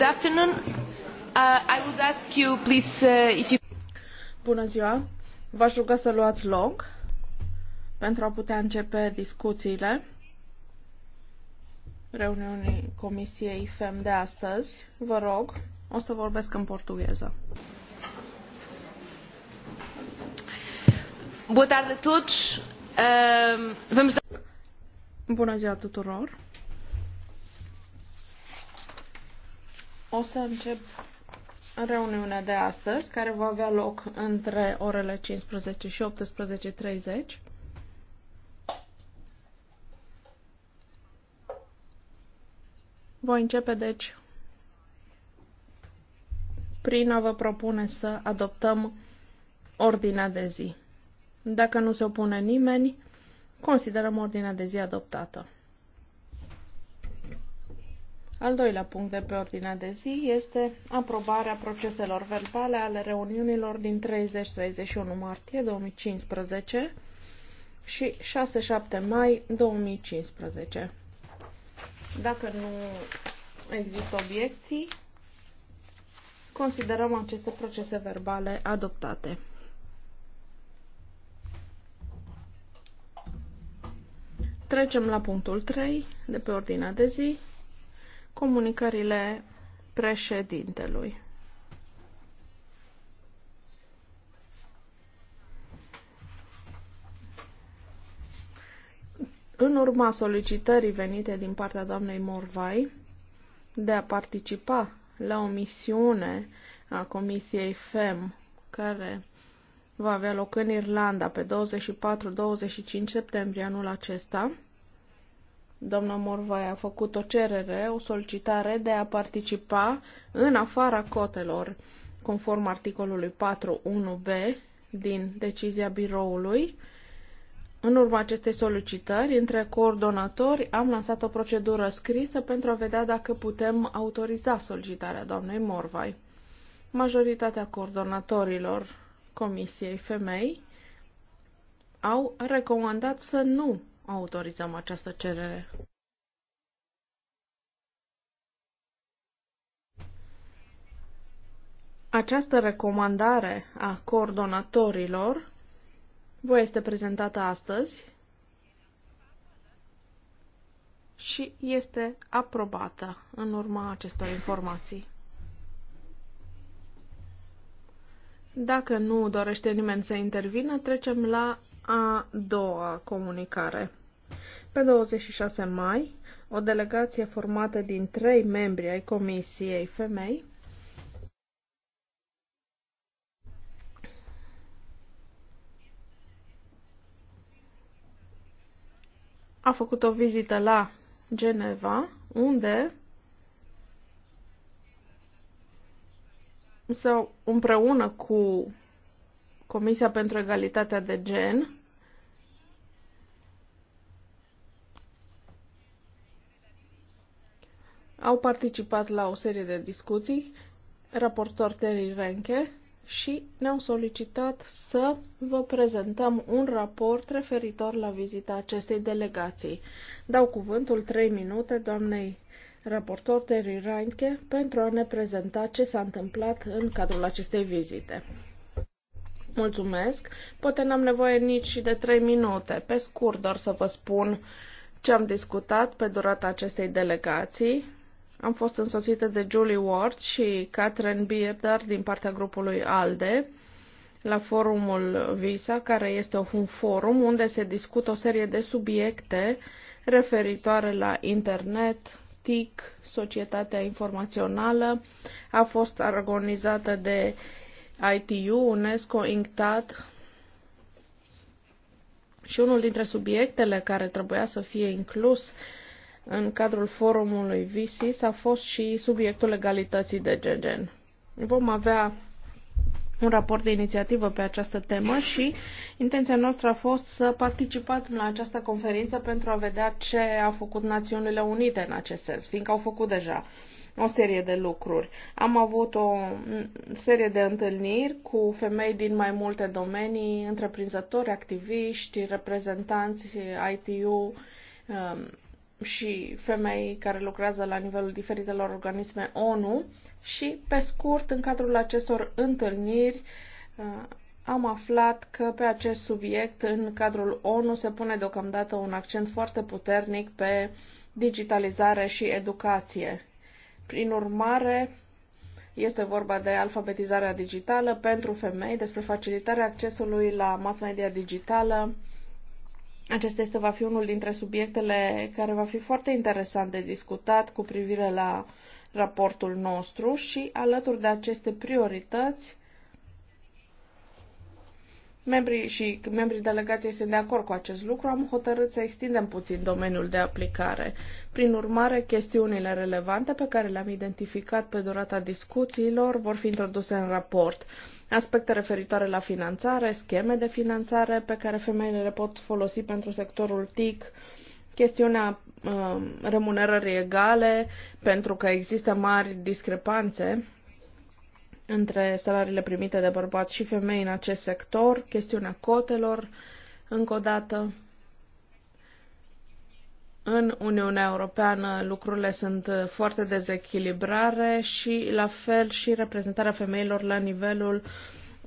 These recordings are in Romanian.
Good afternoon. Uh, I would ask you, please, uh, if you... Bună ziua. V-aș ruga să luați loc pentru a putea începe discuțiile reuniunii Comisiei FEM de astăzi. Vă rog, o să vorbesc în portugheză. Boa tarde a todos. Uh, vamos dar... Bună ziua tuturor. O să încep reuniunea de astăzi, care va avea loc între orele 15 și 18.30. Voi începe, deci, prin a vă propune să adoptăm ordinea de zi. Dacă nu se opune nimeni, considerăm ordinea de zi adoptată. Al doilea punct de pe ordinea de zi este aprobarea proceselor verbale ale reuniunilor din 30-31 martie 2015 și 6-7 mai 2015. Dacă nu există obiecții, considerăm aceste procese verbale adoptate. Trecem la punctul 3 de pe ordinea de zi, comunicările președintelui. În urma solicitării venite din partea doamnei Morvai de a participa la o misiune a Comisiei FEM, care va avea loc în Irlanda pe 24-25 septembrie anul acesta, Doamna Morvai a făcut o cerere, o solicitare de a participa în afara cotelor, conform articolului 4.1b din decizia biroului. În urma acestei solicitări, între coordonatori, am lansat o procedură scrisă pentru a vedea dacă putem autoriza solicitarea doamnei Morvai. Majoritatea coordonatorilor Comisiei Femei au recomandat să nu autorizăm această cerere. Această recomandare a coordonatorilor vă este prezentată astăzi și este aprobată în urma acestor informații. Dacă nu dorește nimeni să intervină, trecem la a doua comunicare. Pe 26 mai, o delegație formată din trei membri ai Comisiei Femei a făcut o vizită la Geneva, unde sau împreună cu Comisia pentru Egalitatea de Gen Au participat la o serie de discuții raportor Terry Renke și ne-au solicitat să vă prezentăm un raport referitor la vizita acestei delegații. Dau cuvântul 3 minute doamnei raportor Terry Reinke pentru a ne prezenta ce s-a întâmplat în cadrul acestei vizite. Mulțumesc. Poate n-am nevoie nici de 3 minute. Pe scurt, doar să vă spun ce am discutat pe durata acestei delegații. Am fost însoțită de Julie Ward și Catherine Bierdar din partea grupului ALDE la forumul VISA, care este un forum unde se discută o serie de subiecte referitoare la internet, TIC, societatea informațională. A fost organizată de ITU, UNESCO, INCTAD, și unul dintre subiectele care trebuia să fie inclus în cadrul forumului VISIS a fost și subiectul legalității de gen. Vom avea un raport de inițiativă pe această temă și intenția noastră a fost să participăm la această conferință pentru a vedea ce a făcut Națiunile Unite în acest sens, fiindcă au făcut deja o serie de lucruri. Am avut o serie de întâlniri cu femei din mai multe domenii, întreprinzători, activiști, reprezentanți ITU, um, și femei care lucrează la nivelul diferitelor organisme ONU și, pe scurt, în cadrul acestor întâlniri uh, am aflat că pe acest subiect, în cadrul ONU, se pune deocamdată un accent foarte puternic pe digitalizare și educație. Prin urmare, este vorba de alfabetizarea digitală pentru femei, despre facilitarea accesului la mass media digitală, acesta este, va fi unul dintre subiectele care va fi foarte interesant de discutat cu privire la raportul nostru și alături de aceste priorități Membrii și membrii delegației sunt de acord cu acest lucru, am hotărât să extindem puțin domeniul de aplicare. Prin urmare, chestiunile relevante pe care le-am identificat pe durata discuțiilor vor fi introduse în raport aspecte referitoare la finanțare, scheme de finanțare pe care femeile le pot folosi pentru sectorul TIC, chestiunea um, remunerării egale, pentru că există mari discrepanțe între salariile primite de bărbați și femei în acest sector, chestiunea cotelor, încă o dată, în Uniunea Europeană lucrurile sunt uh, foarte dezechilibrare și la fel și reprezentarea femeilor la nivelul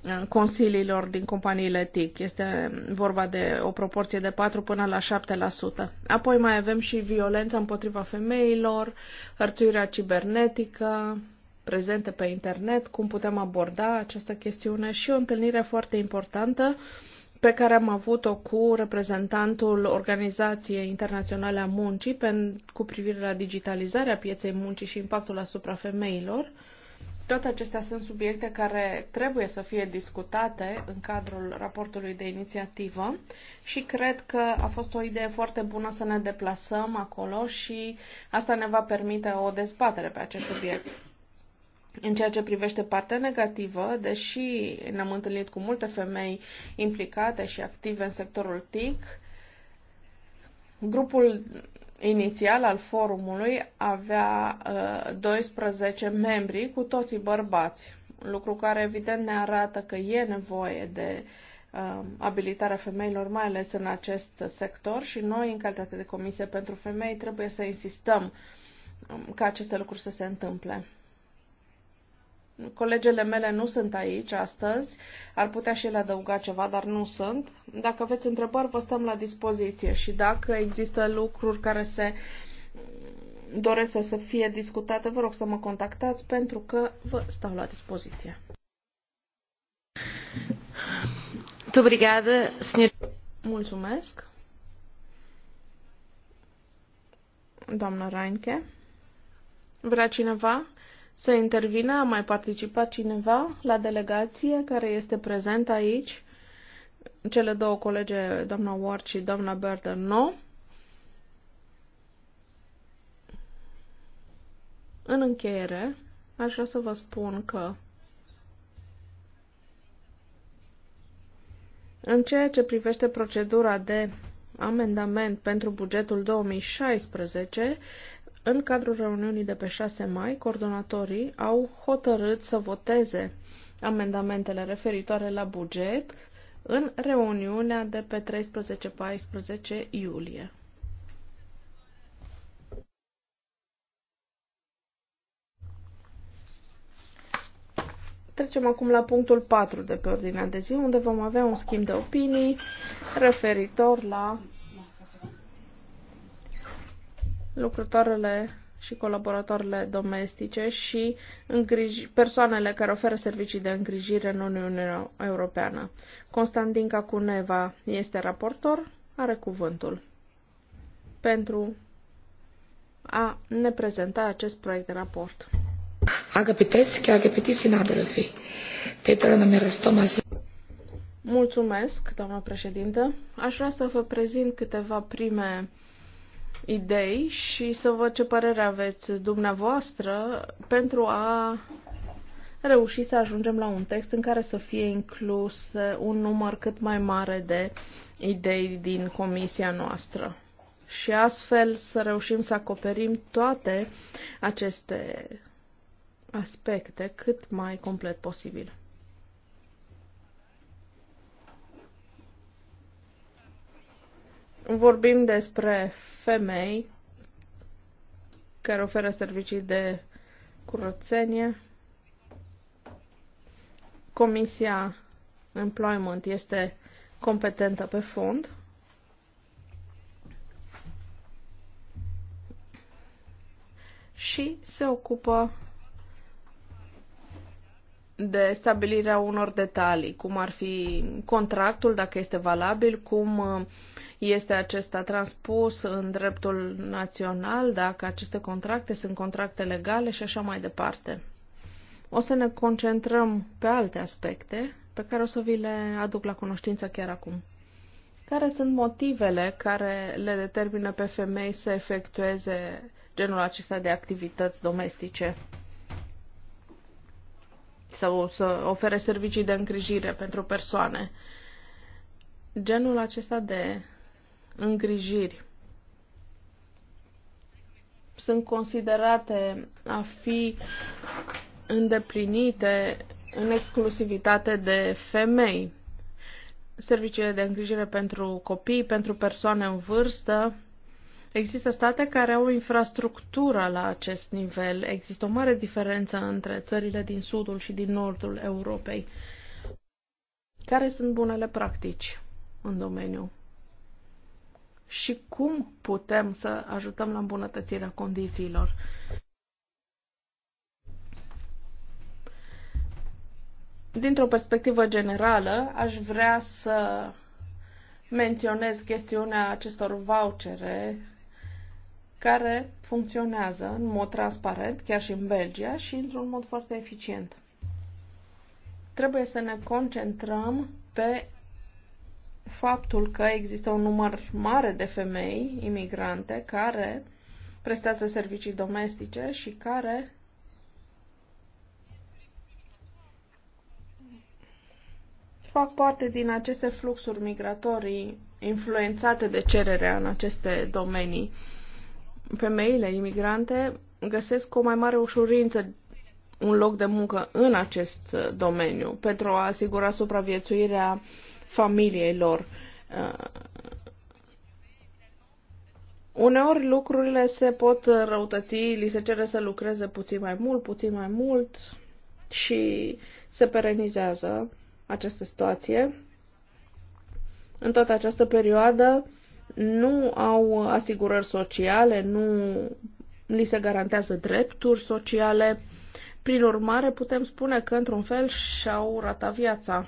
uh, consiliilor din companiile TIC. Este vorba de o proporție de 4 până la 7%. Apoi mai avem și violența împotriva femeilor, hărțuirea cibernetică, prezente pe internet, cum putem aborda această chestiune și o întâlnire foarte importantă uh, pe care am avut-o cu reprezentantul Organizației Internaționale a Muncii pe, cu privire la digitalizarea pieței muncii și impactul asupra femeilor. Toate acestea sunt subiecte care trebuie să fie discutate în cadrul raportului de inițiativă și cred că a fost o idee foarte bună să ne deplasăm acolo și asta ne va permite o dezbatere pe acest subiect. În ceea ce privește partea negativă, deși ne-am întâlnit cu multe femei implicate și active în sectorul TIC, grupul inițial al forumului avea uh, 12 membri, cu toții bărbați, lucru care evident ne arată că e nevoie de uh, abilitarea femeilor, mai ales în acest sector și noi, în calitate de comisie pentru femei, trebuie să insistăm um, ca aceste lucruri să se întâmple. Colegele mele nu sunt aici astăzi, ar putea și ele adăuga ceva, dar nu sunt. Dacă aveți întrebări, vă stăm la dispoziție și dacă există lucruri care se doresc să, fie discutate, vă rog să mă contactați pentru că vă stau la dispoziție. Mulțumesc. Doamna Reinke. Vrea cineva să intervină. A mai participat cineva la delegație care este prezent aici? Cele două colege, doamna Ward și doamna Berder, nu. În încheiere, aș vrea să vă spun că În ceea ce privește procedura de amendament pentru bugetul 2016, în cadrul reuniunii de pe 6 mai, coordonatorii au hotărât să voteze amendamentele referitoare la buget în reuniunea de pe 13-14 iulie. Trecem acum la punctul 4 de pe ordinea de zi, unde vom avea un schimb de opinii referitor la lucrătoarele și colaboratoarele domestice și persoanele care oferă servicii de îngrijire în Uniunea Europeană. Constantin Cacuneva este raportor, are cuvântul pentru a ne prezenta acest proiect de raport. Agapites, agapitis sinadelfi. Tetele numerus Mulțumesc, doamnă președintă. Aș vrea să vă prezint câteva prime idei și să văd ce părere aveți dumneavoastră pentru a reuși să ajungem la un text în care să fie inclus un număr cât mai mare de idei din comisia noastră. Și astfel să reușim să acoperim toate aceste aspecte cât mai complet posibil. vorbim despre femei care oferă servicii de curățenie. Comisia Employment este competentă pe fond. Și se ocupă de stabilirea unor detalii, cum ar fi contractul, dacă este valabil, cum uh, este acesta transpus în dreptul național, dacă aceste contracte sunt contracte legale și așa mai departe. O să ne concentrăm pe alte aspecte pe care o să vi le aduc la cunoștință chiar acum. Care sunt motivele care le determină pe femei să efectueze genul acesta de activități domestice? sau să ofere servicii de îngrijire pentru persoane. Genul acesta de îngrijiri sunt considerate a fi îndeplinite în exclusivitate de femei. Serviciile de îngrijire pentru copii, pentru persoane în vârstă, Există state care au infrastructura la acest nivel. Există o mare diferență între țările din sudul și din nordul Europei. Care sunt bunele practici în domeniu? Și cum putem să ajutăm la îmbunătățirea condițiilor? Dintr-o perspectivă generală, aș vrea să menționez chestiunea acestor vouchere care funcționează în mod transparent, chiar și în Belgia, și într-un mod foarte eficient. Trebuie să ne concentrăm pe faptul că există un număr mare de femei imigrante care prestează servicii domestice și care fac parte din aceste fluxuri migratorii influențate de cererea în aceste domenii femeile imigrante găsesc cu o mai mare ușurință un loc de muncă în acest uh, domeniu pentru a asigura supraviețuirea familiei lor. Uh, uneori lucrurile se pot răutăți, li se cere să lucreze puțin mai mult, puțin mai mult și se perenizează această situație. În toată această perioadă, nu au asigurări sociale, nu li se garantează drepturi sociale. Prin urmare, putem spune că, într-un fel, și-au ratat viața.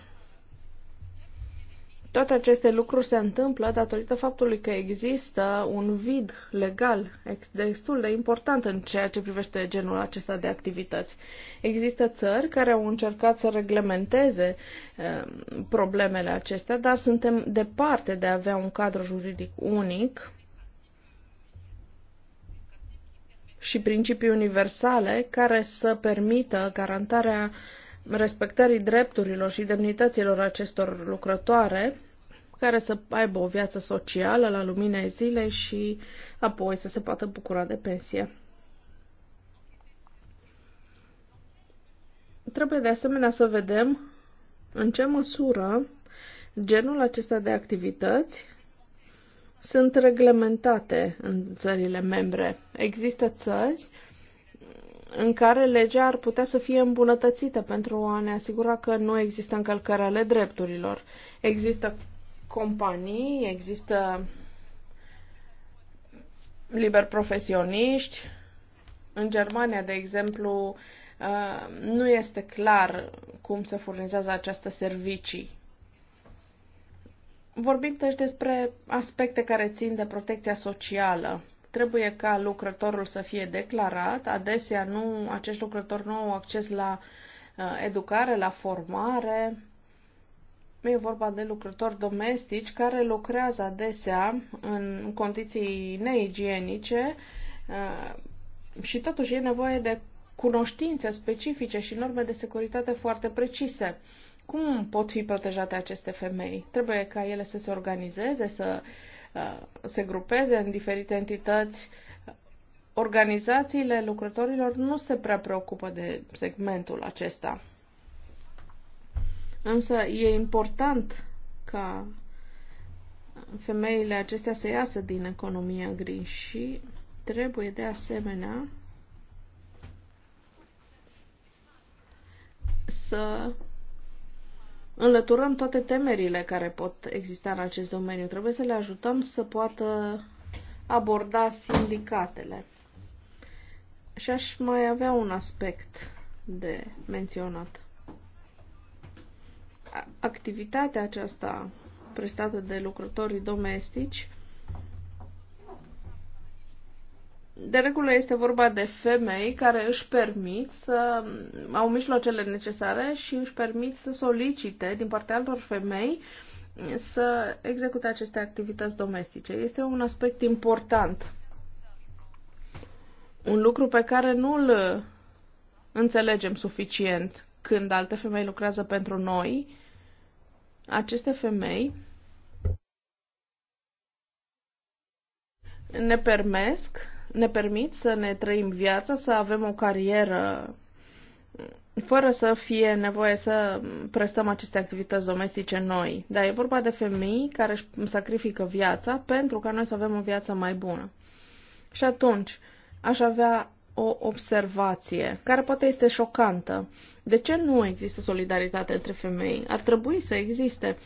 Toate aceste lucruri se întâmplă datorită faptului că există un vid legal destul de important în ceea ce privește genul acesta de activități. Există țări care au încercat să reglementeze ehm, problemele acestea, dar suntem departe de a avea un cadru juridic unic și principii universale care să permită garantarea respectării drepturilor și demnităților acestor lucrătoare care să aibă o viață socială la lumina zilei și apoi să se poată bucura de pensie. Trebuie de asemenea să vedem în ce măsură genul acesta de activități sunt reglementate în țările membre. Există țări în care legea ar putea să fie îmbunătățită pentru a ne asigura că nu există încălcări ale drepturilor. Există companii, există liber profesioniști. În Germania, de exemplu, uh, nu este clar cum se furnizează această servicii. Vorbim deci despre aspecte care țin de protecția socială. Trebuie ca lucrătorul să fie declarat. Adesea nu, acești lucrători nu au acces la uh, educare, la formare, nu e vorba de lucrători domestici care lucrează adesea în condiții neigienice uh, și totuși e nevoie de cunoștințe specifice și norme de securitate foarte precise. Cum pot fi protejate aceste femei? Trebuie ca ele să se organizeze, să uh, se grupeze în diferite entități. Organizațiile lucrătorilor nu se prea preocupă de segmentul acesta. Însă e important ca femeile acestea să iasă din economia gri și trebuie de asemenea să înlăturăm toate temerile care pot exista în acest domeniu. Trebuie să le ajutăm să poată aborda sindicatele. Și aș mai avea un aspect de menționat activitatea aceasta prestată de lucrătorii domestici de regulă este vorba de femei care își permit să au mijloacele necesare și își permit să solicite din partea altor femei să execute aceste activități domestice. Este un aspect important. Un lucru pe care nu îl înțelegem suficient când alte femei lucrează pentru noi aceste femei ne permesc, ne permit să ne trăim viața, să avem o carieră fără să fie nevoie să prestăm aceste activități domestice noi. Dar e vorba de femei care își sacrifică viața pentru ca noi să avem o viață mai bună. Și atunci, aș avea o observație, care poate este șocantă. De ce nu există solidaritate între femei? Ar trebui să existe.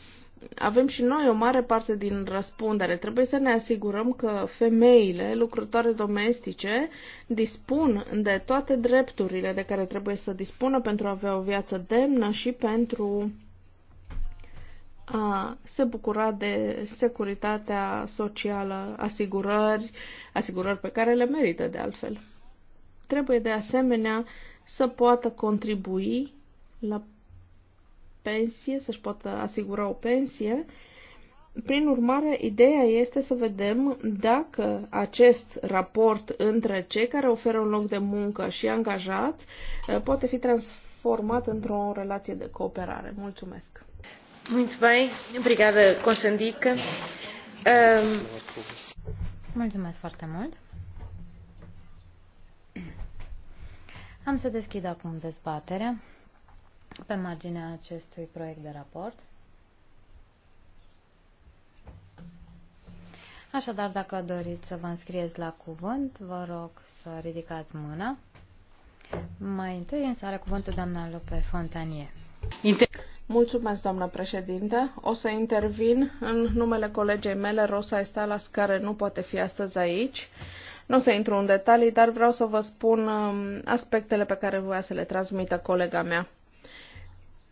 Avem și noi o mare parte din răspundere. Trebuie să ne asigurăm că femeile lucrătoare domestice dispun de toate drepturile de care trebuie să dispună pentru a avea o viață demnă și pentru a se bucura de securitatea socială, asigurări, asigurări pe care le merită de altfel. Trebuie de asemenea să poată contribui la pensie, să-și poată asigura o pensie. Prin urmare, ideea este să vedem dacă acest raport între cei care oferă un loc de muncă și angajați eh, poate fi transformat într-o relație de cooperare. Mulțumesc! Muito bem, obrigada, Constandica. Um... Ehm, Mulțumesc foarte mult! Am să deschid acum dezbaterea pe marginea acestui proiect de raport. Așadar, dacă doriți să vă înscrieți la cuvânt, vă rog să ridicați mâna. Mai întâi însă are cuvântul doamna Lupe Fontanie. Mulțumesc, doamnă președinte. O să intervin în numele colegei mele, Rosa Estalas, care nu poate fi astăzi aici nu o să intru în detalii, dar vreau să vă spun um, aspectele pe care voia să le transmită colega mea.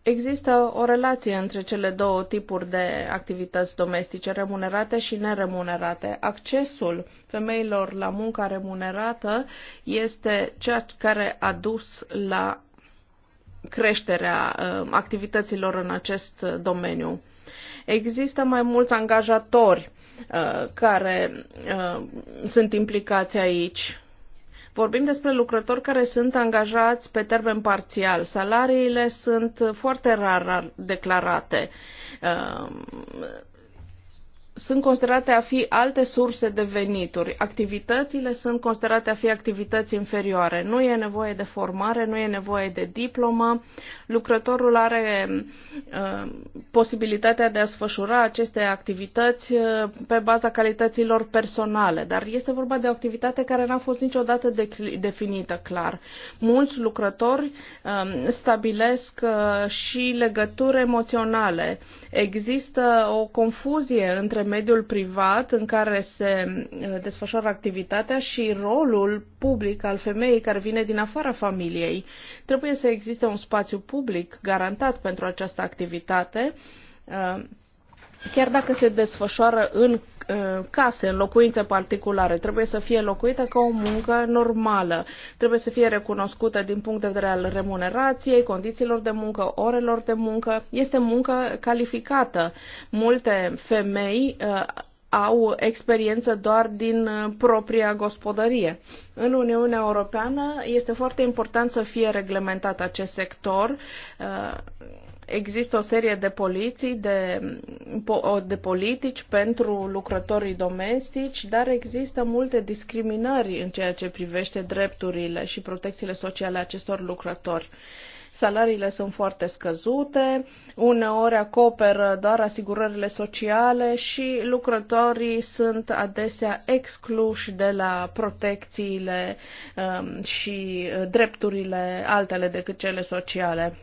Există o relație între cele două tipuri de activități domestice, remunerate și neremunerate. Accesul femeilor la munca remunerată este ceea care a dus la creșterea um, activităților în acest domeniu. Există mai mulți angajatori Uh, care uh, sunt implicați aici. Vorbim despre lucrători care sunt angajați pe termen parțial. Salariile sunt foarte rar declarate. Uh, sunt considerate a fi alte surse de venituri. Activitățile sunt considerate a fi activități inferioare. Nu e nevoie de formare, nu e nevoie de diplomă. Lucrătorul are uh, posibilitatea de a sfășura aceste activități uh, pe baza calităților personale, dar este vorba de o activitate care n-a fost niciodată de- definită clar. Mulți lucrători uh, stabilesc uh, și legături emoționale. Există o confuzie între mediul privat în care se uh, desfășoară activitatea și rolul public al femeii care vine din afara familiei. Trebuie să existe un spațiu public garantat pentru această activitate uh, chiar dacă se desfășoară în case, în locuințe particulare, trebuie să fie locuită ca o muncă normală. Trebuie să fie recunoscută din punct de vedere al remunerației, condițiilor de muncă, orelor de muncă. Este muncă calificată. Multe femei uh, au experiență doar din uh, propria gospodărie. În Uniunea Europeană este foarte important să fie reglementat acest sector. Uh, Există o serie de, poliții, de, de politici pentru lucrătorii domestici, dar există multe discriminări în ceea ce privește drepturile și protecțiile sociale acestor lucrători salariile sunt foarte scăzute, uneori acoperă doar asigurările sociale și lucrătorii sunt adesea excluși de la protecțiile um, și drepturile altele decât cele sociale.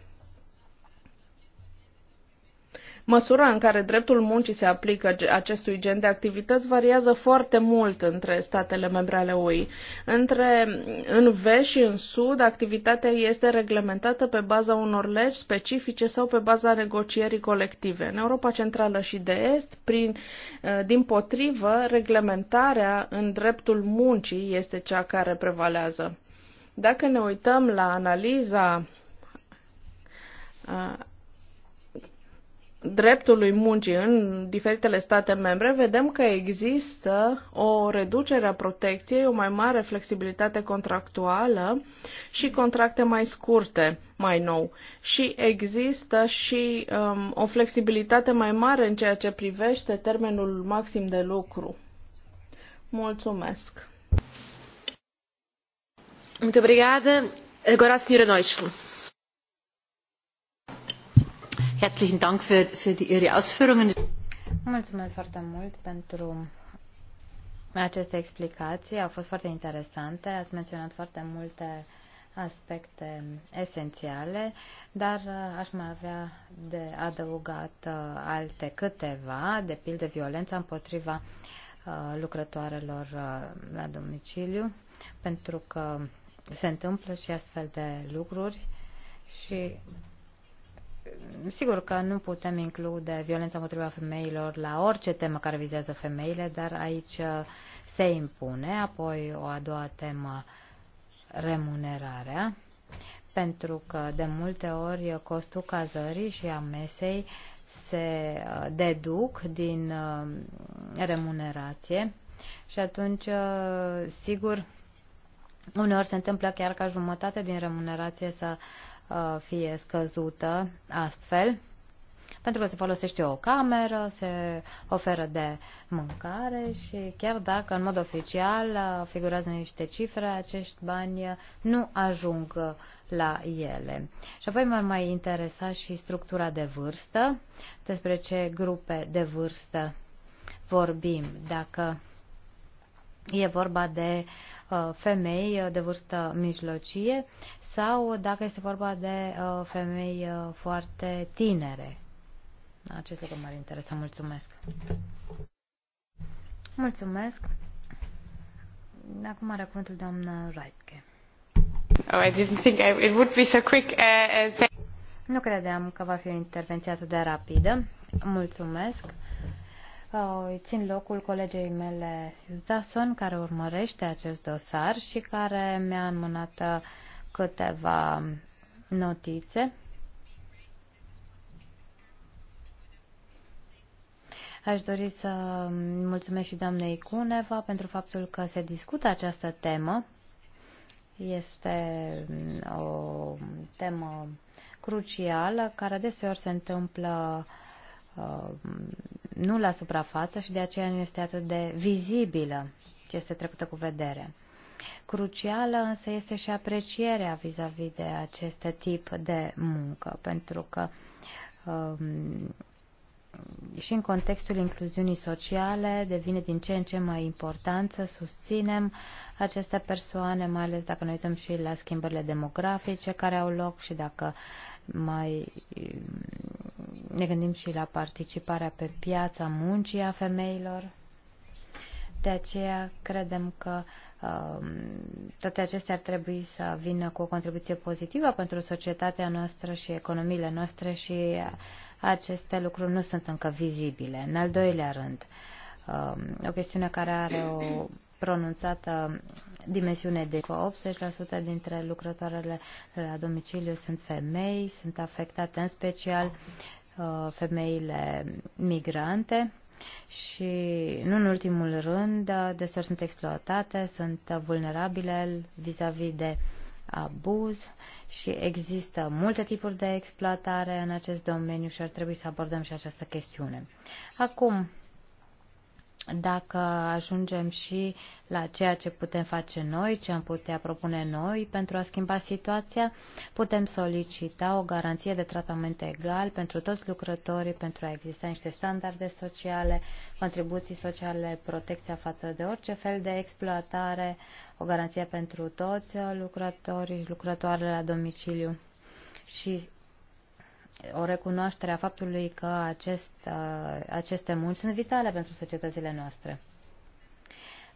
Măsura în care dreptul muncii se aplică acestui gen de activități variază foarte mult între statele membre ale UE. Între în vest și în sud, activitatea este reglementată pe baza unor legi specifice sau pe baza negocierii colective. În Europa Centrală și de Est, prin, ă, din potrivă, reglementarea în dreptul muncii este cea care prevalează. Dacă ne uităm la analiza ă, dreptului muncii în diferitele state membre, vedem că există o reducere a protecției, o mai mare flexibilitate contractuală și contracte mai scurte, mai nou. Și există și um, o flexibilitate mai mare în ceea ce privește termenul maxim de lucru. Mulțumesc! Muito obrigada. Agora a senhora Neuschl. Herzlichen Dank für, Ihre Ausführungen. Mulțumesc foarte mult pentru aceste explicații. Au fost foarte interesante. Ați menționat foarte multe aspecte esențiale, dar uh, aș mai avea de adăugat uh, alte câteva, de pildă violența împotriva uh, lucrătoarelor la domiciliu, pentru că se întâmplă și astfel de lucruri și sigur că nu putem include violența împotriva femeilor la orice temă care vizează femeile, dar aici uh, se impune. Apoi o a doua temă, remunerarea, pentru că de multe ori costul cazării și a mesei se uh, deduc din uh, remunerație și atunci, sigur, uneori se întâmplă chiar ca jumătate din remunerație să Uh, fie scăzută astfel, pentru că se folosește o cameră, se oferă de mâncare și chiar dacă în mod oficial uh, figurează niște cifre, acești bani nu ajung la ele. Și apoi m-ar mai interesa și structura de vârstă, despre ce grupe de vârstă vorbim. Dacă E vorba de uh, femei de vârstă mijlocie sau dacă este vorba de uh, femei uh, foarte tinere. Acest lucru m-ar interesa. Mulțumesc. Mulțumesc. Acum are cuvântul doamna Reitke. Oh, I didn't think I, it would be so quick. Uh, uh, nu credeam că va fi o intervenție atât de rapidă. Mulțumesc. Uh, îi țin locul colegei mele, Zason, care urmărește acest dosar și care mi-a înmânat uh, câteva notițe. Aș dori să mulțumesc și doamnei Cuneva pentru faptul că se discută această temă. Este o temă crucială care deseori se întâmplă uh, nu la suprafață și de aceea nu este atât de vizibilă ce este trecută cu vedere. Crucială însă este și aprecierea vis-a-vis -vis de acest tip de muncă, pentru că um, și în contextul incluziunii sociale devine din ce în ce mai important să susținem aceste persoane, mai ales dacă ne uităm și la schimbările demografice care au loc și dacă mai um, ne gândim și la participarea pe piața muncii a femeilor. De aceea credem că uh, toate acestea ar trebui să vină cu o contribuție pozitivă pentru societatea noastră și economiile noastre și aceste lucruri nu sunt încă vizibile. În al doilea rând, uh, o chestiune care are o pronunțată dimensiune de 80% dintre lucrătoarele la domiciliu sunt femei, sunt afectate în special uh, femeile migrante și, nu în ultimul rând, deseori sunt exploatate, sunt vulnerabile vis-a-vis -vis de abuz și există multe tipuri de exploatare în acest domeniu și ar trebui să abordăm și această chestiune. Acum, dacă ajungem și la ceea ce putem face noi, ce am putea propune noi pentru a schimba situația, putem solicita o garanție de tratament egal pentru toți lucrătorii, pentru a exista niște standarde sociale, contribuții sociale, protecția față de orice fel de exploatare, o garanție pentru toți lucrătorii, lucrătoarele la domiciliu și o recunoaștere a faptului că acest, uh, aceste munci sunt vitale pentru societățile noastre.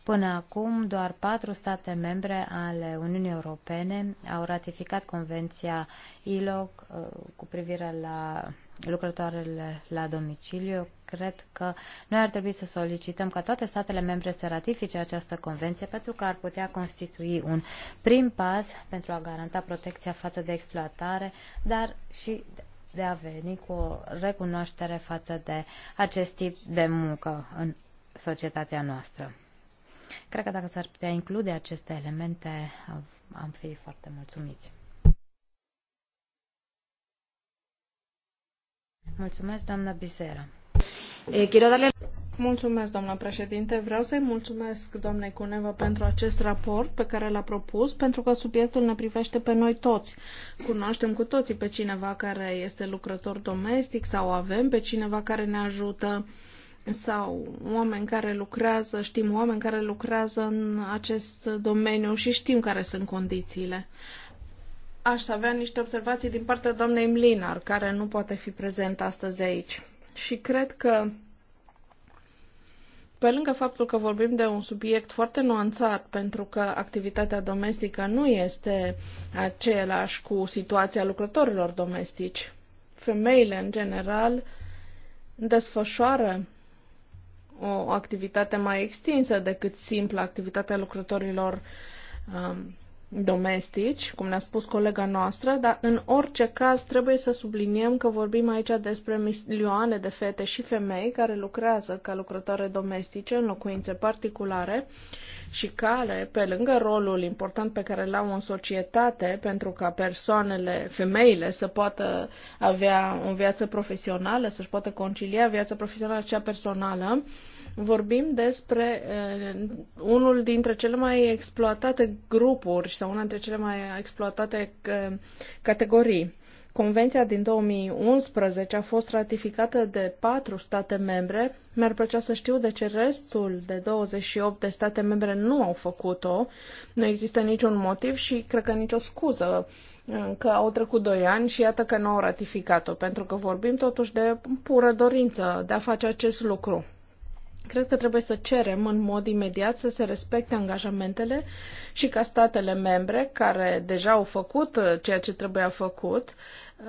Până acum, doar patru state membre ale Uniunii Europene au ratificat Convenția ILO uh, cu privire la lucrătoarele la domiciliu. cred că noi ar trebui să solicităm ca toate statele membre să ratifice această convenție pentru că ar putea constitui un prim pas pentru a garanta protecția față de exploatare, dar și de a veni cu o recunoaștere față de acest tip de muncă în societatea noastră. Cred că dacă s-ar putea include aceste elemente, am fi foarte mulțumiți. Mulțumesc, doamna Bisera. Eh, quiero darle... Mulțumesc, doamnă președinte. Vreau să-i mulțumesc doamnei Cuneva pentru acest raport pe care l-a propus, pentru că subiectul ne privește pe noi toți. Cunoaștem cu toții pe cineva care este lucrător domestic sau avem pe cineva care ne ajută sau oameni care lucrează, știm oameni care lucrează în acest domeniu și știm care sunt condițiile. Aș avea niște observații din partea doamnei Mlinar, care nu poate fi prezent astăzi aici. Și cred că pe lângă faptul că vorbim de un subiect foarte nuanțat, pentru că activitatea domestică nu este aceeași cu situația lucrătorilor domestici, femeile, în general, desfășoară o activitate mai extinsă decât simpla activitatea lucrătorilor um, domestici, cum ne-a spus colega noastră, dar în orice caz trebuie să subliniem că vorbim aici despre milioane de fete și femei care lucrează ca lucrătoare domestice în locuințe particulare și care, pe lângă rolul important pe care l-au în societate pentru ca persoanele, femeile să poată avea o viață profesională, să-și poată concilia viața profesională cea personală, Vorbim despre uh, unul dintre cele mai exploatate grupuri sau una dintre cele mai exploatate uh, categorii. Convenția din 2011 a fost ratificată de patru state membre. Mi-ar plăcea să știu de ce restul de 28 de state membre nu au făcut-o. Nu există niciun motiv și cred că nicio scuză eh, că au trecut doi ani și iată că nu au ratificat-o, pentru că vorbim totuși de pură dorință de a face acest lucru. Cred că trebuie să cerem în mod imediat să se respecte angajamentele și ca statele membre care deja au făcut uh, ceea ce trebuia făcut,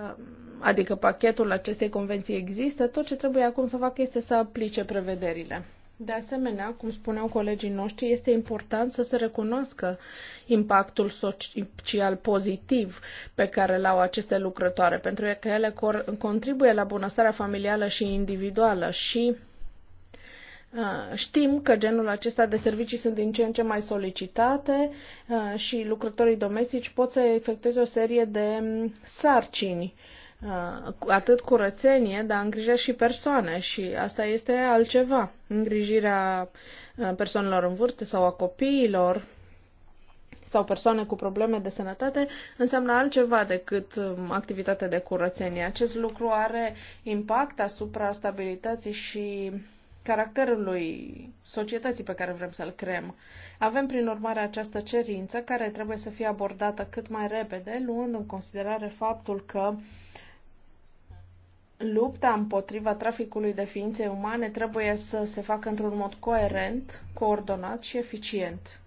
uh, adică pachetul acestei convenții există, tot ce trebuie acum să facă este să aplice prevederile. De asemenea, cum spuneau colegii noștri, este important să se recunoască impactul social pozitiv pe care l-au aceste lucrătoare, pentru că ele contribuie la bunăstarea familială și individuală și Uh, știm că genul acesta de servicii sunt din ce în ce mai solicitate uh, și lucrătorii domestici pot să efectueze o serie de um, sarcini, uh, atât curățenie, dar îngrijă și persoane și asta este altceva. Îngrijirea persoanelor în vârstă sau a copiilor sau persoane cu probleme de sănătate înseamnă altceva decât um, activitatea de curățenie. Acest lucru are impact asupra stabilității și caracterului societății pe care vrem să-l creăm. Avem, prin urmare, această cerință care trebuie să fie abordată cât mai repede, luând în considerare faptul că lupta împotriva traficului de ființe umane trebuie să se facă într-un mod coerent, coordonat și eficient.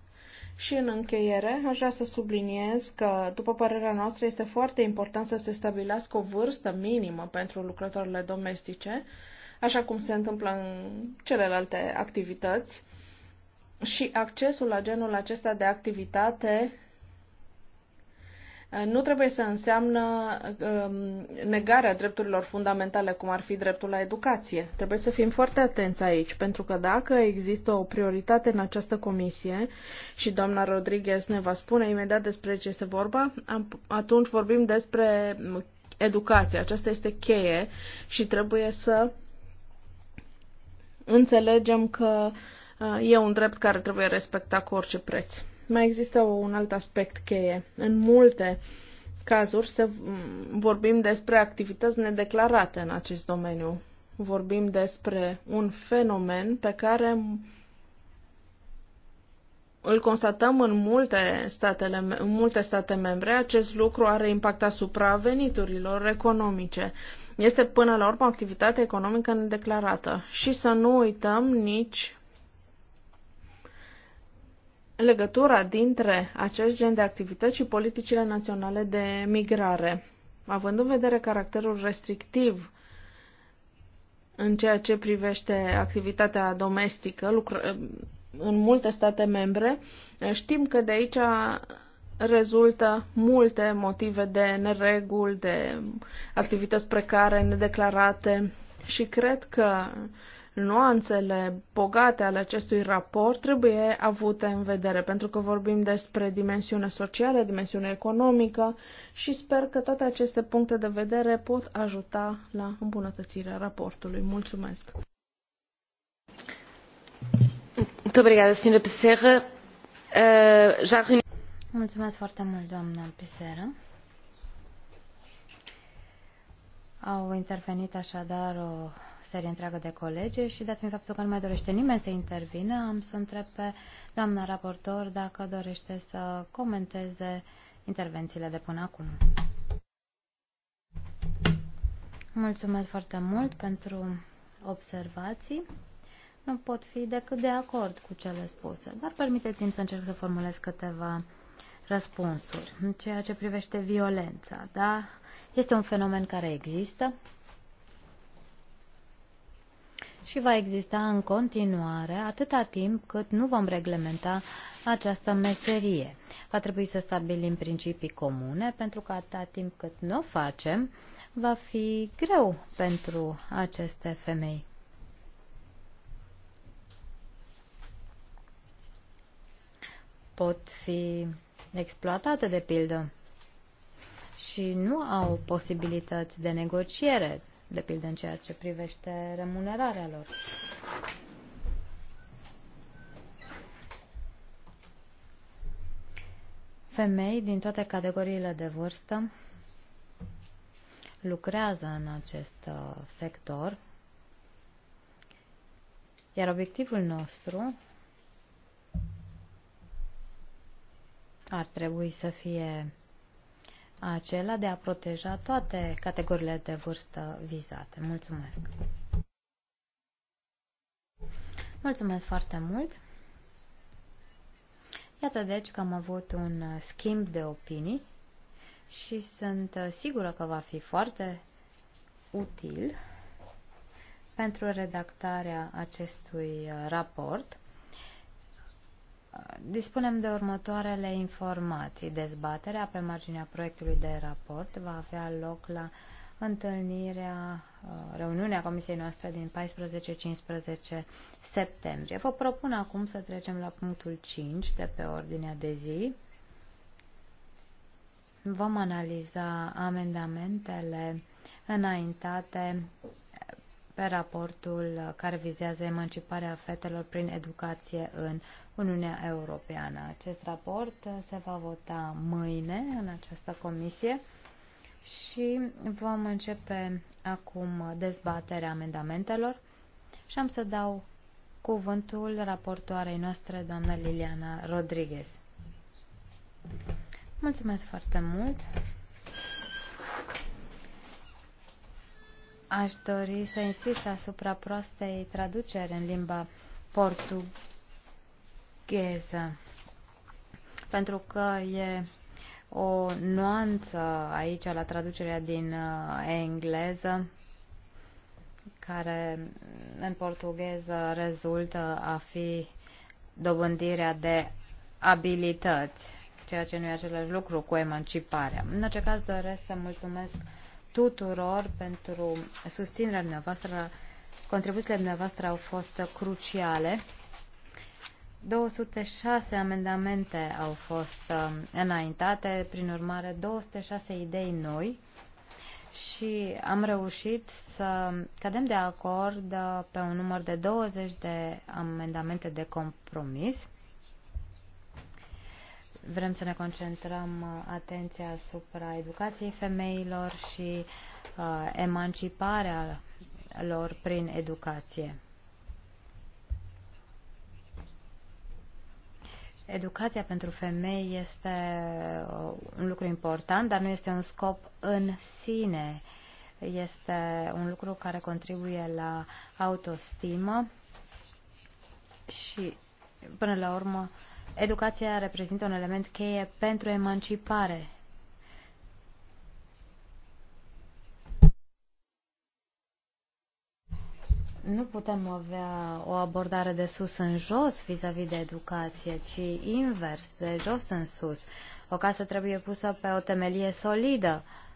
Și în încheiere, aș vrea să subliniez că, după părerea noastră, este foarte important să se stabilească o vârstă minimă pentru lucrătorile domestice, așa cum se întâmplă în celelalte activități. Și accesul la genul acesta de activitate uh, nu trebuie să înseamnă um, negarea drepturilor fundamentale, cum ar fi dreptul la educație. Trebuie să fim foarte atenți aici, pentru că dacă există o prioritate în această comisie, și doamna Rodriguez ne va spune imediat despre ce este vorba, atunci vorbim despre educație. Aceasta este cheie și trebuie să Înțelegem că uh, e un drept care trebuie respectat cu orice preț. Mai există un alt aspect cheie. În multe cazuri se vorbim despre activități nedeclarate în acest domeniu. Vorbim despre un fenomen pe care îl constatăm în multe, statele, în multe state membre, acest lucru are impact asupra veniturilor economice. Uh, este până la urmă activitate economică nedeclarată. Și să nu uităm nici legătura dintre acest gen de activități și politicile naționale de migrare. Având în vedere caracterul restrictiv în ceea ce privește activitatea domestică, lucr- în multe state membre, știm că de aici rezultă multe motive de nereguli, de activități precare, nedeclarate și cred că nuanțele bogate ale acestui raport trebuie avute în vedere, pentru că vorbim despre dimensiune socială, dimensiune economică și sper că toate aceste puncte de vedere pot ajuta la îmbunătățirea raportului. Mulțumesc! Muito obrigada, Sra. Becerra. Uh, já Mulțumesc foarte mult, doamna Piseră. Au intervenit așadar o serie întreagă de colegi și dat fiind faptul că nu mai dorește nimeni să intervină, am să întreb pe doamna raportor dacă dorește să comenteze intervențiile de până acum. Mulțumesc foarte mult pentru observații. Nu pot fi decât de acord cu cele spuse, dar permiteți-mi să încerc să formulez câteva răspunsuri. În ceea ce privește violența, da? Este un fenomen care există și va exista în continuare atâta timp cât nu vom reglementa această meserie. Va trebui să stabilim principii comune pentru că atâta timp cât nu o facem, va fi greu pentru aceste femei. Pot fi exploatate, de pildă, și nu au posibilități de negociere, de pildă în ceea ce privește remunerarea lor. Femei din toate categoriile de vârstă lucrează în acest uh, sector, iar obiectivul nostru ar trebui să fie acela de a proteja toate categoriile de vârstă vizate. Mulțumesc! Mulțumesc foarte mult! Iată deci că am avut un schimb de opinii și sunt sigură că va fi foarte util pentru redactarea acestui raport Dispunem de următoarele informații. Dezbaterea pe marginea proiectului de raport va avea loc la întâlnirea, uh, reuniunea comisiei noastre din 14-15 septembrie. Vă propun acum să trecem la punctul 5 de pe ordinea de zi. Vom analiza amendamentele înaintate pe raportul care vizează emanciparea fetelor prin educație în Uniunea Europeană. Acest raport se va vota mâine în această comisie și vom începe acum dezbaterea amendamentelor și am să dau cuvântul raportoarei noastre, doamna Liliana Rodriguez. Mulțumesc foarte mult! Aș dori să insist asupra proastei traduceri în limba portugheză, pentru că e o nuanță aici la traducerea din uh, engleză care în portugheză rezultă a fi dobândirea de abilități, ceea ce nu e același lucru cu emanciparea. În orice caz doresc să mulțumesc tuturor pentru susținerea dumneavoastră. Contribuțiile dumneavoastră au fost cruciale. 206 amendamente au fost um, înaintate, prin urmare 206 idei noi și am reușit să cădem de acord uh, pe un număr de 20 de amendamente de compromis vrem să ne concentrăm uh, atenția asupra educației femeilor și uh, emanciparea lor prin educație. Educația pentru femei este uh, un lucru important, dar nu este un scop în sine. Este un lucru care contribuie la autostimă și, până la urmă, uh, Educația reprezintă un element cheie pentru emancipare. Nu putem avea o abordare de sus în jos vis-a-vis -vis de educație, ci invers, de jos în sus. O casă trebuie pusă pe o temelie solidă. Uh,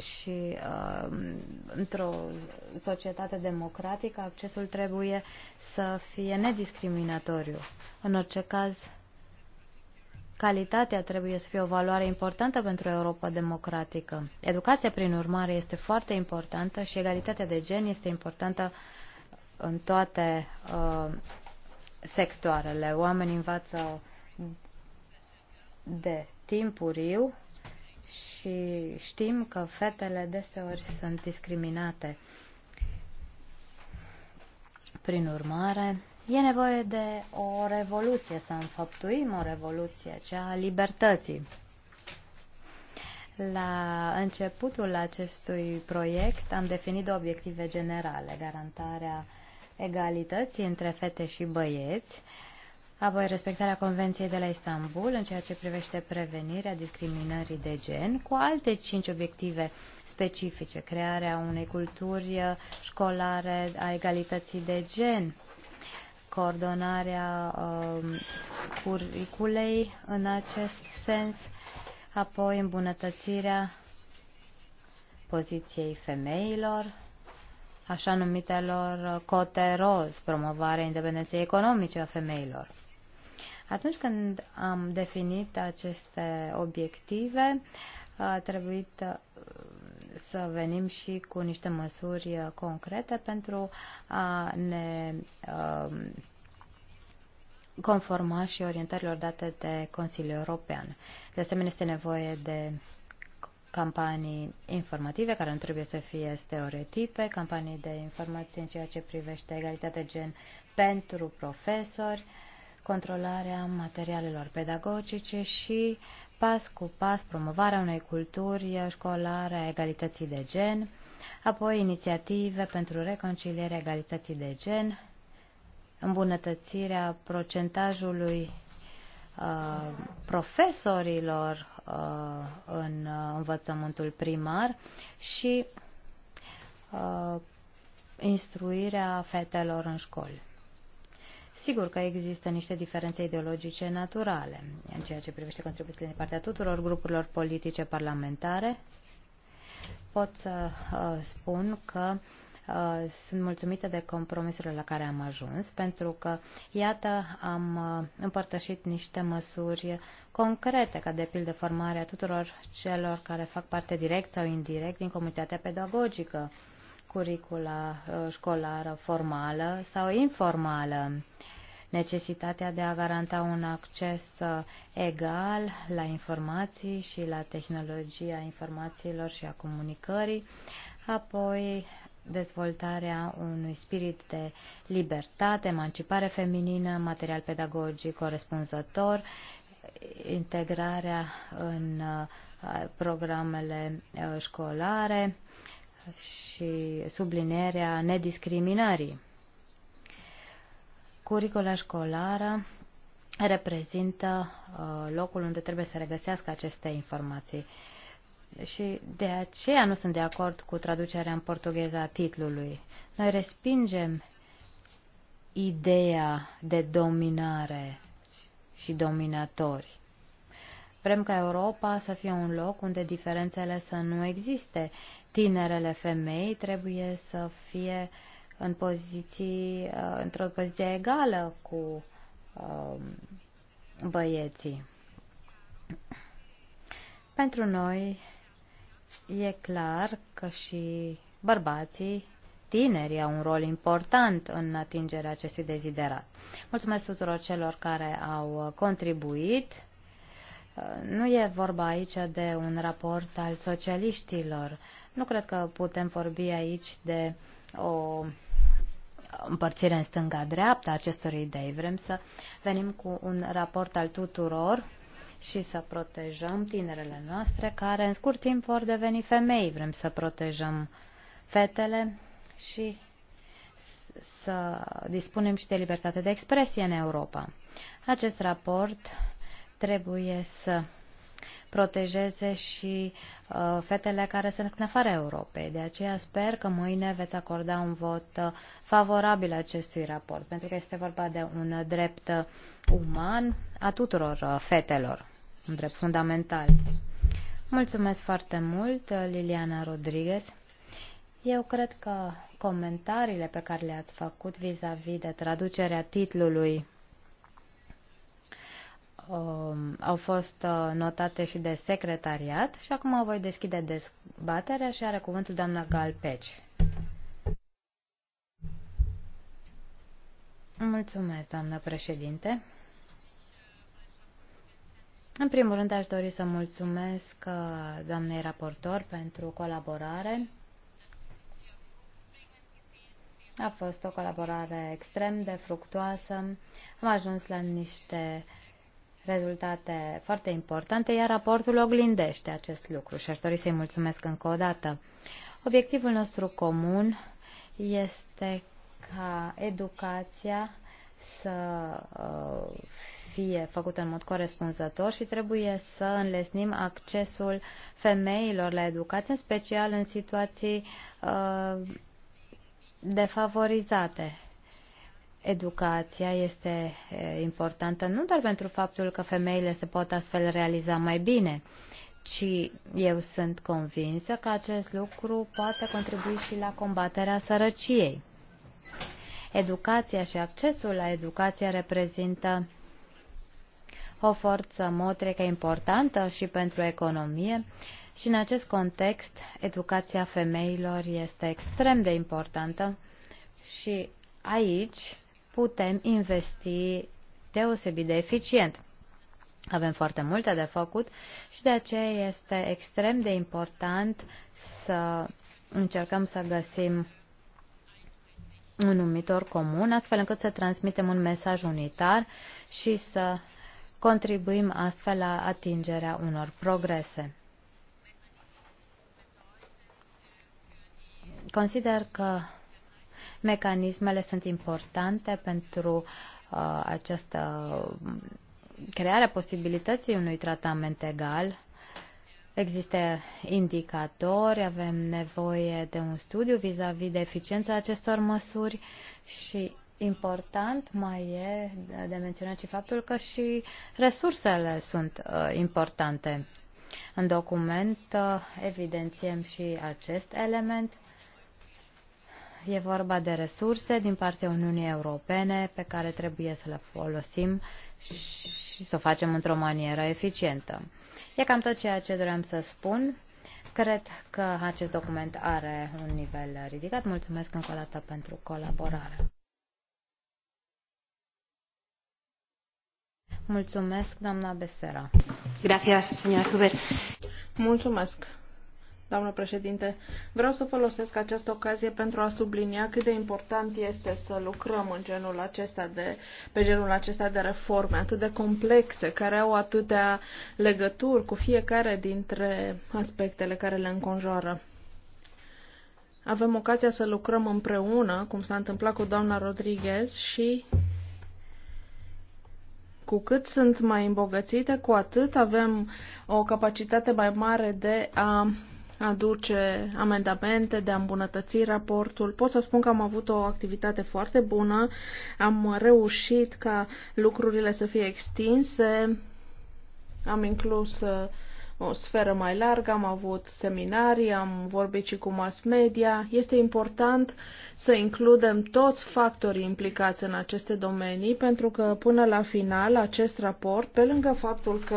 și uh, într-o societate democratică accesul trebuie să fie nediscriminatoriu. În orice caz, calitatea trebuie să fie o valoare importantă pentru Europa democratică. Educația, prin urmare, este foarte importantă și egalitatea de gen este importantă în toate uh, sectoarele. Oamenii învață de timpuriu și știm că fetele deseori sunt discriminate. Prin urmare, e nevoie de o revoluție, să înfăptuim o revoluție, cea a libertății. La începutul acestui proiect am definit obiective generale, garantarea egalității între fete și băieți, uh, apoi respectarea Convenției de la Istanbul în ceea ce privește prevenirea discriminării de gen, cu alte cinci obiective specifice, crearea unei culturi uh, școlare a egalității de gen, coordonarea uh, curiculei în acest sens, apoi îmbunătățirea poziției femeilor, așa numitelor uh, cote roz, promovarea independenței economice a femeilor. Atunci când am definit aceste obiective, a trebuit uh, să venim și cu niște măsuri uh, concrete pentru a ne um, conforma și orientărilor date de Consiliul European. De asemenea, este nevoie de campanii informative, care nu trebuie să fie stereotipe, campanii de informație în ceea ce privește egalitatea gen pentru profesori, uh, controlarea materialelor pedagogice și, pas cu pas, promovarea unei culturi școlare a egalității de gen, apoi inițiative pentru reconcilierea egalității de gen, îmbunătățirea procentajului uh, profesorilor uh, în învățământul primar și uh, instruirea fetelor în școli. Sigur că există niște diferențe ideologice naturale în ceea ce privește contribuțiile din partea tuturor grupurilor politice parlamentare. Pot să uh, spun că uh, sunt mulțumită de compromisurile la care am ajuns, pentru că, iată, am uh, împărtășit niște măsuri concrete, ca de pildă formarea tuturor celor care fac parte direct sau indirect din comunitatea pedagogică curicula uh, școlară formală sau informală, necesitatea de a garanta un acces uh, egal la informații și la tehnologia informațiilor și a comunicării, apoi dezvoltarea unui spirit de libertate, emancipare feminină, material pedagogic corespunzător, integrarea în uh, programele școlare, și sublinierea nediscriminării. Curicula școlară reprezintă uh, locul unde trebuie să regăsească aceste informații. Și de aceea nu sunt de acord cu traducerea în portugheză a titlului. Noi respingem ideea de dominare și dominatori. Vrem ca Europa să fie un loc unde diferențele să nu existe, tinerele femei trebuie să fie în poziții, uh, într-o poziție egală cu um, băieții. Pentru noi e clar că și bărbații tineri au un rol important în atingerea acestui deziderat. Mulțumesc tuturor celor care au uh, contribuit nu e vorba aici de un raport al socialiștilor. Nu cred că putem vorbi aici de o împărțire în stânga-dreapta acestor idei. Vrem să venim cu un raport al tuturor și să protejăm tinerele noastre care în scurt timp vor deveni femei. Vrem să protejăm fetele și să dispunem și de libertate de expresie în Europa. Acest raport trebuie să protejeze și uh, fetele care sunt în afara Europei. De aceea sper că mâine veți acorda un vot uh, favorabil acestui raport, pentru că este vorba de un uh, drept uman a tuturor uh, fetelor, un drept fundamental. Mulțumesc foarte mult, uh, Liliana Rodriguez. Eu cred că comentariile pe care le-ați făcut vis-a-vis -vis de traducerea titlului Um, au fost uh, notate și de secretariat și acum voi deschide dezbaterea și are cuvântul doamna Galpeci. Mulțumesc, doamnă președinte. În primul rând aș dori să mulțumesc uh, doamnei raportor pentru colaborare. A fost o colaborare extrem de fructuoasă. Am ajuns la niște uh, rezultate foarte importante, iar raportul oglindește acest lucru și aș dori să-i mulțumesc încă o dată. Obiectivul nostru comun este ca educația să uh, fie făcută în mod corespunzător și trebuie să înlesnim accesul femeilor la educație, în special în situații uh, defavorizate educația este eh, importantă nu doar pentru faptul că femeile se pot astfel realiza mai bine, ci eu sunt convinsă că acest lucru poate contribui și la combaterea sărăciei. Educația și accesul la educație reprezintă o forță motrică importantă și pentru economie și în acest context educația femeilor este extrem de importantă și aici putem investi deosebit de eficient. Avem foarte multe de făcut și de aceea este extrem de important să încercăm să găsim un numitor comun, astfel încât să transmitem un mesaj unitar și să contribuim astfel la atingerea unor progrese. Consider că Mecanismele sunt importante pentru uh, această crearea posibilității unui tratament egal. Există indicatori, avem nevoie de un studiu vis-a-vis -vis de eficiența acestor măsuri și important mai e de menționat și faptul că și resursele sunt uh, importante. În document uh, evidențiem și acest element. E vorba de resurse din partea Uniunii Europene pe care trebuie să le folosim și să o facem într-o manieră eficientă. E cam tot ceea ce doream să spun. Cred că acest document are un nivel ridicat. Mulțumesc încă o dată pentru colaborare. Mulțumesc, doamna Besera. Gracias, señora Zuber. Mulțumesc doamnă președinte. Vreau să folosesc această ocazie pentru a sublinia cât de important este să lucrăm în genul acesta de, pe genul acesta de reforme atât de complexe, care au atâtea legături cu fiecare dintre aspectele care le înconjoară. Avem ocazia să lucrăm împreună, cum s-a întâmplat cu doamna Rodriguez și cu cât sunt mai îmbogățite, cu atât avem o capacitate mai mare de a aduce amendamente, de a îmbunătăți raportul. Pot să spun că am avut o activitate foarte bună, am reușit ca lucrurile să fie extinse, am inclus uh, o sferă mai largă, am avut seminarii, am vorbit și cu mass media. Este important să includem toți factorii implicați în aceste domenii, pentru că până la final acest raport, pe lângă faptul că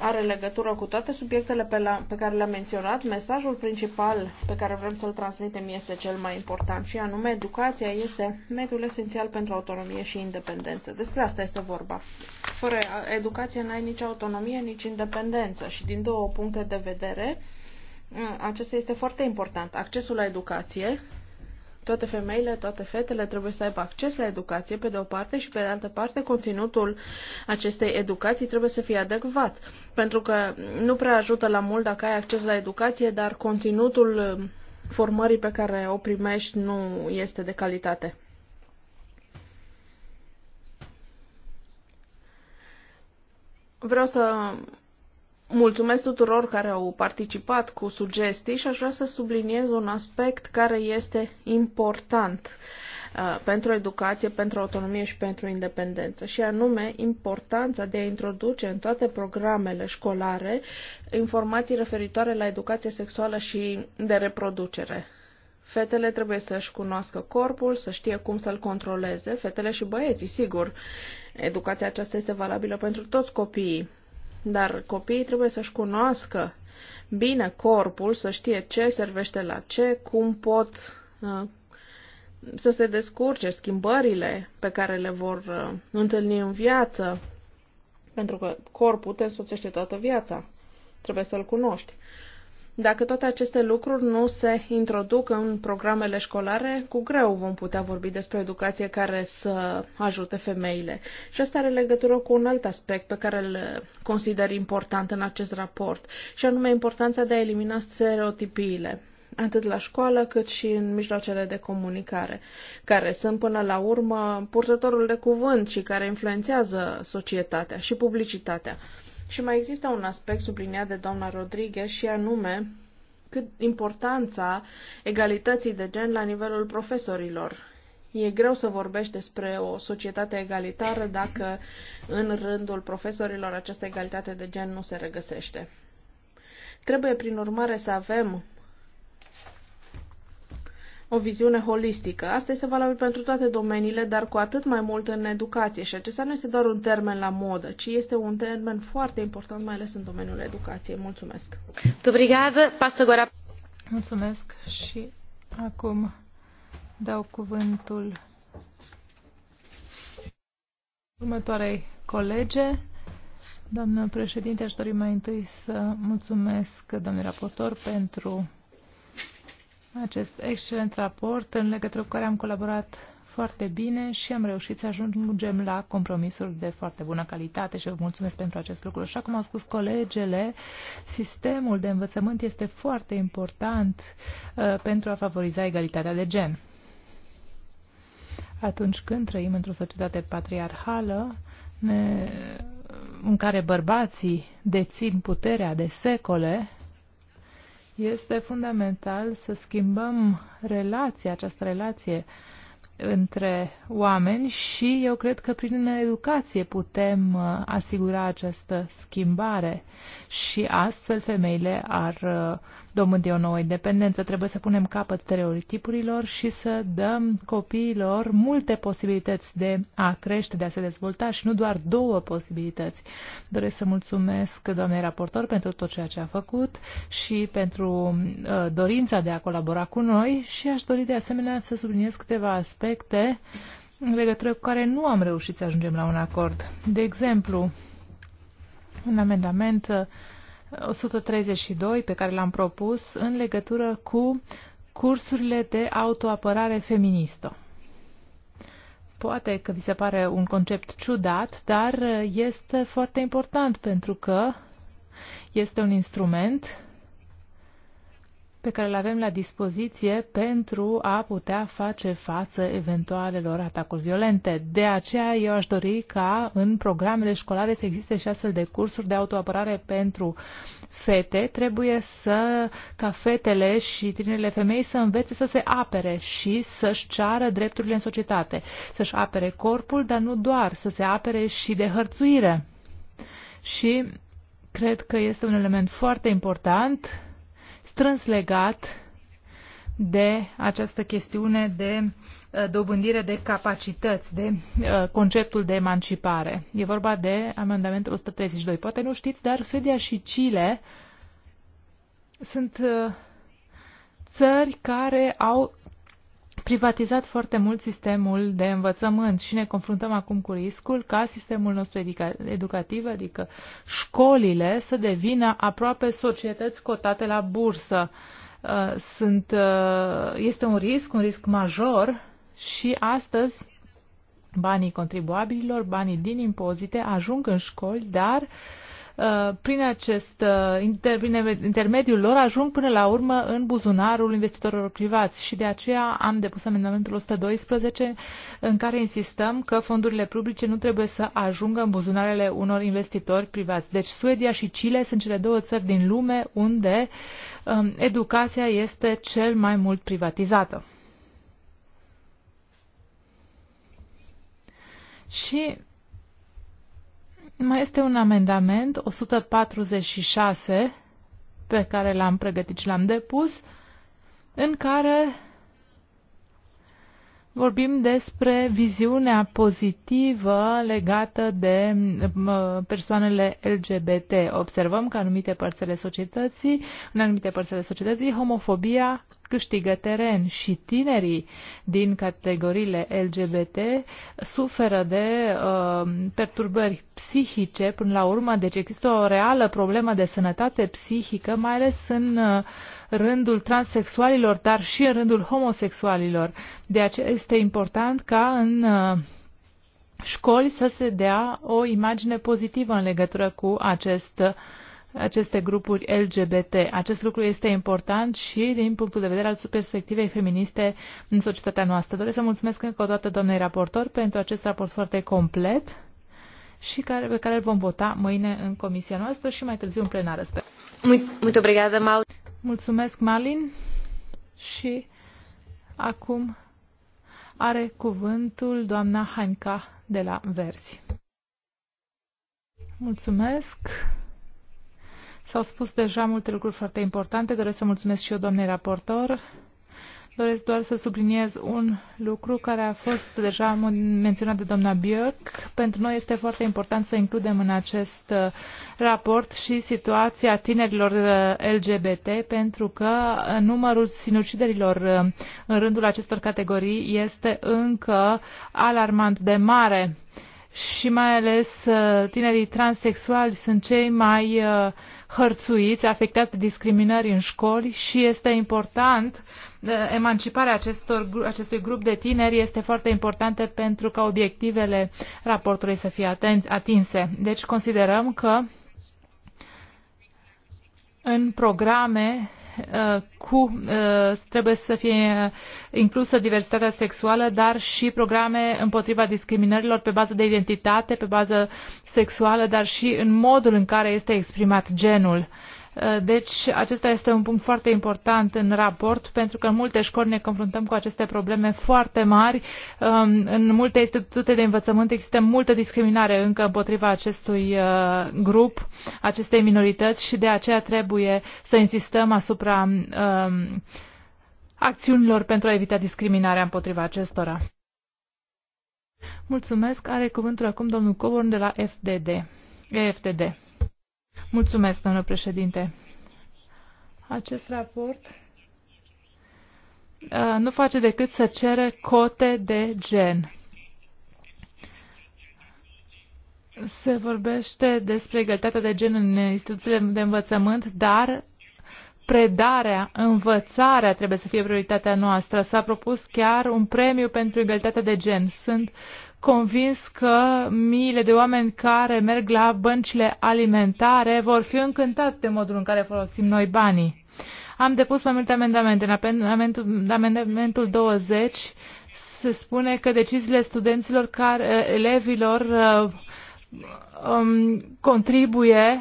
are legătură cu toate subiectele pe, la, pe care le-am menționat. Mesajul principal pe care vrem să-l transmitem este cel mai important și anume educația este mediul esențial pentru autonomie și independență. Despre asta este vorba. Fără educație n-ai nici autonomie, nici independență și din două puncte de vedere mm, acesta este foarte important. Accesul la educație toate femeile, toate fetele trebuie să aibă acces la educație, pe de o parte, și pe de altă parte, conținutul acestei educații trebuie să fie adecvat. Pentru că nu prea ajută la mult dacă ai acces la educație, dar conținutul um, formării pe care o primești nu este de calitate. Vreau să Mulțumesc tuturor care au participat cu sugestii și aș vrea să subliniez un aspect care este important uh, pentru educație, pentru autonomie și pentru independență, și anume importanța de a introduce în toate programele școlare informații referitoare la educație sexuală și de reproducere. Fetele trebuie să-și cunoască corpul, să știe cum să-l controleze, fetele și băieții, sigur. Educația aceasta este valabilă pentru toți copiii. Dar copiii trebuie să-și cunoască bine corpul, să știe ce servește la ce, cum pot uh, să se descurce schimbările pe care le vor uh, întâlni în viață, pentru că corpul te însoțește toată viața. Trebuie să-l cunoști. Dacă toate aceste lucruri nu se introduc în programele școlare, cu greu vom putea vorbi despre educație care să ajute femeile. Și asta are legătură cu un alt aspect pe care îl consider important în acest raport, și anume importanța de a elimina stereotipiile atât la școală cât și în mijloacele de comunicare, care sunt până la urmă purtătorul de cuvânt și care influențează societatea și publicitatea. Și mai există un aspect subliniat de doamna Rodriguez și anume cât importanța egalității de gen la nivelul profesorilor. E greu să vorbești despre o societate egalitară dacă în rândul profesorilor această egalitate de gen nu se regăsește. Trebuie, prin urmare, să avem o viziune holistică. Asta este valabil pentru toate domeniile, dar cu atât mai mult în educație. Și acesta nu este doar un termen la modă, ci este un termen foarte important, mai ales în domeniul educației. Mulțumesc! Mulțumesc și acum dau cuvântul următoarei colege. Doamnă președinte, aș dori mai întâi să mulțumesc, doamne raportor, pentru acest excelent raport în legătură cu care am colaborat foarte bine și am reușit să ajungem la compromisuri de foarte bună calitate și vă mulțumesc pentru acest lucru. Așa cum au spus colegele, sistemul de învățământ este foarte important uh, pentru a favoriza egalitatea de gen. Atunci când trăim într-o societate patriarhală, ne, în care bărbații dețin puterea de secole, este fundamental să schimbăm relația, această relație între oameni și eu cred că prin educație putem uh, asigura această schimbare și astfel femeile ar uh, dobândi o nouă independență. Trebuie să punem capăt stereotipurilor și să dăm copiilor multe posibilități de a crește, de a se dezvolta și nu doar două posibilități. Doresc să mulțumesc doamnei raportor pentru tot ceea ce a făcut și pentru uh, dorința de a colabora cu noi și aș dori de asemenea să subliniez câteva aspecte în legătură cu care nu am reușit să ajungem la un acord. De exemplu, un amendament uh, 132 pe care l-am propus în legătură cu cursurile de autoapărare feministă. Poate că vi se pare un concept ciudat, dar este foarte important pentru că este un instrument pe care le avem la dispoziție pentru a putea face față eventualelor atacuri violente. De aceea eu aș dori ca în programele școlare să existe și astfel de cursuri de autoapărare pentru fete. Trebuie să ca fetele și tinerile femei să învețe să se apere și să-și ceară drepturile în societate, să-și apere corpul, dar nu doar, să se apere și de hărțuire. Și cred că este un element foarte important strâns legat de această chestiune de uh, dobândire de capacități, de uh, conceptul de emancipare. E vorba de amendamentul 132. Poate nu știți, dar Suedia și Chile sunt uh, țări care au privatizat foarte mult sistemul de învățământ și ne confruntăm acum cu riscul ca sistemul nostru educativ, adică școlile, să devină aproape societăți cotate la bursă. Uh, sunt, uh, este un risc, un risc major și astăzi banii contribuabililor, banii din impozite ajung în școli, dar uh, Uh, prin acest uh, inter, prin intermediul lor ajung până la urmă în buzunarul investitorilor privați și de aceea am depus amendamentul 112 în care insistăm că fondurile publice nu trebuie să ajungă în buzunarele unor investitori privați. Deci Suedia și Chile sunt cele două țări din lume unde um, educația este cel mai mult privatizată. Și mai este un amendament 146 pe care l-am pregătit și l-am depus, în care vorbim despre viziunea pozitivă legată de persoanele LGBT. Observăm că anumite părțile societății, în anumite părțile societății, homofobia câștigă teren și tinerii din categoriile LGBT suferă de uh, perturbări psihice până la urmă, deci există o reală problemă de sănătate psihică, mai ales în uh, rândul transexualilor, dar și în rândul homosexualilor. De aceea este important ca în uh, școli să se dea o imagine pozitivă în legătură cu acest uh, aceste grupuri LGBT. Acest lucru este important și din punctul de vedere al perspectivei feministe în societatea noastră. Doresc să mulțumesc încă o dată doamnei raportor pentru acest raport foarte complet și care, pe care îl vom vota mâine în comisia noastră și mai târziu în plenară. Sper. Mult obrigada, Mal. Mulțumesc, Malin. Și acum are cuvântul doamna Hanca de la Verzi. Mulțumesc. S-au spus deja multe lucruri foarte importante. Doresc să mulțumesc și eu, doamnei raportor. Doresc doar să subliniez un lucru care a fost deja menționat de doamna Björk. Pentru noi este foarte important să includem în acest uh, raport și situația tinerilor uh, LGBT, pentru că uh, numărul sinuciderilor în rândul acestor categorii este încă alarmant de mare și mai ales tinerii transexuali sunt cei mai uh, hărțuiți, afectat discriminări în școli și este important uh, emanciparea acestor, acestui grup de tineri este foarte importantă pentru ca obiectivele raportului să fie atinse. Deci considerăm că în programe Uh, cu uh, trebuie să fie inclusă diversitatea sexuală, dar și programe împotriva discriminărilor pe bază de identitate, pe bază sexuală, dar și în modul în care este exprimat genul Uh, deci acesta este un punct foarte important în raport pentru că în multe școli ne confruntăm cu aceste probleme foarte mari. Um, în multe institute de învățământ există multă discriminare încă împotriva acestui uh, grup, acestei minorități și de aceea trebuie să insistăm asupra um, acțiunilor pentru a evita discriminarea împotriva acestora. Mulțumesc. Are cuvântul acum domnul Coborn de la FDD. FDD. Mulțumesc, domnule președinte. Acest raport uh, nu face decât să cere cote de gen. Se vorbește despre egalitatea de gen în instituțiile de învățământ, dar predarea, învățarea trebuie să fie prioritatea noastră. S-a propus chiar un premiu pentru egalitatea de gen. Sunt convins că miile de oameni care merg la băncile alimentare vor fi încântați de modul în care folosim noi banii. Am depus mai multe amendamente. În amendamentul, 20 se spune că deciziile studenților care, elevilor uh, um, contribuie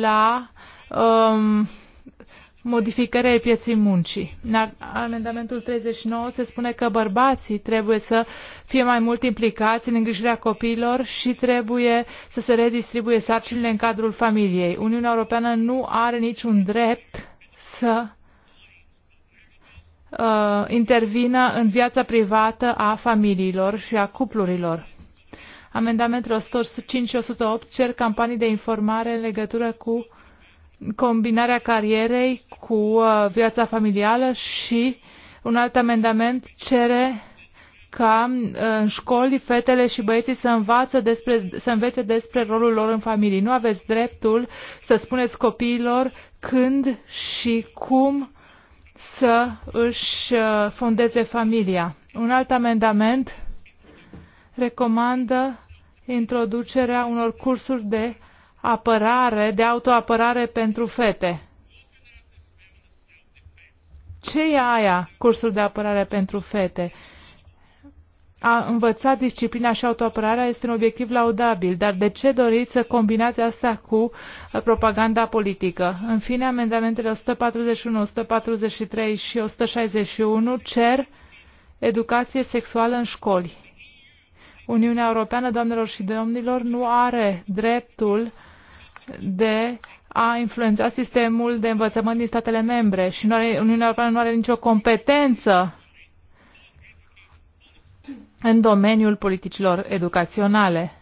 la um, modificarea pieții muncii. În amendamentul 39 se spune că bărbații trebuie să fie mai mult implicați în îngrijirea copiilor și trebuie să se redistribuie sarcinile în cadrul familiei. Uniunea Europeană nu are niciun drept să uh, intervină în viața privată a familiilor și a cuplurilor. Amendamentul 105 și 108 cer campanii de informare în legătură cu combinarea carierei cu uh, viața familială și un alt amendament cere ca uh, în școli fetele și băieții să, învață despre, să învețe despre rolul lor în familie. Nu aveți dreptul să spuneți copiilor când și cum să își uh, fondeze familia. Un alt amendament recomandă introducerea unor cursuri de apărare, de autoapărare pentru fete. Ce e aia, cursul de apărare pentru fete? A învăța disciplina și autoapărarea este un obiectiv laudabil, dar de ce doriți să combinați asta cu propaganda politică? În fine, amendamentele 141, 143 și 161 cer educație sexuală în școli. Uniunea Europeană, doamnelor și domnilor, nu are dreptul de a influența sistemul de învățământ din statele membre și nu are, Uniunea Europeană nu are nicio competență în domeniul politicilor educaționale.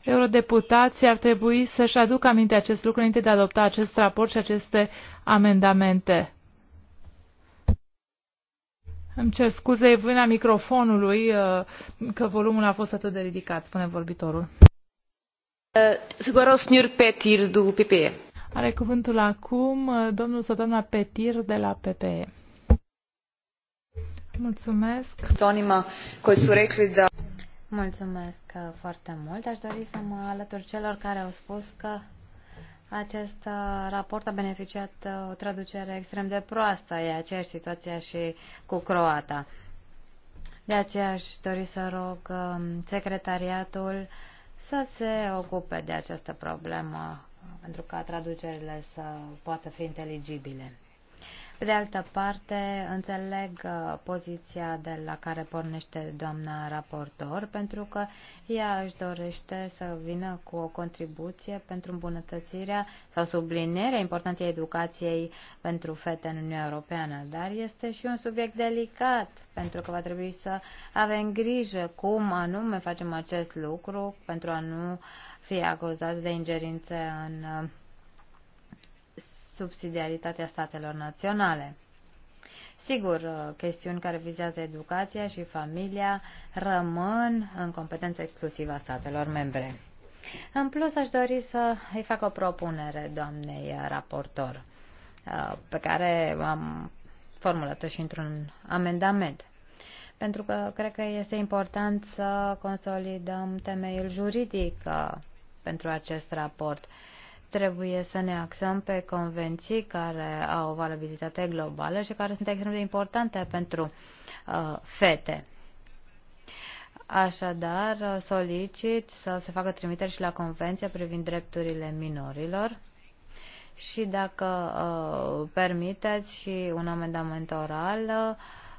Eurodeputații ar trebui să-și aducă aminte acest lucru înainte de a adopta acest raport și aceste amendamente. Îmi cer scuze, vâna microfonului, uh, că volumul a fost atât de ridicat, spune vorbitorul. Agora o senhor Petir do PPE. Are cuvântul acum uh, domnul sau doamna Petir de la PPE. Mulțumesc. Onima koji su rekli da... Mulțumesc uh, foarte mult. Aș dori să mă alătur celor care au spus că acest uh, raport a beneficiat o traducere extrem de proastă. E aceeași situație și cu croata. De aceea aș dori să rog um, secretariatul să se ocupe de această problemă pentru ca traducerile să poată fi inteligibile. Pe de altă parte, înțeleg uh, poziția de la care pornește doamna raportor, pentru că ea își dorește să vină cu o contribuție pentru îmbunătățirea sau sublinierea importanței educației pentru fete în Uniunea Europeană. Dar este și un subiect delicat, pentru că va trebui să avem grijă cum anume facem acest lucru pentru a nu fi acuzați de ingerințe în uh, subsidiaritatea statelor naționale. Sigur, uh, chestiuni care vizează educația și familia rămân în competență exclusivă a statelor membre. În plus, aș dori să îi fac o propunere doamnei raportor, uh, pe care am formulat-o și într-un amendament. Pentru că cred că este important să consolidăm temeiul juridic uh, pentru acest raport. Uh, Trebuie să ne axăm pe convenții care au o valabilitate globală și care sunt extrem de importante pentru uh, fete. Așadar, solicit să se facă trimiteri și la Convenția privind drepturile minorilor și, dacă uh, permiteți, și un amendament oral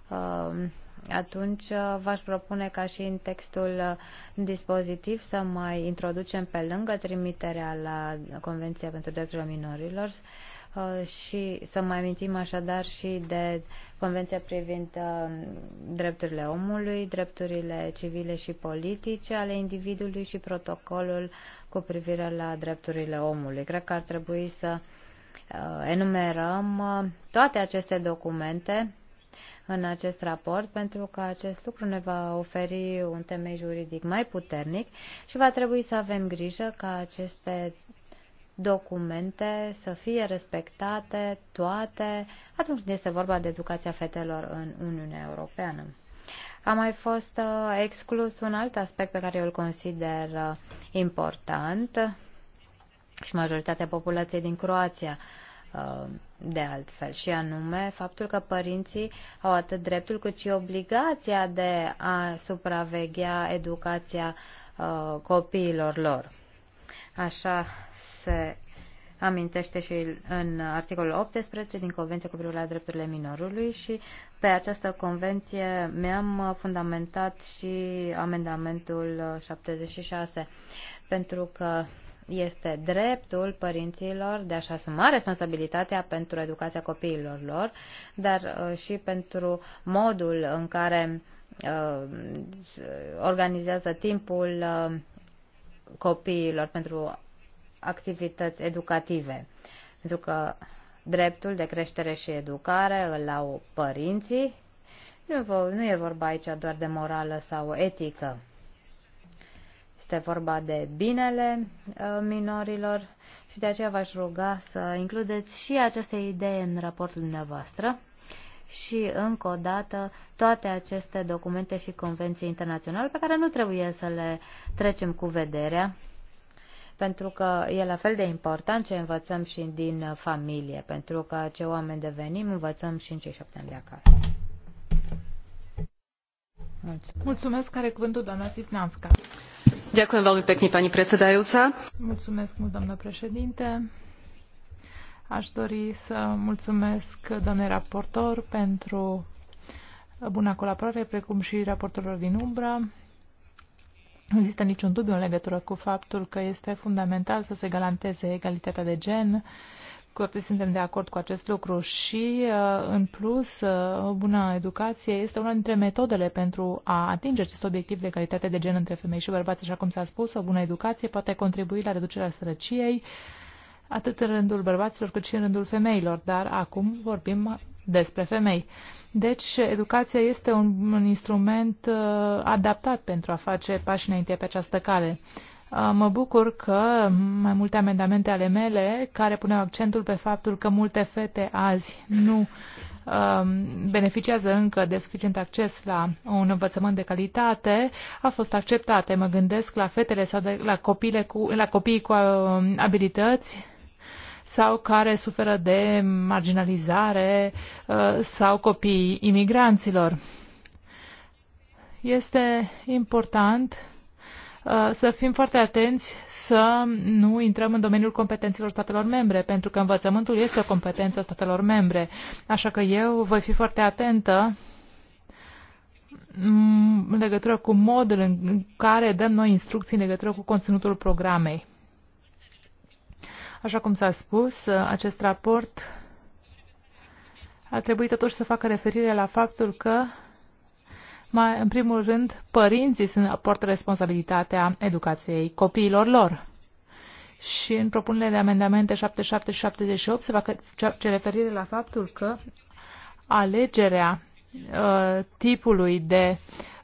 uh, atunci uh, v-aș propune ca și în textul uh, dispozitiv să mai introducem pe lângă trimiterea la Convenția pentru Drepturile Minorilor uh, și să mai amintim așadar și de Convenția privind drepturile omului, drepturile civile și politice ale individului și protocolul cu privire la drepturile omului. Cred că ar trebui să enumerăm toate aceste documente în acest raport, pentru că acest lucru ne va oferi un temei juridic mai puternic și va trebui să avem grijă ca aceste documente să fie respectate toate atunci când este vorba de educația fetelor în Uniunea Europeană. A mai fost uh, exclus un alt aspect pe care eu îl consider uh, important și majoritatea populației din Croația Uh, de altfel, și anume faptul că părinții au atât dreptul cât și obligația de a supraveghea educația uh, copiilor lor. Așa se amintește și în articolul 18 din Convenția cu privire la drepturile minorului și pe această convenție mi-am fundamentat și amendamentul 76 pentru că este dreptul părinților de a-și asuma responsabilitatea pentru educația copiilor lor, dar uh, și pentru modul în care uh, organizează timpul uh, copiilor pentru activități educative. Pentru că dreptul de creștere și educare îl au părinții. Nu, nu e vorba aici doar de morală sau etică este vorba de binele uh, minorilor și de aceea v-aș ruga să includeți și aceste idei în raportul dumneavoastră și, încă o dată, toate aceste documente și convenții internaționale pe care nu trebuie să le trecem cu vederea, pentru că e la fel de important ce învățăm și din familie, pentru că ce oameni devenim învățăm și în cei șapte ani de acasă. Mulțumesc. Mulțumesc, care cuvântul doamna Sitnanska. Ďakujem președinte. Aș dori să mulțumesc doamnei raportor pentru buna colaborare, precum și raportorilor din umbră. Nu există niciun dubiu în legătură cu faptul că este fundamental să se garanteze egalitatea de gen toți suntem de acord cu acest lucru și, uh, în plus, uh, o bună educație este una dintre metodele pentru a atinge acest obiectiv de egalitate de gen între femei și bărbați, așa cum s-a spus, o bună educație poate contribui la reducerea sărăciei, atât în rândul bărbaților cât și în rândul femeilor, dar acum vorbim despre femei. Deci, educația este un, un instrument uh, adaptat pentru a face pași înainte pe această cale. Mă bucur că mai multe amendamente ale mele, care puneau accentul pe faptul că multe fete azi nu beneficiază încă de suficient acces la un învățământ de calitate, a fost acceptate. Mă gândesc la fetele sau de, la, copile cu, la copiii cu abilități sau care suferă de marginalizare sau copiii imigranților. Este important Uh, să fim foarte atenți să nu intrăm în domeniul competențelor statelor membre, pentru că învățământul este o competență a statelor membre. Așa că eu voi fi foarte atentă mm, în legătură cu modul în care dăm noi instrucții în legătură cu conținutul programei. Așa cum s-a spus, uh, acest raport ar trebui totuși să facă referire la faptul că mai, în primul rând, părinții sunt aportă responsabilitatea educației copiilor lor. Și în propunerea de amendamente 77 și 78 se va ce referire la faptul că alegerea uh, tipului de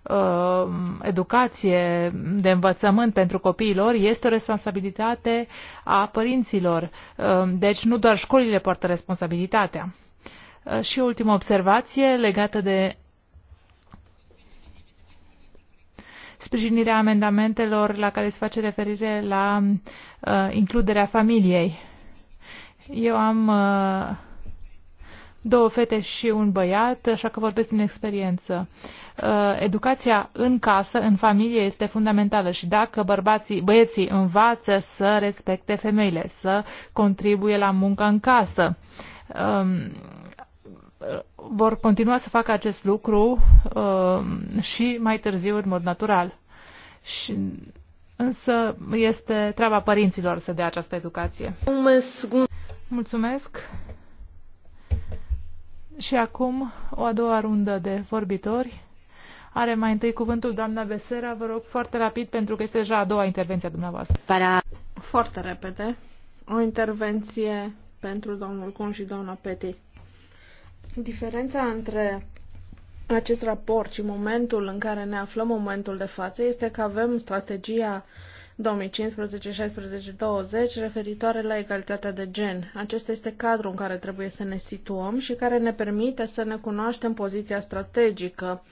uh, educație, de învățământ pentru copiilor este o responsabilitate a părinților. Uh, deci nu doar școlile poartă responsabilitatea. Uh, și o ultimă observație legată de sprijinirea amendamentelor la care se face referire la uh, includerea familiei. Eu am uh, două fete și un băiat, așa că vorbesc din experiență. Uh, educația în casă, în familie, este fundamentală și dacă bărbații, băieții învață să respecte femeile, să contribuie la munca în casă, um, vor continua să facă acest lucru uh, și mai târziu în mod natural. Și, însă este treaba părinților să dea această educație. Mulțumesc! Și acum o a doua rundă de vorbitori. Are mai întâi cuvântul doamna Besera, vă rog foarte rapid pentru că este deja a doua intervenție a dumneavoastră. Para... Foarte repede. O intervenție pentru domnul Con și doamna Peti. Diferența între acest raport și momentul în care ne aflăm momentul de față este că avem strategia 2015-16-20 referitoare la egalitatea de gen. Acesta este cadrul în care trebuie să ne situăm și care ne permite să ne cunoaștem poziția strategică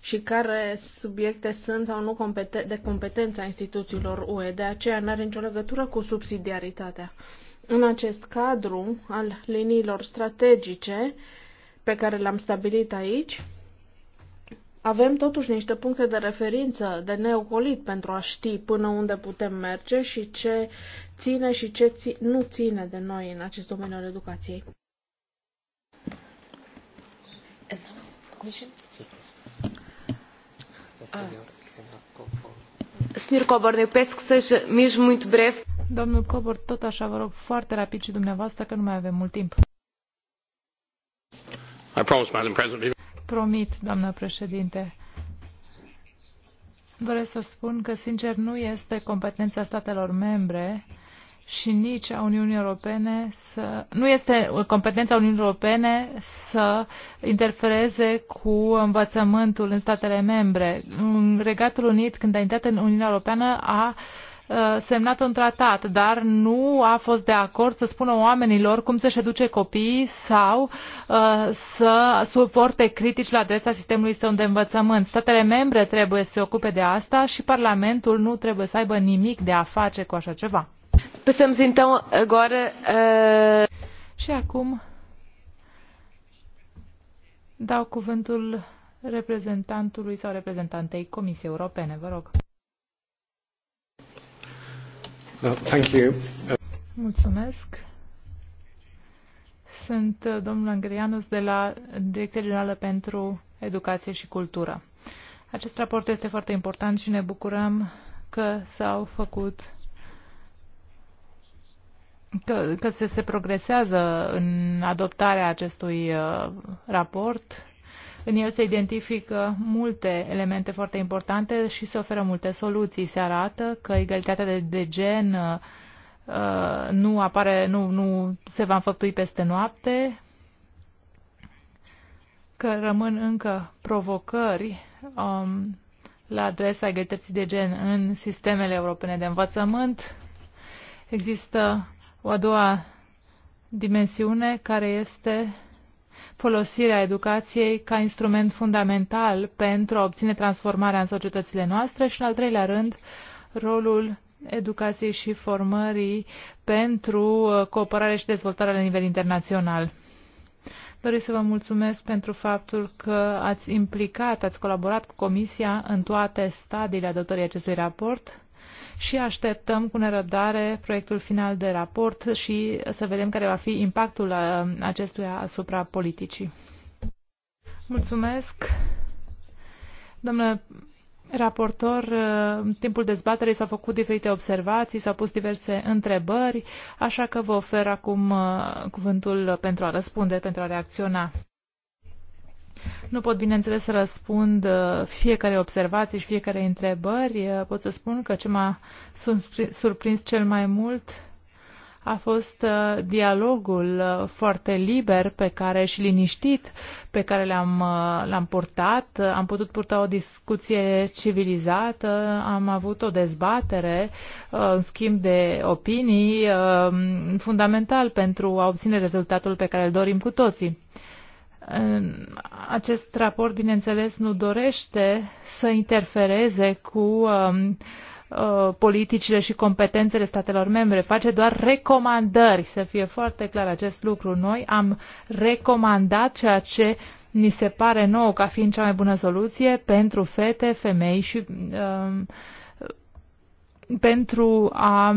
și care subiecte sunt sau nu de competența instituțiilor UE. De aceea nu are nicio legătură cu subsidiaritatea. În acest cadru al liniilor strategice, pe care le-am stabilit aici, avem totuși niște puncte de referință de neocolit pentru a ști până unde putem merge și ce ține și ce ți- nu ține de noi în acest domeniu al educației. Sr. Cobor, eu pesc că seja mesmo muito breve. Domnul Cobor, tot așa vă rog foarte rapid și dumneavoastră că nu mai avem mult timp. I promise, Madam President. Promit, doamnă președinte. Doresc să spun că, sincer, nu este competența statelor membre și nici a Uniunii Europene să, nu este competența Uniunii Europene să interfereze cu învățământul în statele membre. Regatul Unit, când a intrat în Uniunea Europeană, a uh, Uh, semnat un tratat, dar nu a fost de acord să spună oamenilor cum să-și educe copiii sau uh, să suporte critici la adresa sistemului său de învățământ. Statele membre trebuie să se ocupe de asta și Parlamentul nu trebuie să aibă nimic de a face cu așa ceva. Passamos então agora uh, Și acum dau cuvântul reprezentantului sau reprezentantei Comisiei Europene, vă rog. Uh, thank you. Mulțumesc. Sunt uh, domnul Angrianus de la Direcția Generală pentru Educație și Cultură. Acest raport este foarte important și ne bucurăm că s-au făcut că, că se, se progresează în adoptarea acestui uh, raport în el se identifică multe elemente foarte importante și se oferă multe soluții. Se arată că egalitatea de, de gen uh, uh, nu apare, nu, nu se va înfăptui peste noapte, că rămân încă provocări um, la adresa egalității de gen în sistemele europene de învățământ. Există o a doua dimensiune care este folosirea educației ca instrument fundamental pentru a obține transformarea în societățile noastre și, în al treilea rând, rolul educației și formării pentru uh, cooperare și dezvoltare la nivel internațional. Doresc să vă mulțumesc pentru faptul că ați implicat, ați colaborat cu Comisia în toate stadiile adoptării acestui raport și așteptăm cu nerăbdare proiectul final de raport și să vedem care va fi impactul uh, acestuia asupra politicii. Mulțumesc. Domnule raportor, uh, în timpul dezbaterei s-au făcut diferite observații, s-au pus diverse întrebări, așa că vă ofer acum uh, cuvântul pentru a răspunde, pentru a reacționa. Nu pot, bineînțeles, să răspund uh, fiecare observație și fiecare întrebări. Uh, pot să spun că ce m-a surprins cel mai mult a fost uh, dialogul foarte liber pe care și liniștit pe care l-am, l-am purtat. Am putut purta o discuție civilizată, am avut o dezbatere, un schimb de opinii fundamental pentru a obține rezultatul pe care îl dorim cu toții. Acest raport, bineînțeles, nu dorește să interfereze cu um, uh, politicile și competențele statelor membre. Face doar recomandări, să fie foarte clar acest lucru. Noi am recomandat ceea ce ni se pare nou ca fiind cea mai bună soluție pentru fete, femei și uh, pentru a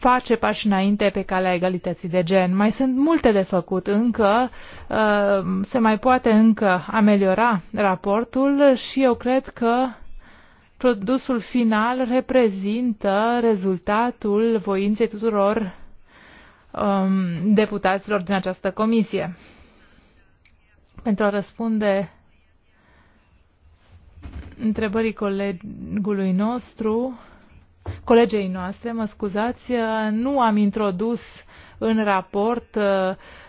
face pași înainte pe calea egalității de gen. Mai sunt multe de făcut încă, uh, se mai poate încă ameliora raportul și eu cred că produsul final reprezintă rezultatul voinței tuturor um, deputaților din această comisie. Pentru a răspunde întrebării colegului nostru, colegei noastre, mă scuzați, uh, nu am introdus în raport uh,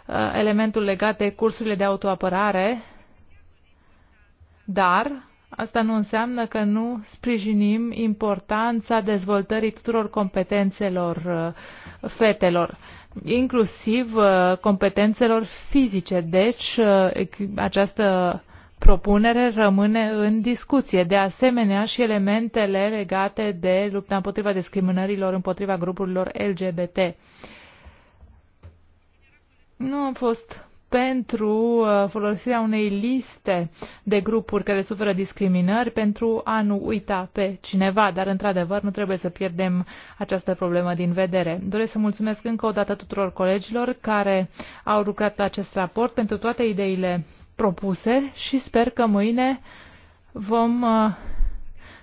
uh, elementul legat de cursurile de autoapărare, dar asta nu înseamnă că nu sprijinim importanța dezvoltării tuturor competențelor fetelor inclusiv competențelor fizice. Deci, această propunere rămâne în discuție. De asemenea și elementele legate de lupta împotriva discriminărilor, împotriva grupurilor LGBT. Nu am fost pentru uh, folosirea unei liste de grupuri care suferă discriminări pentru a nu uita pe cineva, dar într-adevăr nu trebuie să pierdem această problemă din vedere. Doresc să mulțumesc încă o dată tuturor colegilor care au lucrat la acest raport pentru toate ideile propuse și sper că mâine vom uh,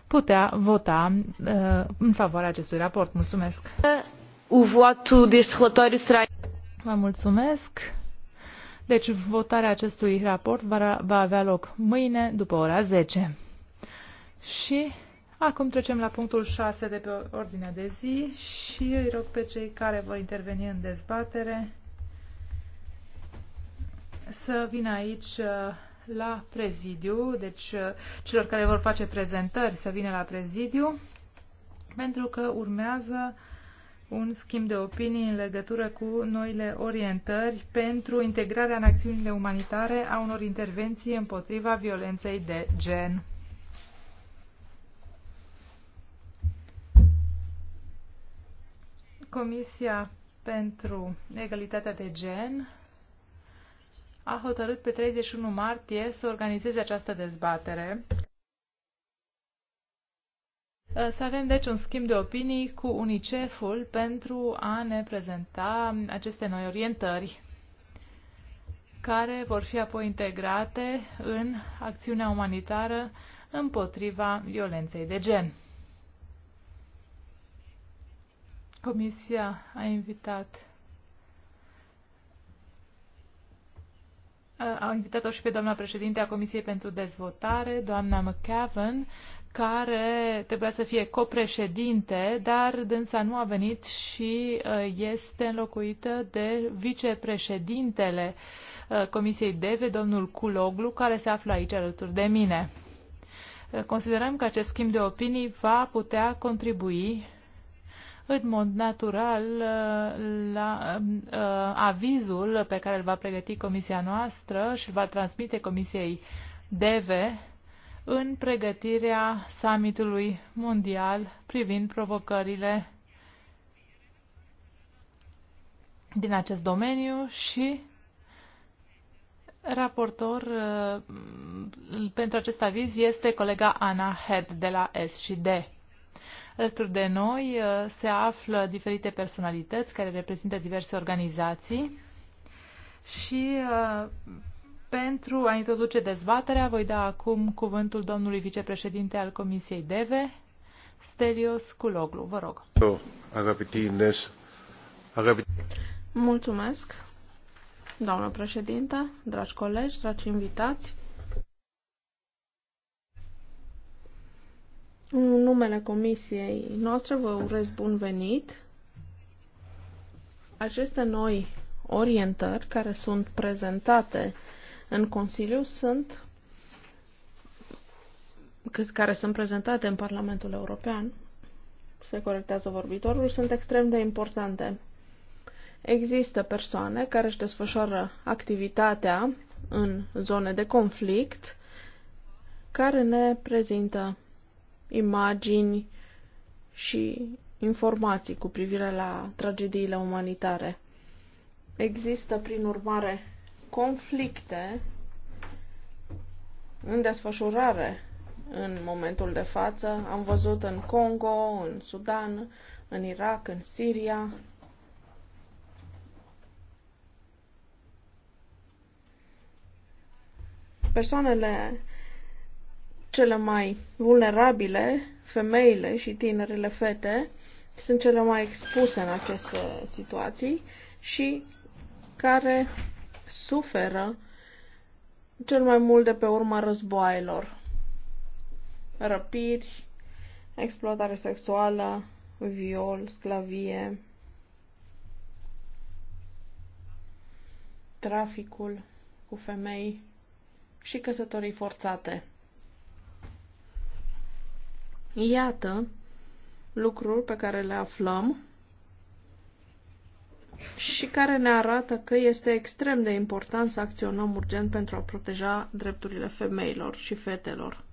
putea vota uh, în favoarea acestui raport. Mulțumesc! votul Vă mulțumesc! Deci votarea acestui raport va, va avea loc mâine după ora 10. Și acum trecem la punctul 6 de pe ordinea de zi și îi rog pe cei care vor interveni în dezbatere să vină aici uh, la prezidiu, deci uh, celor care vor face prezentări să vină la prezidiu, pentru că urmează un schimb de opinii în legătură cu noile orientări pentru integrarea în acțiunile umanitare a unor intervenții împotriva violenței de gen. Comisia pentru Egalitatea de Gen a hotărât pe 31 martie să organizeze această dezbatere. Uh, să avem deci un schimb de opinii cu UNICEF-ul pentru a ne prezenta aceste noi orientări care vor fi apoi integrate în acțiunea umanitară împotriva violenței de gen. Comisia a invitat au invitat-o și pe doamna președinte a Comisiei pentru Dezvoltare, doamna McCavan, care trebuia să fie copreședinte, dar dânsa nu a venit și este înlocuită de vicepreședintele Comisiei DEVE, domnul Culoglu, care se află aici alături de mine. Considerăm că acest schimb de opinii va putea contribui în mod natural uh, la uh, avizul pe care îl va pregăti comisia noastră și îl va transmite comisiei DEVE în pregătirea summitului mondial privind provocările din acest domeniu și raportor uh, pentru acest aviz este colega Ana Head de la S&D. Alături de noi uh, se află diferite personalități care reprezintă diverse organizații și uh, pentru a introduce dezbaterea voi da acum cuvântul domnului vicepreședinte al Comisiei DEVE, Stelios Culoglu. Vă rog. Mulțumesc, doamnă președinte, dragi colegi, dragi invitați. În numele comisiei noastre vă urez bun venit. Aceste noi orientări care sunt prezentate în Consiliu sunt care sunt prezentate în Parlamentul European, se corectează vorbitorul, sunt extrem de importante. Există persoane care își desfășoară activitatea în zone de conflict, care ne prezintă imagini și informații cu privire la tragediile umanitare. Există, prin urmare, conflicte în desfășurare în momentul de față. Am văzut în Congo, în Sudan, în Irak, în Siria. Persoanele cele mai vulnerabile, femeile și tinerele fete, sunt cele mai expuse în aceste situații și care suferă cel mai mult de pe urma războaielor. Răpiri, exploatare sexuală, viol, sclavie, traficul cu femei și căsătorii forțate. Iată lucruri pe care le aflăm și care ne arată că este extrem de important să acționăm urgent pentru a proteja drepturile femeilor și fetelor.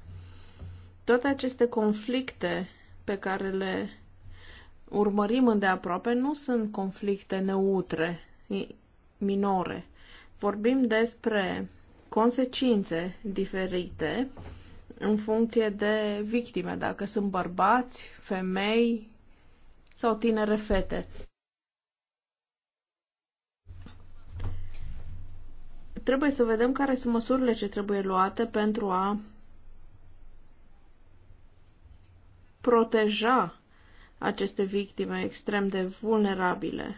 Toate aceste conflicte pe care le urmărim îndeaproape nu sunt conflicte neutre, minore. Vorbim despre consecințe diferite în funcție de victime, dacă sunt bărbați, femei sau tinere fete. Trebuie să vedem care sunt măsurile ce trebuie luate pentru a proteja aceste victime extrem de vulnerabile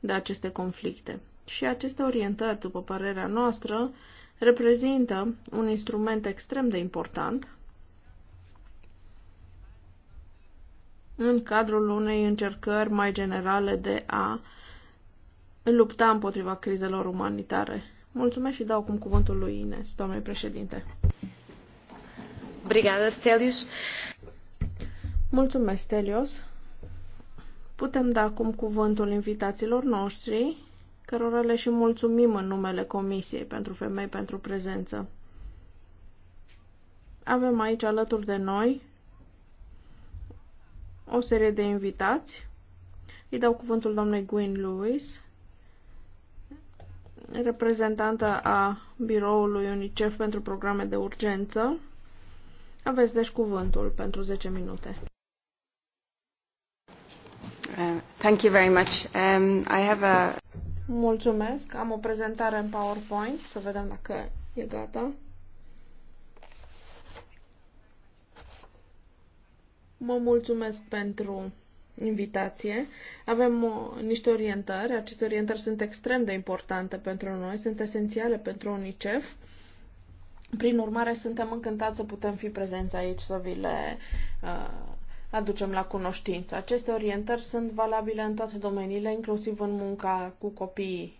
de aceste conflicte. Și aceste orientări, după părerea noastră, reprezintă un instrument extrem de important în cadrul unei încercări mai generale de a lupta împotriva crizelor umanitare. Mulțumesc și dau acum cuvântul lui Ines, domnule președinte. Brigada Stelios. Mulțumesc, Stelios. Putem da acum cuvântul invitațiilor noștri cărora le și mulțumim în numele Comisiei pentru Femei pentru prezență. Avem aici alături de noi o serie de invitați. Îi dau cuvântul doamnei Gwyn Lewis, reprezentantă a biroului UNICEF pentru programe de urgență. Aveți deci cuvântul pentru 10 minute. Uh, thank you very much. Um, I have a... Mulțumesc. Am o prezentare în PowerPoint, să vedem dacă e gata. Mă mulțumesc pentru invitație. Avem o, uh, niște orientări. Aceste orientări sunt extrem de importante pentru noi, sunt esențiale pentru UNICEF. Prin urmare, suntem încântați să putem fi prezenți aici, să vi le uh, aducem la cunoștință. Aceste orientări sunt valabile în toate domeniile, inclusiv în munca cu copiii,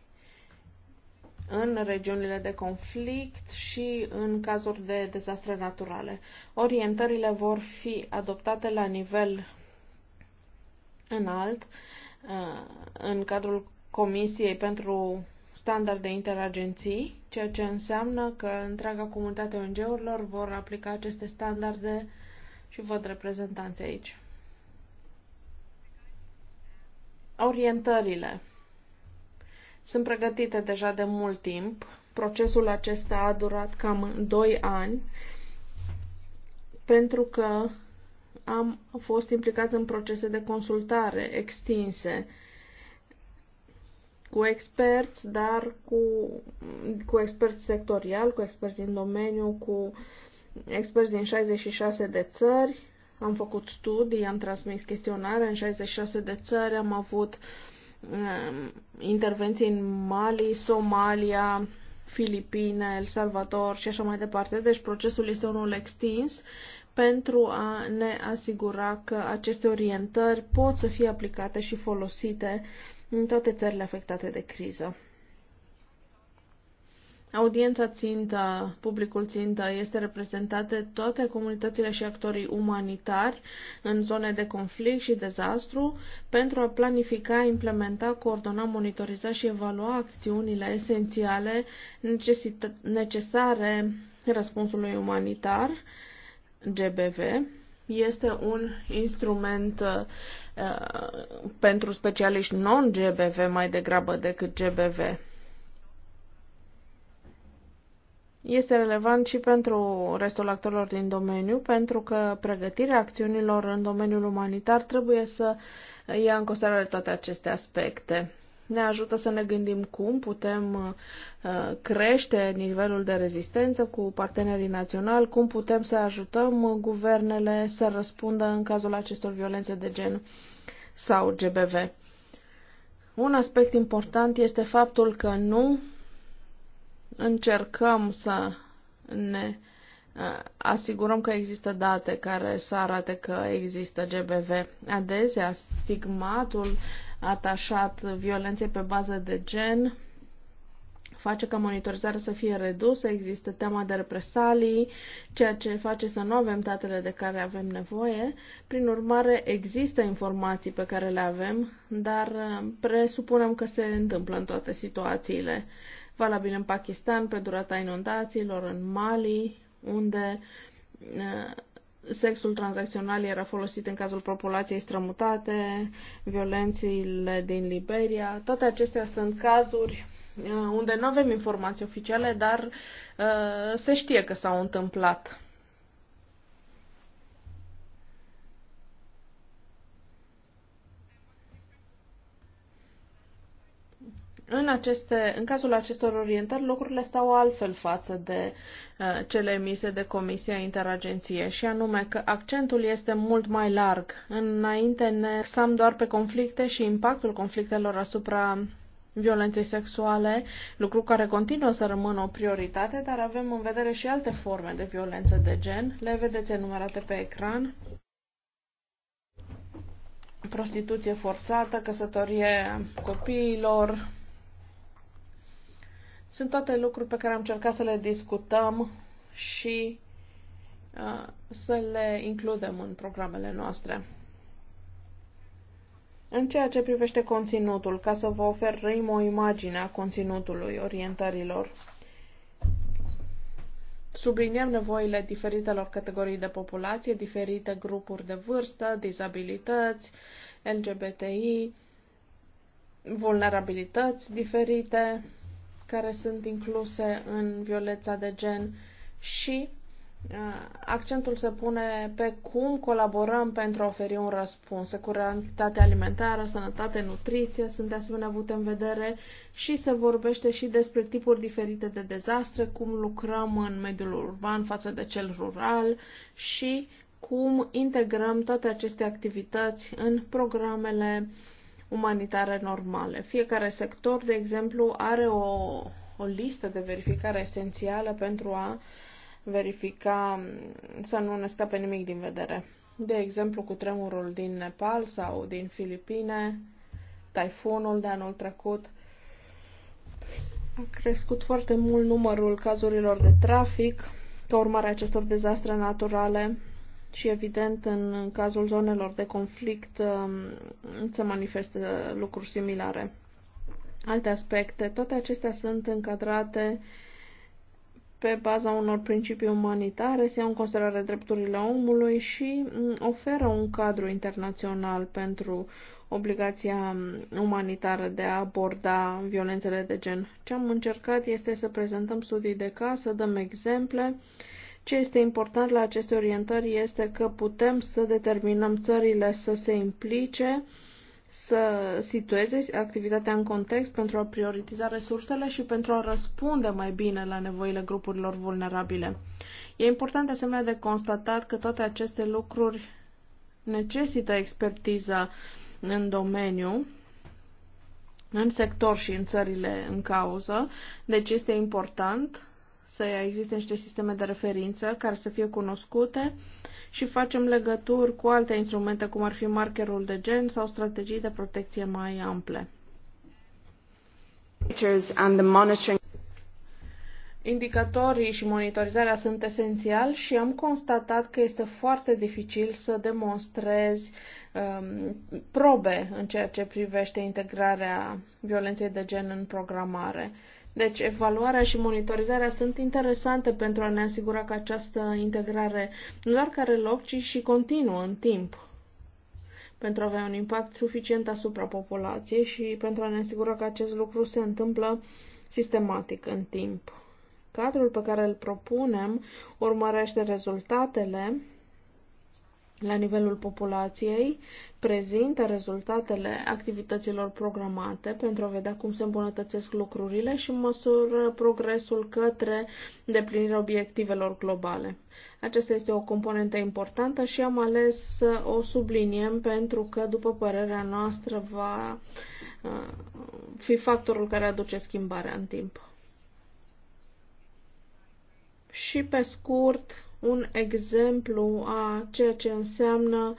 în regiunile de conflict și în cazuri de dezastre naturale. Orientările vor fi adoptate la nivel înalt uh, în cadrul Comisiei pentru standarde interagenții, ceea ce înseamnă că întreaga comunitate ONG-urilor vor aplica aceste standarde și văd reprezentanți aici. Orientările sunt pregătite deja de mult timp. Procesul acesta a durat cam 2 ani pentru că am fost implicați în procese de consultare extinse cu experți, dar cu, cu experți sectorial, cu experți din domeniu, cu experți din 66 de țări, am făcut studii, am transmis chestionare în 66 de țări, am avut um, intervenții în Mali, Somalia, Filipine, El Salvador și așa mai departe. Deci procesul este unul extins pentru a ne asigura că aceste orientări pot să fie aplicate și folosite în toate țările afectate de criză. Audiența țintă, publicul țintă, este reprezentat de toate comunitățile și actorii umanitari în zone de conflict și dezastru pentru a planifica, implementa, coordona, monitoriza și evalua acțiunile esențiale necesare răspunsului umanitar, GBV, este un instrument uh, pentru specialiști non-GBV mai degrabă decât GBV. este relevant și pentru restul actorilor din domeniu, pentru că pregătirea acțiunilor în domeniul umanitar trebuie să ia în considerare toate aceste aspecte. Ne ajută să ne gândim cum putem uh, crește nivelul de rezistență cu partenerii naționali, cum putem să ajutăm guvernele să răspundă în cazul acestor violențe de gen sau GBV. Un aspect important este faptul că nu încercăm să ne uh, asigurăm că există date care să arate că există GBV. Adesea, stigmatul atașat violenței pe bază de gen face ca monitorizarea să fie redusă, există teama de represalii, ceea ce face să nu avem datele de care avem nevoie. Prin urmare, există informații pe care le avem, dar uh, presupunem că se întâmplă în toate situațiile valabil în Pakistan pe durata inundațiilor, în Mali, unde uh, sexul tranzacțional era folosit în cazul populației strămutate, violențele din Liberia. Toate acestea sunt cazuri uh, unde nu avem informații oficiale, dar uh, se știe că s-au întâmplat. În, aceste, în cazul acestor orientări, lucrurile stau altfel față de uh, cele emise de Comisia Interagenție, și anume că accentul este mult mai larg. Înainte ne exam doar pe conflicte și impactul conflictelor asupra violenței sexuale, lucru care continuă să rămână o prioritate, dar avem în vedere și alte forme de violență de gen. Le vedeți enumerate pe ecran. Prostituție forțată, căsătorie copiilor, sunt toate lucruri pe care am încercat să le discutăm și uh, să le includem în programele noastre. În ceea ce privește conținutul, ca să vă oferim o imagine a conținutului orientărilor, subliniem nevoile diferitelor categorii de populație, diferite grupuri de vârstă, dizabilități, LGBTI, vulnerabilități diferite, care sunt incluse în violența de gen și uh, accentul se pune pe cum colaborăm pentru a oferi un răspuns. Securitatea alimentară, sănătate, nutriție sunt de asemenea avute în vedere și se vorbește și despre tipuri diferite de dezastre, cum lucrăm în mediul urban față de cel rural și cum integrăm toate aceste activități în programele umanitare normale. Fiecare sector, de exemplu, are o, o listă de verificare esențială pentru a verifica să nu ne scape nimic din vedere. De exemplu, cu tremurul din Nepal sau din Filipine, taifunul de anul trecut, a crescut foarte mult numărul cazurilor de trafic ca urmare a acestor dezastre naturale și evident în cazul zonelor de conflict um, se manifestă lucruri similare. Alte aspecte, toate acestea sunt încadrate pe baza unor principii umanitare, se iau în considerare drepturile omului și um, oferă un cadru internațional pentru obligația um, umanitară de a aborda violențele de gen. Ce am încercat este să prezentăm studii de caz, să dăm exemple, ce este important la aceste orientări este că putem să determinăm țările să se implice, să situeze activitatea în context pentru a prioritiza resursele și pentru a răspunde mai bine la nevoile grupurilor vulnerabile. E important de asemenea de constatat că toate aceste lucruri necesită expertiza în domeniu, în sector și în țările în cauză, deci este important să existe niște sisteme de referință care să fie cunoscute și facem legături cu alte instrumente, cum ar fi markerul de gen sau strategii de protecție mai ample. Indicatorii și monitorizarea sunt esențial și am constatat că este foarte dificil să demonstrezi um, probe în ceea ce privește integrarea violenței de gen în programare. Uh, deci evaluarea și monitorizarea sunt interesante pentru a ne asigura că această integrare nu doar care loc, ci și continuă în timp pentru a avea un impact suficient asupra populației și pentru a ne asigura că acest lucru se întâmplă sistematic în timp. Cadrul pe care îl propunem urmărește rezultatele la nivelul populației, prezintă rezultatele activităților programate pentru a vedea cum se îmbunătățesc lucrurile și măsură progresul către deplinirea obiectivelor globale. Aceasta este o componentă importantă și am ales să o subliniem pentru că, după părerea noastră, va uh, fi factorul care aduce schimbarea în timp. Și pe scurt, un exemplu a ceea ce înseamnă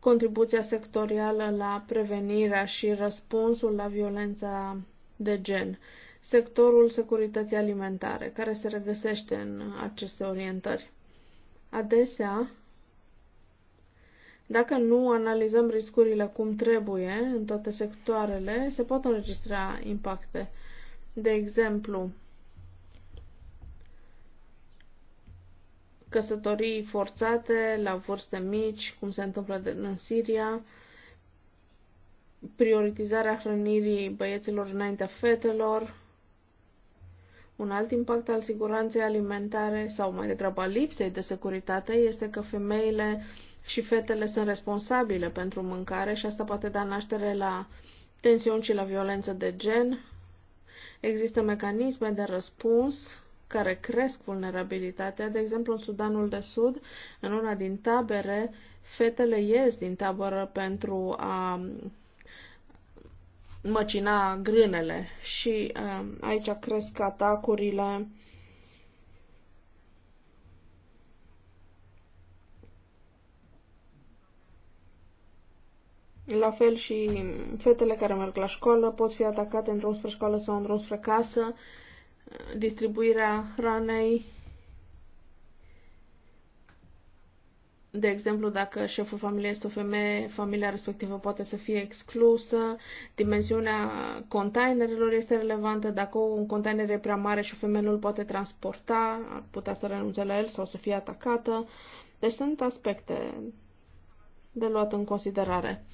contribuția sectorială la prevenirea și răspunsul la violența de gen, sectorul securității alimentare, care se regăsește în aceste orientări. Adesea, dacă nu analizăm riscurile cum trebuie în toate sectoarele, se pot înregistra impacte. De exemplu, căsătorii forțate la vârste mici, cum se întâmplă în Siria, prioritizarea hrănirii băieților înaintea fetelor, un alt impact al siguranței alimentare sau mai degrabă lipsei de securitate este că femeile și fetele sunt responsabile pentru mâncare și asta poate da naștere la tensiuni și la violență de gen. Există mecanisme de răspuns care cresc vulnerabilitatea. De exemplu, în Sudanul de Sud, în una din tabere, fetele ies din tabără pentru a măcina grânele și um, aici cresc atacurile. La fel și fetele care merg la școală pot fi atacate într-o spre școală sau într-o spre casă. Uh, distribuirea hranei. De exemplu, dacă șeful familiei este o femeie, familia respectivă poate să fie exclusă, dimensiunea containerelor este relevantă, dacă un container e prea mare și o femeie nu îl poate transporta, ar putea să renunțe la el sau să fie atacată. Deci sunt aspecte de luat în considerare.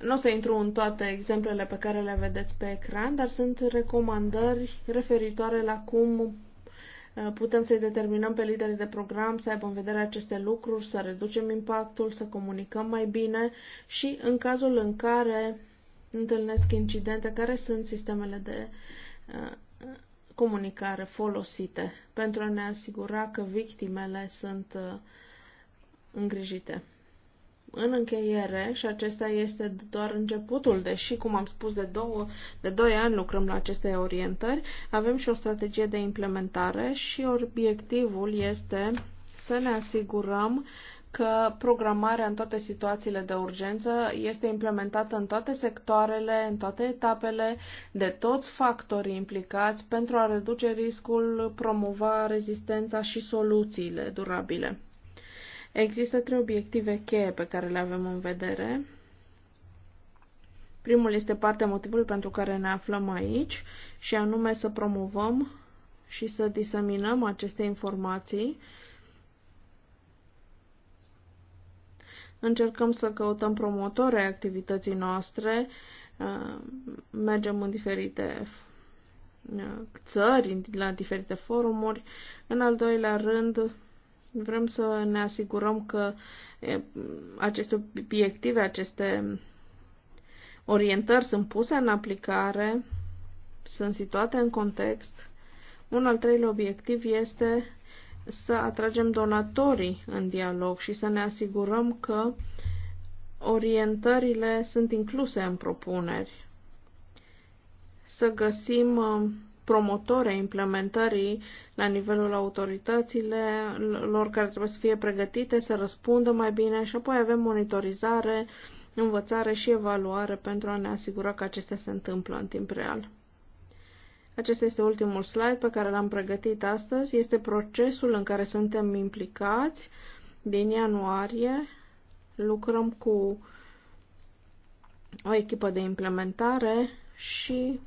Nu o să intru în toate exemplele pe care le vedeți pe ecran, dar sunt recomandări referitoare la cum uh, putem să-i determinăm pe liderii de program să aibă în vedere aceste lucruri, să reducem impactul, să comunicăm mai bine și în cazul în care întâlnesc incidente, care sunt sistemele de uh, comunicare folosite pentru a ne asigura că victimele sunt uh, îngrijite. În încheiere, și acesta este doar începutul, deși, cum am spus, de, două, de doi ani lucrăm la aceste orientări, avem și o strategie de implementare și obiectivul este să ne asigurăm că programarea în toate situațiile de urgență este implementată în toate sectoarele, în toate etapele, de toți factorii implicați pentru a reduce riscul, promova rezistența și soluțiile durabile. Există trei obiective cheie pe care le avem în vedere. Primul este partea motivului pentru care ne aflăm aici și anume să promovăm și să diseminăm aceste informații. Încercăm să căutăm promotori activității noastre, uh, mergem în diferite uh, țări, la diferite forumuri. În al doilea rând, Vrem să ne asigurăm că aceste obiective, aceste orientări sunt puse în aplicare, sunt situate în context. Un al treilea obiectiv este să atragem donatorii în dialog și să ne asigurăm că orientările sunt incluse în propuneri. Să găsim uh, promotori a implementării la nivelul autorităților care trebuie să fie pregătite, să răspundă mai bine și apoi avem monitorizare, învățare și evaluare pentru a ne asigura că acestea se întâmplă în timp real. Acesta este ultimul slide pe care l-am pregătit astăzi. Este procesul în care suntem implicați din ianuarie. Lucrăm cu o echipă de implementare și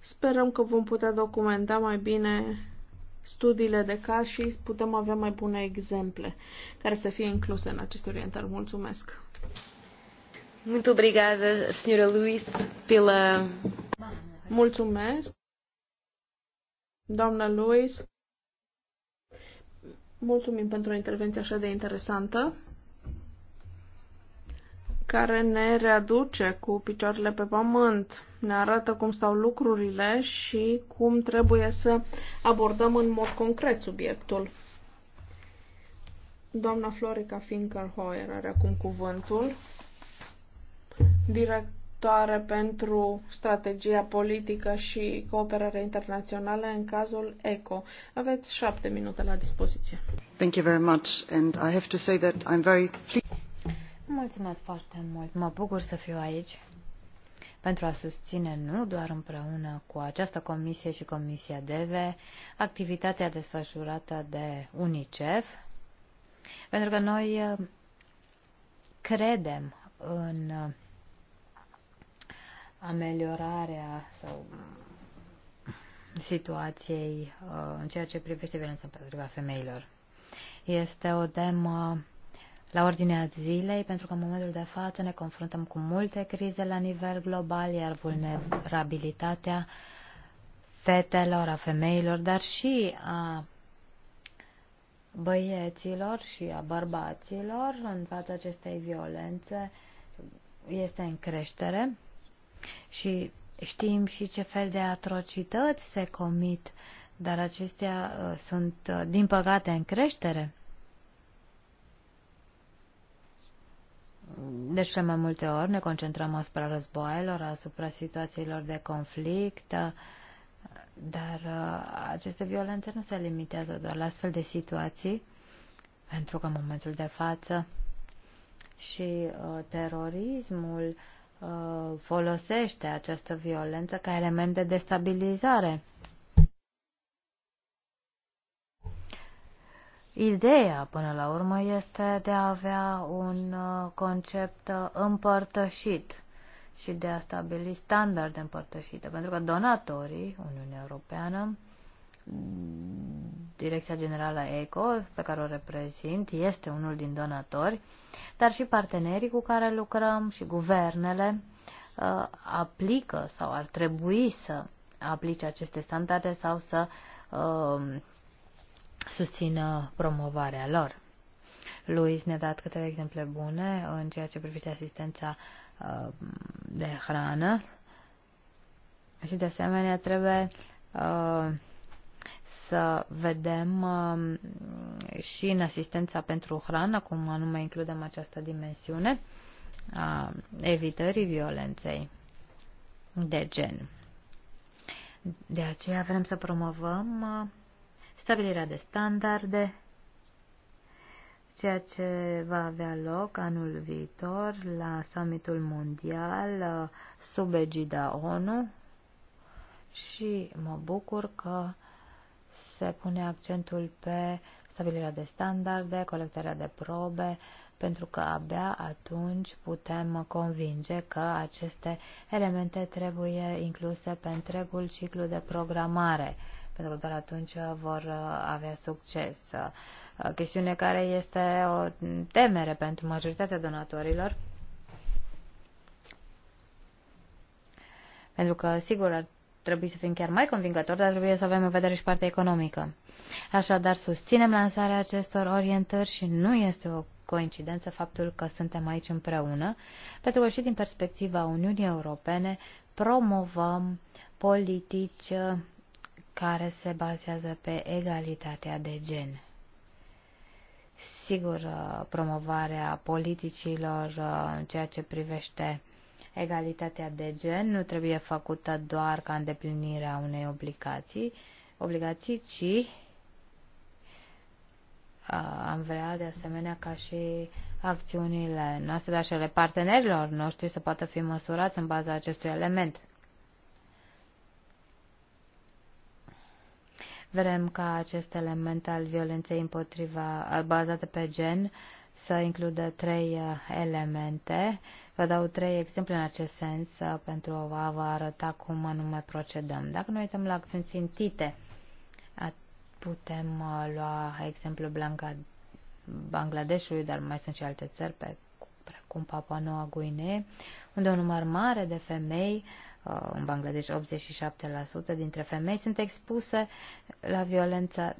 Sperăm că vom putea documenta mai bine studiile de caz și putem avea mai bune exemple care să fie incluse în aceste orientări. Mulțumesc! Muito obrigada, senhora Luiz, pela... Mulțumesc, doamna Luiz. Mulțumim pentru o intervenție așa de interesantă care ne readuce cu picioarele pe pământ ne arată cum stau lucrurile și cum trebuie să abordăm în mod concret subiectul. Doamna Florica Finkerhoer are acum cuvântul, directoare pentru strategia politică și cooperare internațională în cazul ECO. Aveți șapte minute la dispoziție. Thank you very much and I have to say that I'm very pleased. Mulțumesc foarte mult. Mă bucur să fiu aici pentru a susține nu doar împreună cu această comisie și Comisia DEVE activitatea desfășurată de UNICEF, pentru că noi uh, credem în uh, ameliorarea sau situației uh, în ceea ce privește violența împotriva femeilor. Este o temă la ordinea zilei, pentru că în momentul de față ne confruntăm cu multe crize la nivel global, iar vulnerabilitatea fetelor, a femeilor, dar și a băieților și a bărbaților în fața acestei violențe este în creștere și știm și ce fel de atrocități se comit, dar acestea uh, sunt, uh, din păcate, în creștere. Deci, de cele mai multe ori ne concentrăm asupra războaielor, asupra situațiilor de conflict, dar uh, aceste violențe nu se limitează doar la astfel de situații, pentru că în momentul de față și uh, terorismul uh, folosește această violență ca element de destabilizare Ideea, până la urmă, este de a avea un uh, concept uh, împărtășit și de a stabili standarde împărtășite, pentru că donatorii, Uniunea Europeană, Direcția Generală ECO, pe care o reprezint, este unul din donatori, dar și partenerii cu care lucrăm și guvernele uh, aplică sau ar trebui să aplice aceste standarde sau să uh, susțină promovarea lor. Luis ne-a dat câteva exemple bune în ceea ce privește asistența uh, de hrană și de asemenea trebuie uh, să vedem uh, și în asistența pentru hrană cum anume includem această dimensiune a evitării violenței de gen. De aceea vrem să promovăm stabilirea de standarde, ceea ce va avea loc anul viitor la summitul mondial uh, sub egida ONU și mă bucur că se pune accentul pe stabilirea de standarde, colectarea de probe, pentru că abia atunci putem convinge că aceste elemente trebuie incluse pe întregul ciclu de programare pentru că doar atunci vor uh, avea succes. Uh, chestiune care este o temere pentru majoritatea donatorilor, pentru că, sigur, ar trebui să fim chiar mai convingători, dar trebuie să avem în vedere și partea economică. Așadar, susținem lansarea acestor orientări și nu este o coincidență faptul că suntem aici împreună, pentru că și din perspectiva Uniunii Europene promovăm politici care se bazează pe egalitatea de gen. Sigur, uh, promovarea politicilor uh, în ceea ce privește egalitatea de gen nu trebuie făcută doar ca îndeplinirea unei obligații, obligații ci uh, am vrea de asemenea ca și acțiunile noastre, dar și ale partenerilor noștri să poată fi măsurați în baza acestui element. Vrem ca acest element al violenței împotriva, bazate pe gen să includă trei uh, elemente. Vă dau trei exemple în acest sens uh, pentru a vă arăta cum anume procedăm. Dacă noi uităm la acțiuni țintite, putem uh, lua exemplu Blanca Bangladeshului, dar mai sunt și alte țări pe, precum Papua Noua Guinee, unde un număr mare de femei uh, Uh, în Bangladesh 87% dintre femei sunt expuse la violența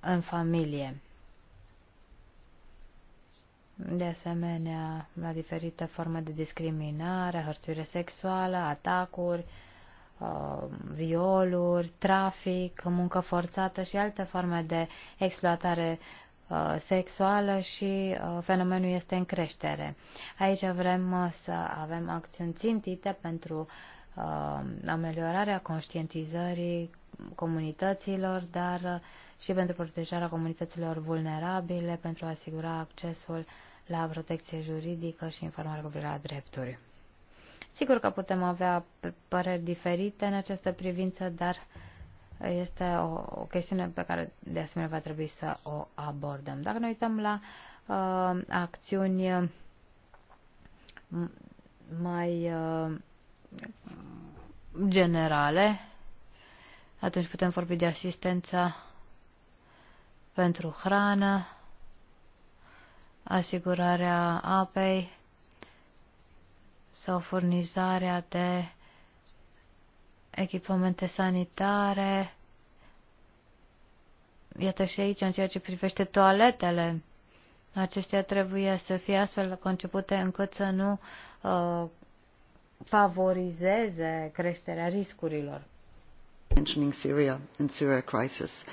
în familie. De asemenea, la diferite forme de discriminare, hărțuire sexuală, atacuri, uh, violuri, trafic, muncă forțată și alte forme de exploatare Uh, sexuală și uh, fenomenul este în creștere. Aici vrem uh, să avem acțiuni țintite pentru ameliorarea conștientizării comunităților, dar și pentru protejarea comunităților vulnerabile, pentru a asigura accesul la protecție juridică și informare cu privire la drepturi. Sigur că putem avea păreri diferite în această privință, dar uh, este o, o chestiune pe care de asemenea va trebui să o abordăm. Dacă ne uităm la uh, acțiuni uh, mai uh, generale, atunci putem vorbi de asistența pentru hrană, asigurarea apei sau furnizarea de echipamente sanitare. Iată și aici, în ceea ce privește toaletele, acestea trebuie să fie astfel concepute încât să nu uh, favorizeze creșterea riscurilor. Mentioning Syria and Syria crisis.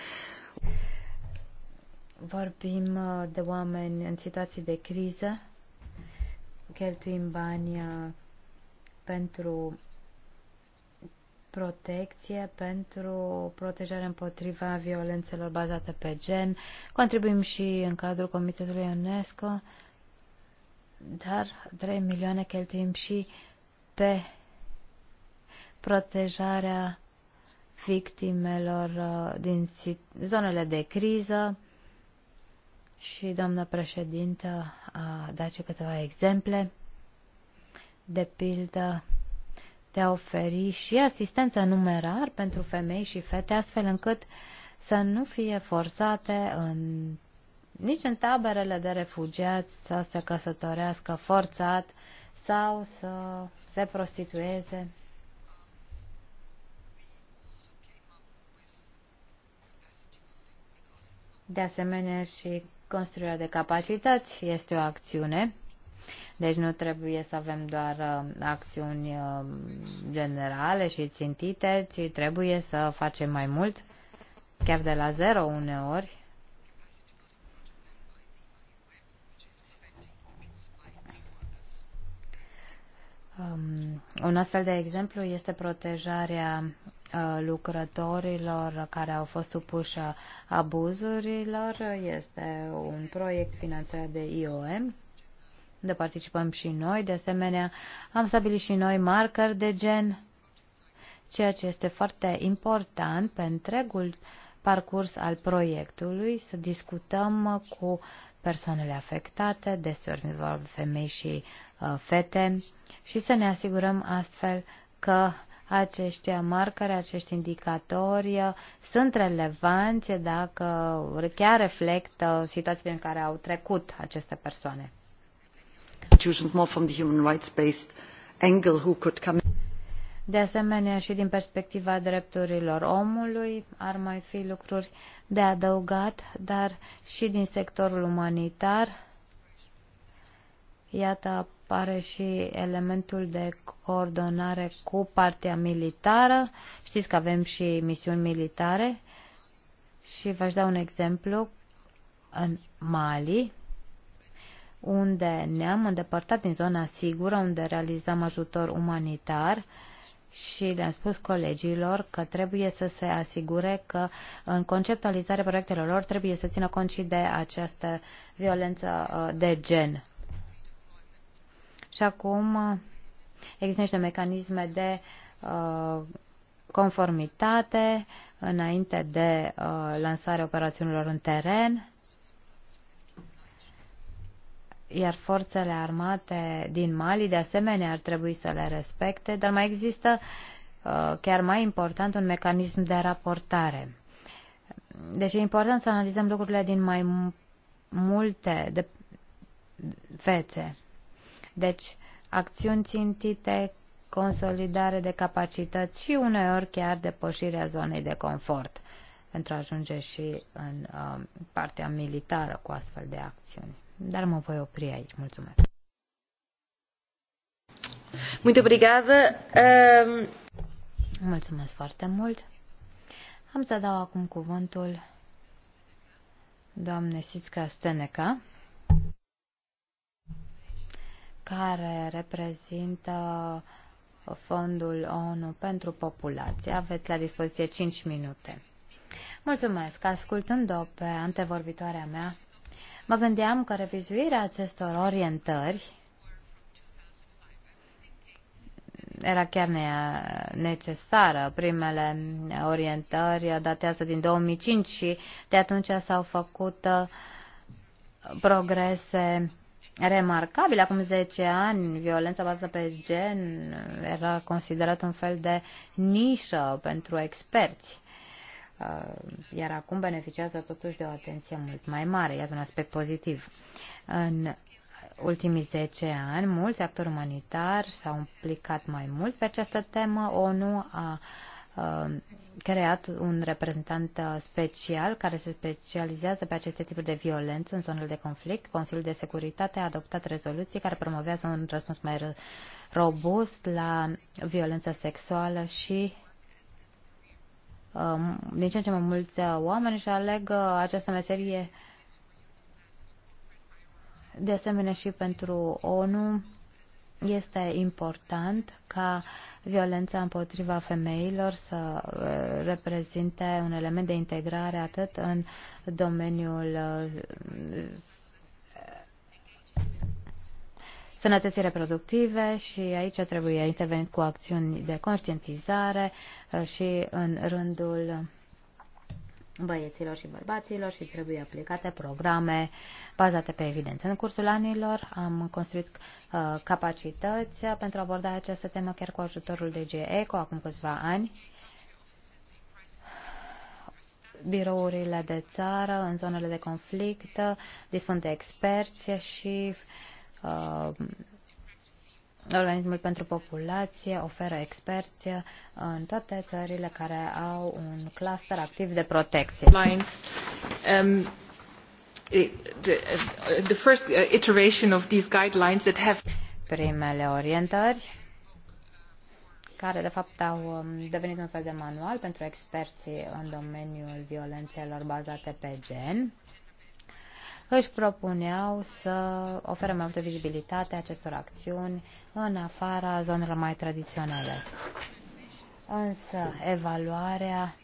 Vorbim uh, de oameni în situații de criză, cheltuim bani uh, pentru protecție pentru protejarea împotriva violențelor bazate pe gen. Contribuim și în cadrul Comitetului UNESCO, dar 3 milioane cheltuim și pe protejarea victimelor uh, din zonele de criză și doamna președintă a dat și câteva exemple de pildă de a oferi și asistență numerar pentru femei și fete, astfel încât să nu fie forțate în, nici în taberele de refugiați să se căsătorească forțat sau să se prostitueze. De asemenea, și construirea de capacități este o acțiune deci nu trebuie să avem doar uh, acțiuni uh, generale și țintite, ci trebuie să facem mai mult, chiar de la zero uneori. Um, un astfel de exemplu este protejarea uh, lucrătorilor care au fost supuși abuzurilor. Este un proiect finanțat de IOM unde participăm și noi. De asemenea, am stabilit și noi marker de gen, ceea ce este foarte important pe întregul parcurs al proiectului, să discutăm cu persoanele afectate, deseori vorba femei și uh, fete, și să ne asigurăm astfel că acești marcări, acești indicatori uh, sunt relevanți dacă chiar reflectă situațiile în care au trecut aceste persoane de asemenea, și din perspectiva drepturilor omului, ar mai fi lucruri de adăugat, dar și din sectorul umanitar, iată, apare și elementul de coordonare cu partea militară. Știți că avem și misiuni militare și v-aș da un exemplu în Mali, unde ne-am îndepărtat din zona sigură, unde realizam ajutor umanitar și le-am spus colegilor că trebuie să se asigure că în conceptualizarea proiectelor lor trebuie să țină cont și de această violență uh, de gen. Și acum uh, există niște mecanisme de uh, conformitate înainte de lansarea operațiunilor în teren iar forțele armate din Mali de asemenea ar trebui să le respecte, dar mai există, uh, chiar mai important, un mecanism de raportare. Deci e important să analizăm lucrurile din mai multe de fețe. Deci, acțiuni țintite, consolidare de capacități și uneori chiar depășirea zonei de confort pentru a ajunge și în uh, partea militară cu astfel de acțiuni dar mă voi opri aici. Mulțumesc. Muito obrigada. Um... Mulțumesc foarte mult. Am să dau acum cuvântul doamne Sitska Steneca, care reprezintă Fondul ONU pentru Populație. Aveți la dispoziție 5 minute. Mulțumesc! Ascultând-o pe antevorbitoarea mea, Mă gândeam că revizuirea acestor orientări era chiar necesară. Primele orientări datează din 2005 și de atunci s-au făcut uh, progrese remarcabile. Acum 10 ani, violența bazată pe gen era considerată un fel de nișă pentru experți. Uh, iar acum beneficiază totuși de o atenție mult mai mare. Iată un aspect pozitiv. În ultimii 10 ani, mulți actori umanitari s-au implicat mai mult pe această temă. ONU a uh, creat un reprezentant special care se specializează pe aceste tipuri de violență în zonele de conflict. Consiliul de Securitate a adoptat rezoluții care promovează un răspuns mai robust la violența sexuală și Um, din ce în ce mai mulți uh, oameni și aleg uh, această meserie de asemenea și pentru ONU este important ca violența împotriva femeilor să uh, reprezinte un element de integrare atât în domeniul sănătății reproductive și aici trebuie intervenit cu acțiuni de conștientizare uh, și în rândul băieților și bărbaților și trebuie aplicate programe bazate pe evidență. În cursul anilor am construit uh, capacități pentru a aborda această temă chiar cu ajutorul de GECO acum câțiva ani. Birourile de țară în zonele de conflict dispun de experți și uh, Uh, Organismul pentru populație oferă experți uh, în toate țările care au un cluster activ de protecție. Um, the, uh, the first iteration of these guidelines that have primele orientări care de fapt au um, devenit un fel de manual pentru experții în domeniul violențelor bazate pe gen își propuneau să ofere mai multă vizibilitate acestor acțiuni în afara zonelor mai tradiționale. Însă, evaluarea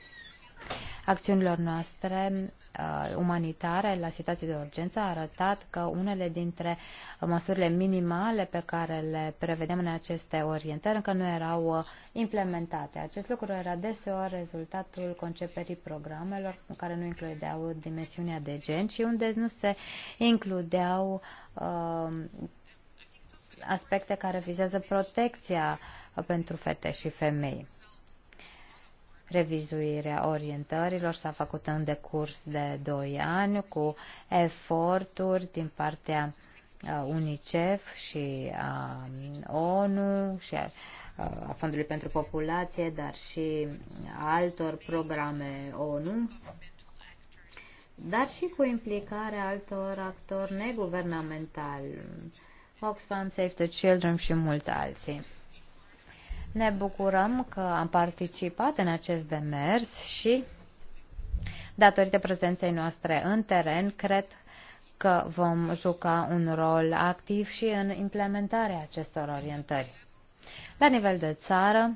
acțiunilor noastre uh, umanitare la situații de urgență a arătat că unele dintre măsurile minimale pe care le prevedem în aceste orientări încă nu erau uh, implementate. Acest lucru era deseori rezultatul conceperii programelor care nu includeau dimensiunea de gen și unde nu se includeau uh, aspecte care vizează protecția uh, pentru fete și femei. Revizuirea orientărilor s-a făcut în decurs de 2 ani cu eforturi din partea uh, UNICEF și a um, ONU și a, uh, a Fondului pentru Populație, dar și altor programe ONU, dar și cu implicarea altor actori neguvernamentali, Oxfam, Save the Children și mulți alții. Ne bucurăm că am participat în acest demers și, datorită prezenței noastre în teren, cred că vom juca un rol activ și în implementarea acestor orientări. La nivel de țară,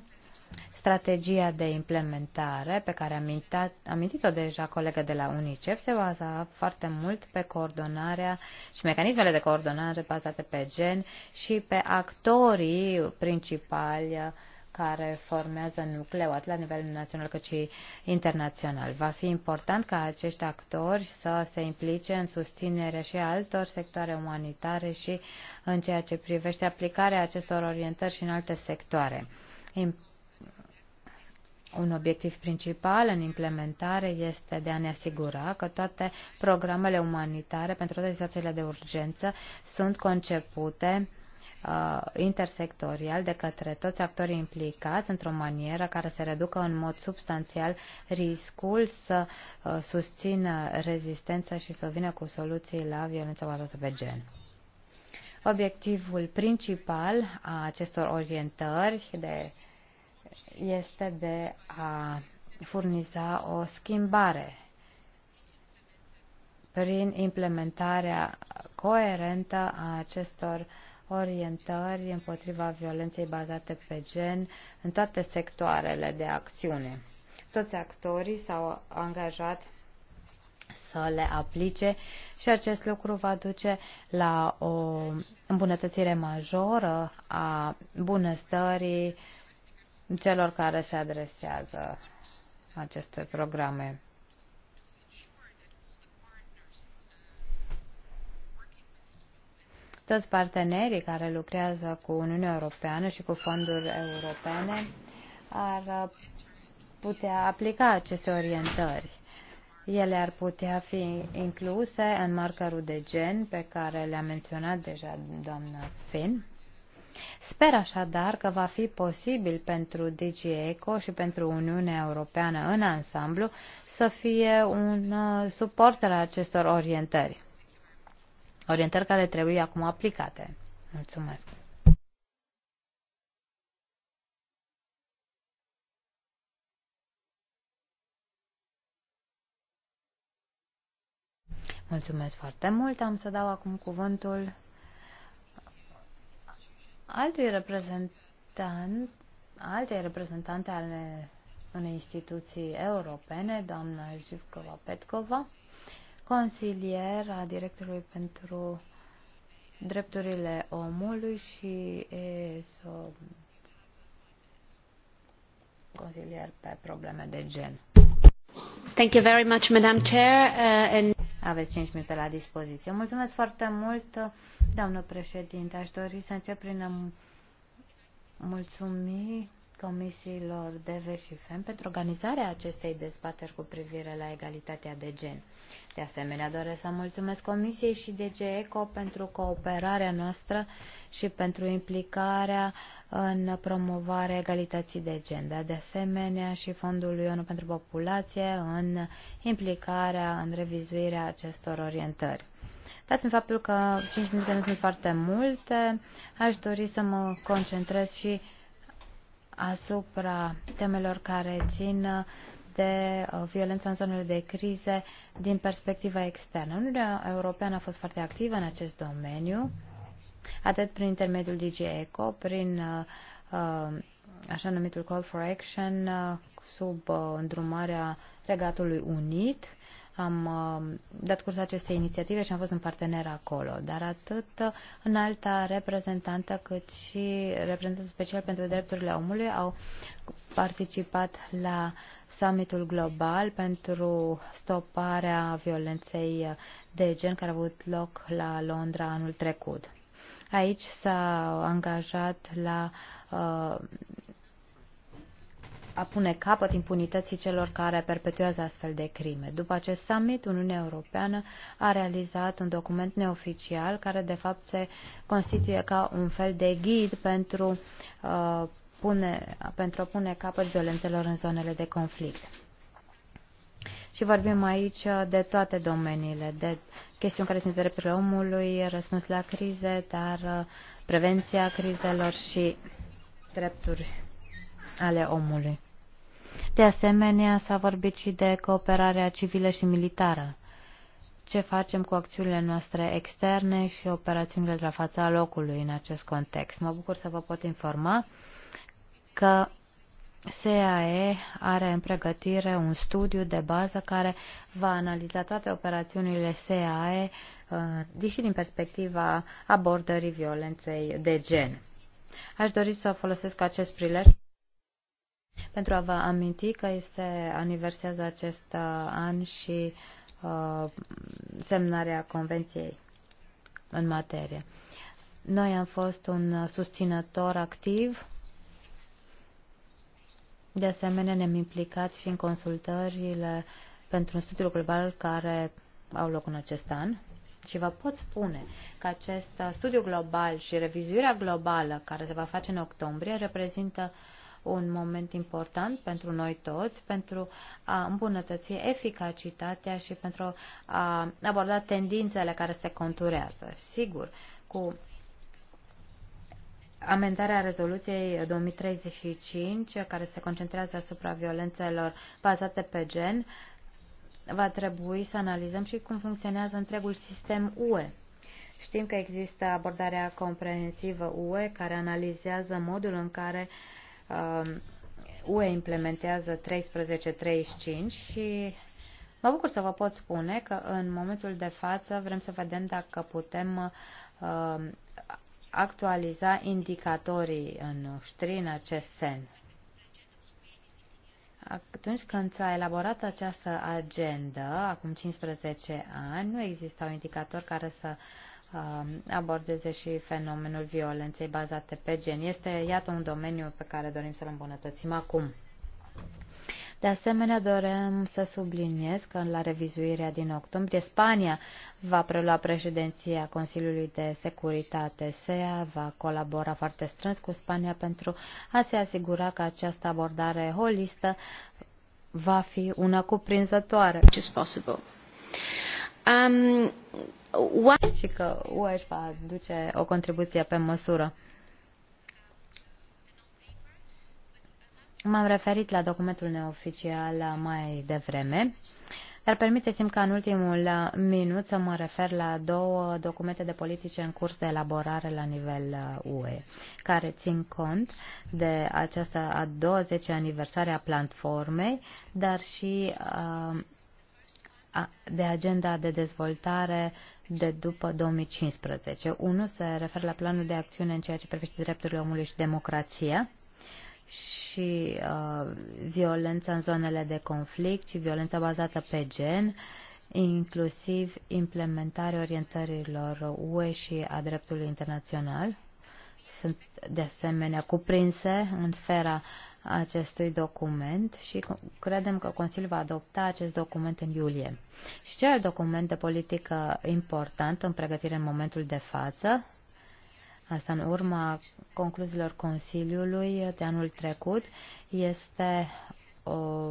Strategia de implementare, pe care am amintit-o deja colegă de la UNICEF, se baza foarte mult pe coordonarea și mecanismele de coordonare bazate pe gen și pe actorii principali care formează nucleul atât la nivel național cât și internațional. Va fi important ca acești actori să se implice în susținerea și altor sectoare umanitare și în ceea ce privește aplicarea acestor orientări și în alte sectoare un obiectiv principal în implementare este de a ne asigura că toate programele umanitare pentru toate situațiile de urgență sunt concepute uh, intersectorial de către toți actorii implicați într-o manieră care să reducă în mod substanțial riscul să uh, susțină rezistența și să vină cu soluții la violența bazată pe gen. Obiectivul principal a acestor orientări de este de a furniza o schimbare prin implementarea coerentă a acestor orientări împotriva violenței bazate pe gen în toate sectoarele de acțiune. Toți actorii s-au angajat să le aplice și acest lucru va duce la o îmbunătățire majoră a bunăstării celor care se adresează aceste programe. Toți partenerii care lucrează cu Uniunea Europeană și cu fonduri europene ar putea aplica aceste orientări. Ele ar putea fi incluse în markerul de gen pe care le-a menționat deja doamna Finn. Sper așadar că va fi posibil pentru DGECO ECO și pentru Uniunea Europeană în ansamblu să fie un uh, suport al acestor orientări. Orientări care trebuie acum aplicate. Mulțumesc! Mulțumesc foarte mult. Am să dau acum cuvântul altui reprezentant, alte reprezentante ale unei instituții europene, doamna Jivkova Petkova, consilier a directorului pentru drepturile omului și ESO, consilier pe probleme de gen. Thank you very much, Madam Chair, uh, and aveți 5 minute la dispoziție. Mulțumesc foarte mult, doamnă președinte. Aș dori să încep prin a mulțumi comisiilor DV și FEM pentru organizarea acestei dezbateri cu privire la egalitatea de gen. De asemenea, doresc să mulțumesc comisiei și DG ECO pentru cooperarea noastră și pentru implicarea în promovarea egalității de gen. Dar de asemenea și Fondul ONU pentru Populație în implicarea în revizuirea acestor orientări. Dat fiind faptul că 5 minute nu sunt foarte multe, aș dori să mă concentrez și asupra temelor care țin uh, de uh, violența în zonele de crize din perspectiva externă. Uniunea Europeană a fost foarte activă în acest domeniu, atât prin intermediul DG ECO, prin uh, așa numitul Call for Action, sub îndrumarea Regatului Unit, am uh, dat curs acestei inițiative și am fost un partener acolo. Dar atât uh, în alta reprezentantă cât și reprezentant special pentru drepturile omului au participat la summitul global pentru stoparea violenței de gen care a avut loc la Londra anul trecut. Aici s-a angajat la uh, a pune capăt impunității celor care perpetuează astfel de crime. După acest summit, Uniunea Europeană a realizat un document neoficial care de fapt se constituie ca un fel de ghid pentru, uh, pune, pentru a pune capăt violențelor în zonele de conflict. Și vorbim aici uh, de toate domeniile, de chestiuni care sunt de drepturile omului, răspuns la crize, dar uh, prevenția crizelor și drepturi ale omului. De asemenea, s-a vorbit și de cooperarea civilă și militară. Ce facem cu acțiunile noastre externe și operațiunile de la fața locului în acest context? Mă bucur să vă pot informa că CAE are în pregătire un studiu de bază care va analiza toate operațiunile CAE, uh, și din perspectiva abordării violenței de gen. Aș dori să folosesc acest prilej pentru a vă aminti că se aniversează acest uh, an și uh, semnarea convenției în materie. Noi am fost un susținător activ, de asemenea ne-am implicat și în consultările pentru un studiu global care au loc în acest an. Și vă pot spune că acest studiu global și revizuirea globală care se va face în octombrie reprezintă uh, un moment important pentru noi toți, pentru a îmbunătăți eficacitatea și pentru a aborda tendințele care se conturează. Sigur, cu amendarea rezoluției 2035, care se concentrează asupra violențelor bazate pe gen, va trebui să analizăm și cum funcționează întregul sistem UE. Știm că există abordarea comprehensivă UE care analizează modul în care uh, Um, UE implementează 13.35 și mă bucur să vă pot spune că în momentul de față vrem să vedem dacă putem um, actualiza indicatorii noștri în acest sens. Atunci când s-a elaborat această agendă, acum 15 ani, nu existau indicatori care să uh, Uh, abordeze și fenomenul violenței bazate pe gen. Este, iată, un domeniu pe care dorim să-l îmbunătățim acum. De asemenea, dorem să subliniez că la revizuirea din octombrie, Spania va prelua președinția Consiliului de Securitate SEA, va colabora foarte strâns cu Spania pentru a se asigura că această abordare holistă va fi una cuprinzătoare. Um, și că UE își va aduce o contribuție pe măsură. M-am referit la documentul neoficial mai devreme, dar permiteți-mi ca în ultimul minut să mă refer la două documente de politice în curs de elaborare la nivel UE, uh, care țin cont de această a 20 aniversare a platformei, dar și uh, de agenda de dezvoltare de după 2015. Unul se referă la planul de acțiune în ceea ce privește drepturile omului și democrația și uh, violența în zonele de conflict și violența bazată pe gen, inclusiv implementarea orientărilor UE și a dreptului internațional. Sunt de asemenea cuprinse în sfera uh, acestui document și credem că Consiliul va adopta acest document în iulie. Și ce alt document de politică important în pregătire în momentul de față? Asta în urma concluziilor Consiliului de anul trecut este o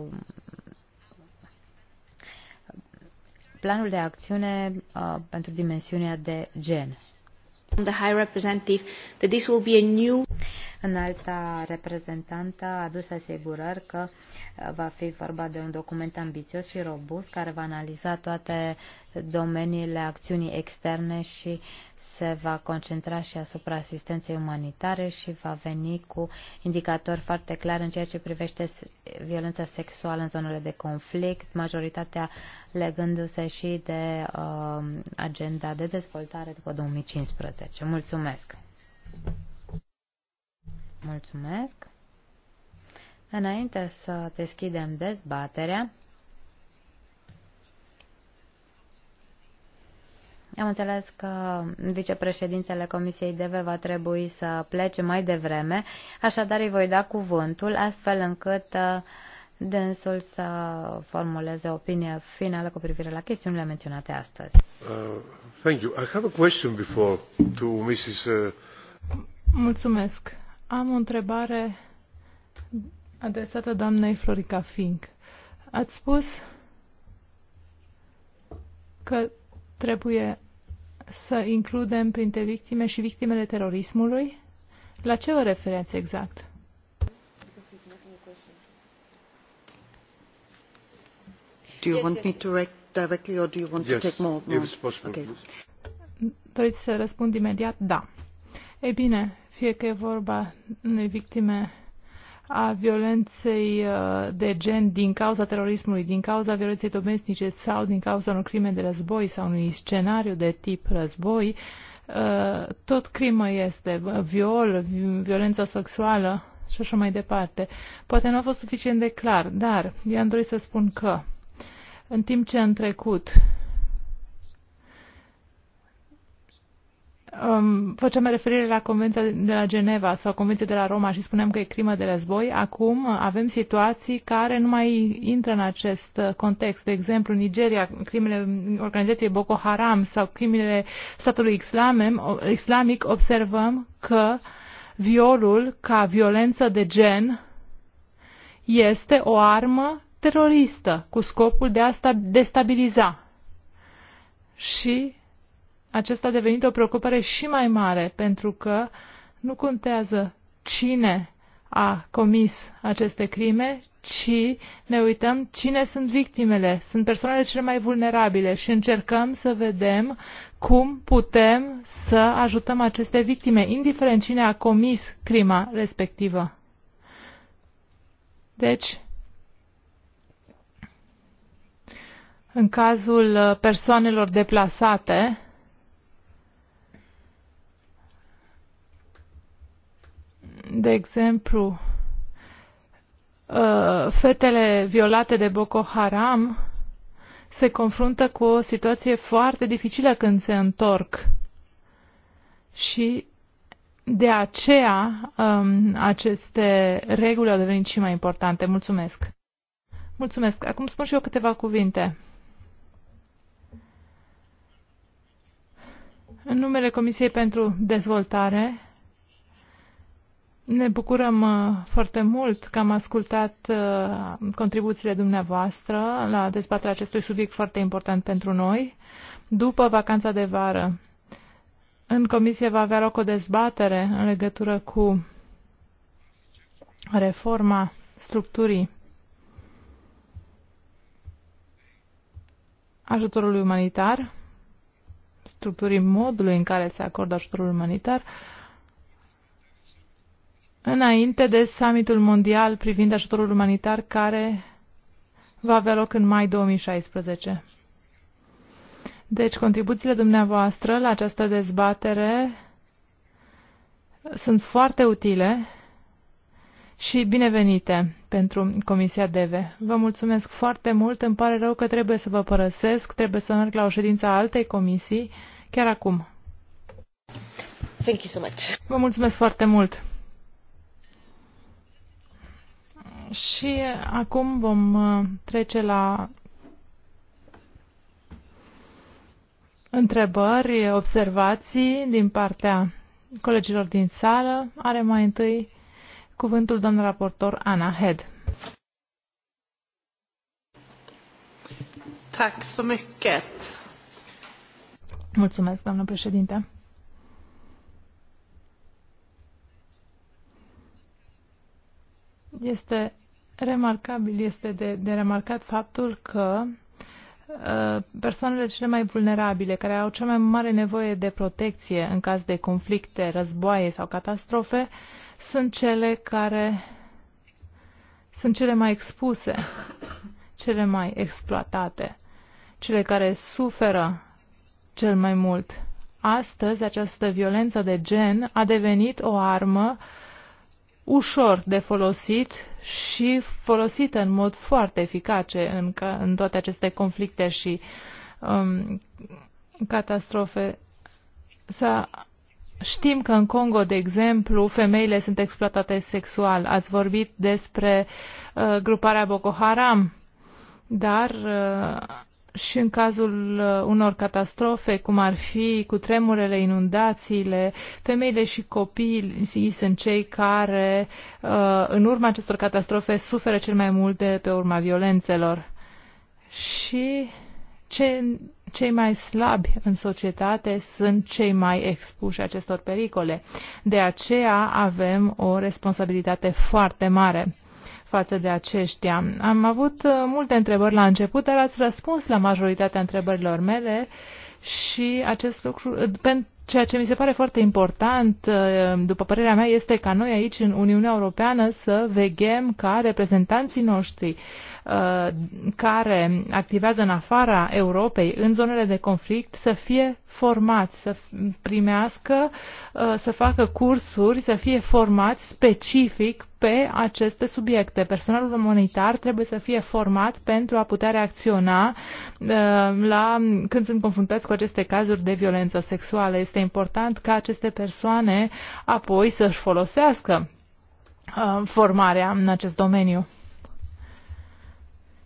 planul de acțiune uh, pentru dimensiunea de gen. The High Representative that this will be a new Înalta reprezentantă a adus asigurări că uh, va fi vorba de un document ambițios și robust care va analiza toate domeniile acțiunii externe și se va concentra și asupra asistenței umanitare și va veni cu indicatori foarte clari în ceea ce privește violența sexuală în zonele de conflict, majoritatea legându-se și de uh, agenda de dezvoltare după 2015. Mulțumesc! Mulțumesc. Înainte să deschidem dezbaterea, am înțeles că vicepreședintele Comisiei DV va trebui să plece mai devreme, așadar îi voi da cuvântul astfel încât uh, dânsul să formuleze opinia finală cu privire la chestiunile menționate astăzi. Uh, thank you. I have a question before to Mrs. Uh, Mulțumesc. Am o întrebare adresată doamnei Florica Fink. Ați spus că trebuie să includem printre victime și victimele terorismului? La ce vă referiți exact? Do you want me to write directly or do you want yes, to take more? more? If it's possible, okay. Doriți să răspund imediat? Da. E bine, fie că e vorba de victime a violenței uh, de gen din cauza terorismului, din cauza violenței domestice sau din cauza unor crime de război sau unui scenariu de tip război, uh, tot crimă este uh, viol, violența sexuală și așa mai departe. Poate nu a fost suficient de clar, dar i am dorit să spun că în timp ce în trecut um, făceam referire la Convenția de la Geneva sau Convenția de la Roma și spuneam că e crimă de război, acum avem situații care nu mai intră în acest context. De exemplu, Nigeria, crimele organizației Boko Haram sau crimele statului islamem, islamic, observăm că violul ca violență de gen este o armă teroristă cu scopul de a destabiliza. Și acesta a devenit o preocupare și mai mare, pentru că nu contează cine a comis aceste crime, ci ne uităm cine sunt victimele. Sunt persoanele cele mai vulnerabile și încercăm să vedem cum putem să ajutăm aceste victime, indiferent cine a comis crima respectivă. Deci, în cazul persoanelor deplasate, de exemplu, uh, fetele violate de Boko Haram se confruntă cu o situație foarte dificilă când se întorc. Și de aceea um, aceste reguli au devenit și mai importante. Mulțumesc! Mulțumesc! Acum spun și eu câteva cuvinte. În numele Comisiei pentru Dezvoltare, ne bucurăm uh, foarte mult că am ascultat uh, contribuțiile dumneavoastră la dezbaterea acestui subiect foarte important pentru noi. După vacanța de vară, în comisie va avea loc o dezbatere în legătură cu reforma structurii ajutorului umanitar, structurii modului în care se acordă ajutorul umanitar, înainte de summitul mondial privind ajutorul umanitar care va avea loc în mai 2016. Deci, contribuțiile dumneavoastră la această dezbatere sunt foarte utile și binevenite pentru Comisia DEVE. Vă mulțumesc foarte mult, îmi pare rău că trebuie să vă părăsesc, trebuie să merg la o ședință a altei comisii, chiar acum. Thank you so much. Vă mulțumesc foarte mult. Și acum vom uh, trece la întrebări, observații din partea colegilor din sală. Are mai întâi cuvântul domnul raportor Ana Head. Tack så mycket. Mulțumesc, doamnă președinte. Este remarcabil este de, de remarcat faptul că uh, persoanele cele mai vulnerabile, care au cea mai mare nevoie de protecție în caz de conflicte, războaie sau catastrofe, sunt cele care sunt cele mai expuse, cele mai exploatate, cele care suferă cel mai mult. Astăzi, această violență de gen a devenit o armă uh, ușor de folosit și folosită în mod foarte eficace în, în toate aceste conflicte și um, catastrofe. Să știm că în Congo, de exemplu, femeile sunt exploatate sexual. Ați vorbit despre uh, gruparea Boko Haram, dar uh, și în cazul uh, unor catastrofe, cum ar fi cu tremurele, inundațiile, femeile și copiii sunt cei care, uh, în urma acestor catastrofe, suferă cel mai mult de pe urma violențelor. Și ce, cei mai slabi în societate sunt cei mai expuși acestor pericole. De aceea avem o responsabilitate foarte mare față de aceștia. Am avut uh, multe întrebări la început, dar ați răspuns la majoritatea întrebărilor mele și acest lucru, uh, ceea ce mi se pare foarte important, uh, după părerea mea, este ca noi aici în Uniunea Europeană să veghem ca reprezentanții noștri Uh, care activează în afara Europei, în zonele de conflict, să fie formați, să primească, uh, să facă cursuri, să fie formați specific pe aceste subiecte. Personalul umanitar trebuie să fie format pentru a putea reacționa uh, la, când sunt confruntați cu aceste cazuri de violență sexuală. Este important ca aceste persoane apoi să-și folosească formarea în acest domeniu.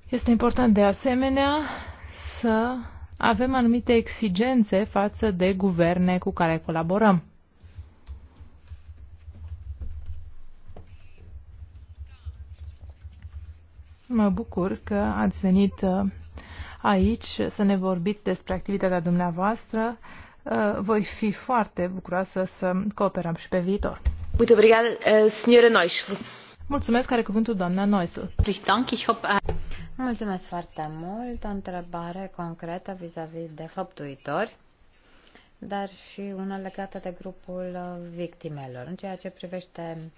Este important de asemenea să avem anumite exigențe față de guverne cu care colaborăm. Mă bucur că ați venit uh, aici să ne vorbiți despre activitatea dumneavoastră. Uh, voi fi foarte bucuroasă să cooperăm și pe viitor. Muito obrigada, uh, senhora Neusl. Mulțumesc, are cuvântul doamna Neusl. Mulțumesc foarte mult. O întrebare concretă vis-a-vis -vis de făptuitori, dar și una legată de grupul uh, victimelor. În ceea ce privește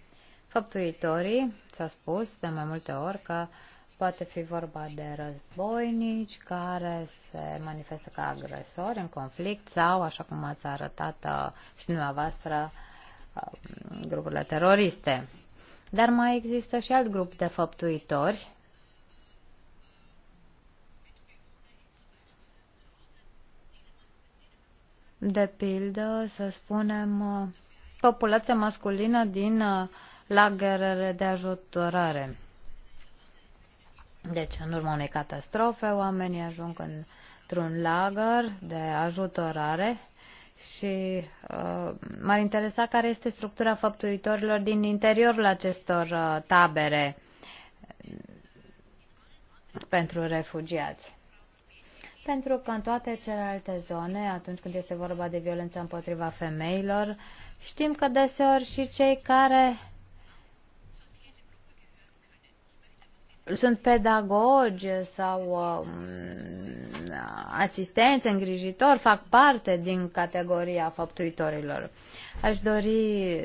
făptuitorii, s-a spus de mai multe ori că poate fi vorba de războinici care se manifestă ca agresori în conflict sau, așa cum ați arătat uh, și dumneavoastră, um, grupurile teroriste. Dar mai există și alt grup de făptuitori de pildă, să spunem, populația masculină din uh, lagărele de ajutorare. Deci, în urma unei catastrofe, oamenii ajung într-un lagăr de ajutorare și uh, m-ar interesa care este structura făptuitorilor din interiorul acestor uh, tabere pentru refugiați pentru că în toate celelalte zone, atunci când este vorba de violența împotriva femeilor, știm că deseori și cei care sunt pedagogi sau um, asistenți, îngrijitori, fac parte din categoria făptuitorilor. Aș dori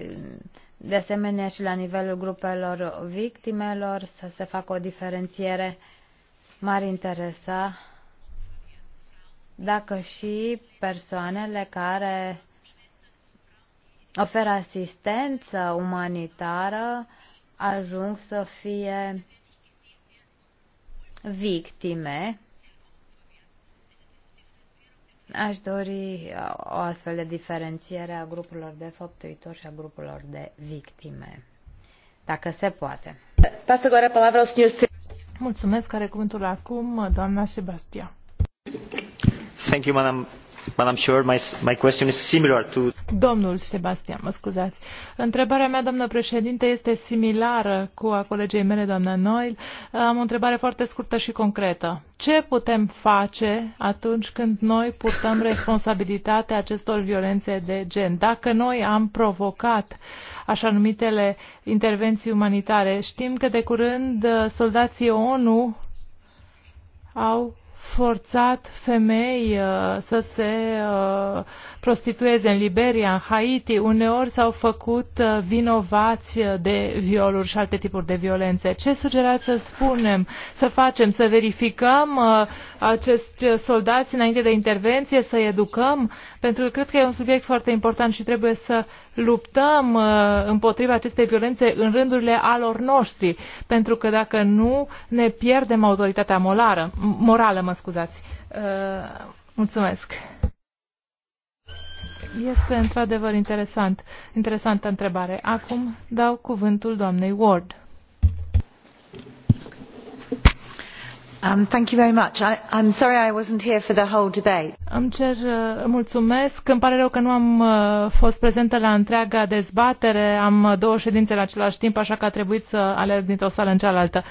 de asemenea și la nivelul grupelor victimelor să se facă o diferențiere. M-ar interesa dacă și persoanele care oferă asistență umanitară ajung să fie victime. Aș dori o astfel de diferențiere a grupurilor de făptuitori și a grupurilor de victime, dacă se poate. Mulțumesc, are cuvântul acum, doamna Sebastia. Domnul Sebastian, mă scuzați. Întrebarea mea, doamnă președinte, este similară cu a colegei mele, doamna Noil. Am o întrebare foarte scurtă și concretă. Ce putem face atunci când noi purtăm responsabilitatea acestor violențe de gen? Dacă noi am provocat așa numitele intervenții umanitare, știm că de curând uh, soldații ONU au forțat femei uh, să se uh, prostitueze în Liberia, în Haiti. Uneori s-au făcut uh, vinovați uh, de violuri și alte tipuri de violențe. Ce sugerați să spunem, să facem, să verificăm uh, acești uh, soldați înainte de intervenție, să educăm? Pentru că cred că e un subiect foarte important și trebuie să luptăm uh, împotriva acestei violențe în rândurile alor noștri, pentru că dacă nu, ne pierdem autoritatea molară, morală. Mă scuzați. Uh, mulțumesc. Este într-adevăr interesant, interesantă întrebare. Acum dau cuvântul doamnei Ward. Îmi cer uh, mulțumesc. Îmi pare rău că nu am uh, fost prezentă la întreaga dezbatere. Am uh, două ședințe în același timp, așa că a trebuit să alerg dintr-o sală în cealaltă.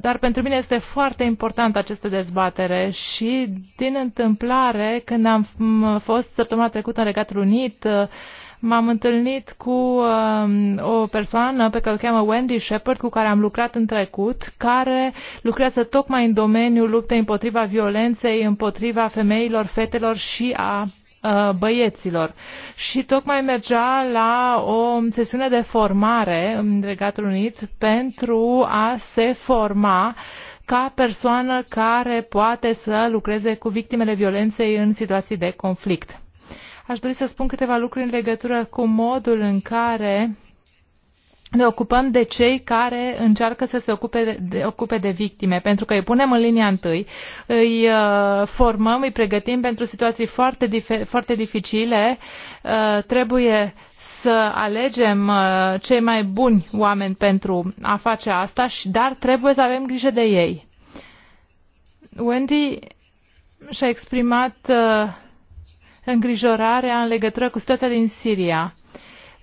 Dar pentru mine este foarte importantă această dezbatere și din întâmplare, când am fost săptămâna trecută în Regatul Unit, M-am întâlnit cu um, o persoană pe care o cheamă Wendy Shepard, cu care am lucrat în trecut, care lucrează tocmai în domeniul luptei împotriva violenței, împotriva femeilor, fetelor și a uh, băieților. Și tocmai mergea la o sesiune de formare în Regatul Unit pentru a se forma ca persoană care poate să lucreze cu victimele violenței în situații de conflict. Aș dori să spun câteva lucruri în legătură cu modul în care ne ocupăm de cei care încearcă să se ocupe de, de, ocupe de victime, pentru că îi punem în linia întâi, îi uh, formăm, îi pregătim pentru situații foarte, dife- foarte dificile, uh, trebuie să alegem uh, cei mai buni oameni pentru a face asta, și dar trebuie să avem grijă de ei. Wendy și-a exprimat uh, îngrijorarea în legătură cu situația din Siria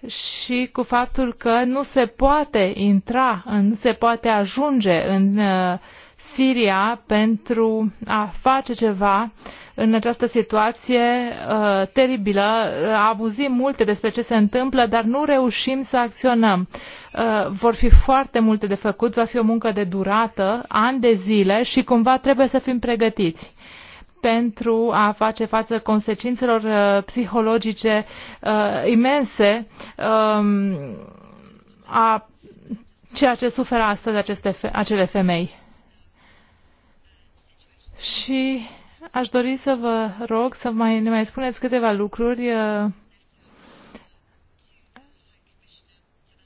și cu faptul că nu se poate intra, nu se poate ajunge în uh, Siria pentru a face ceva în această situație uh, teribilă. Abuzim multe despre ce se întâmplă, dar nu reușim să acționăm. Uh, vor fi foarte multe de făcut, va fi o muncă de durată, ani de zile și cumva trebuie să fim pregătiți pentru a face față consecințelor uh, psihologice uh, imense uh, a ceea ce suferă astăzi aceste, acele femei. Și aș dori să vă rog să mai, ne mai spuneți câteva lucruri. Uh,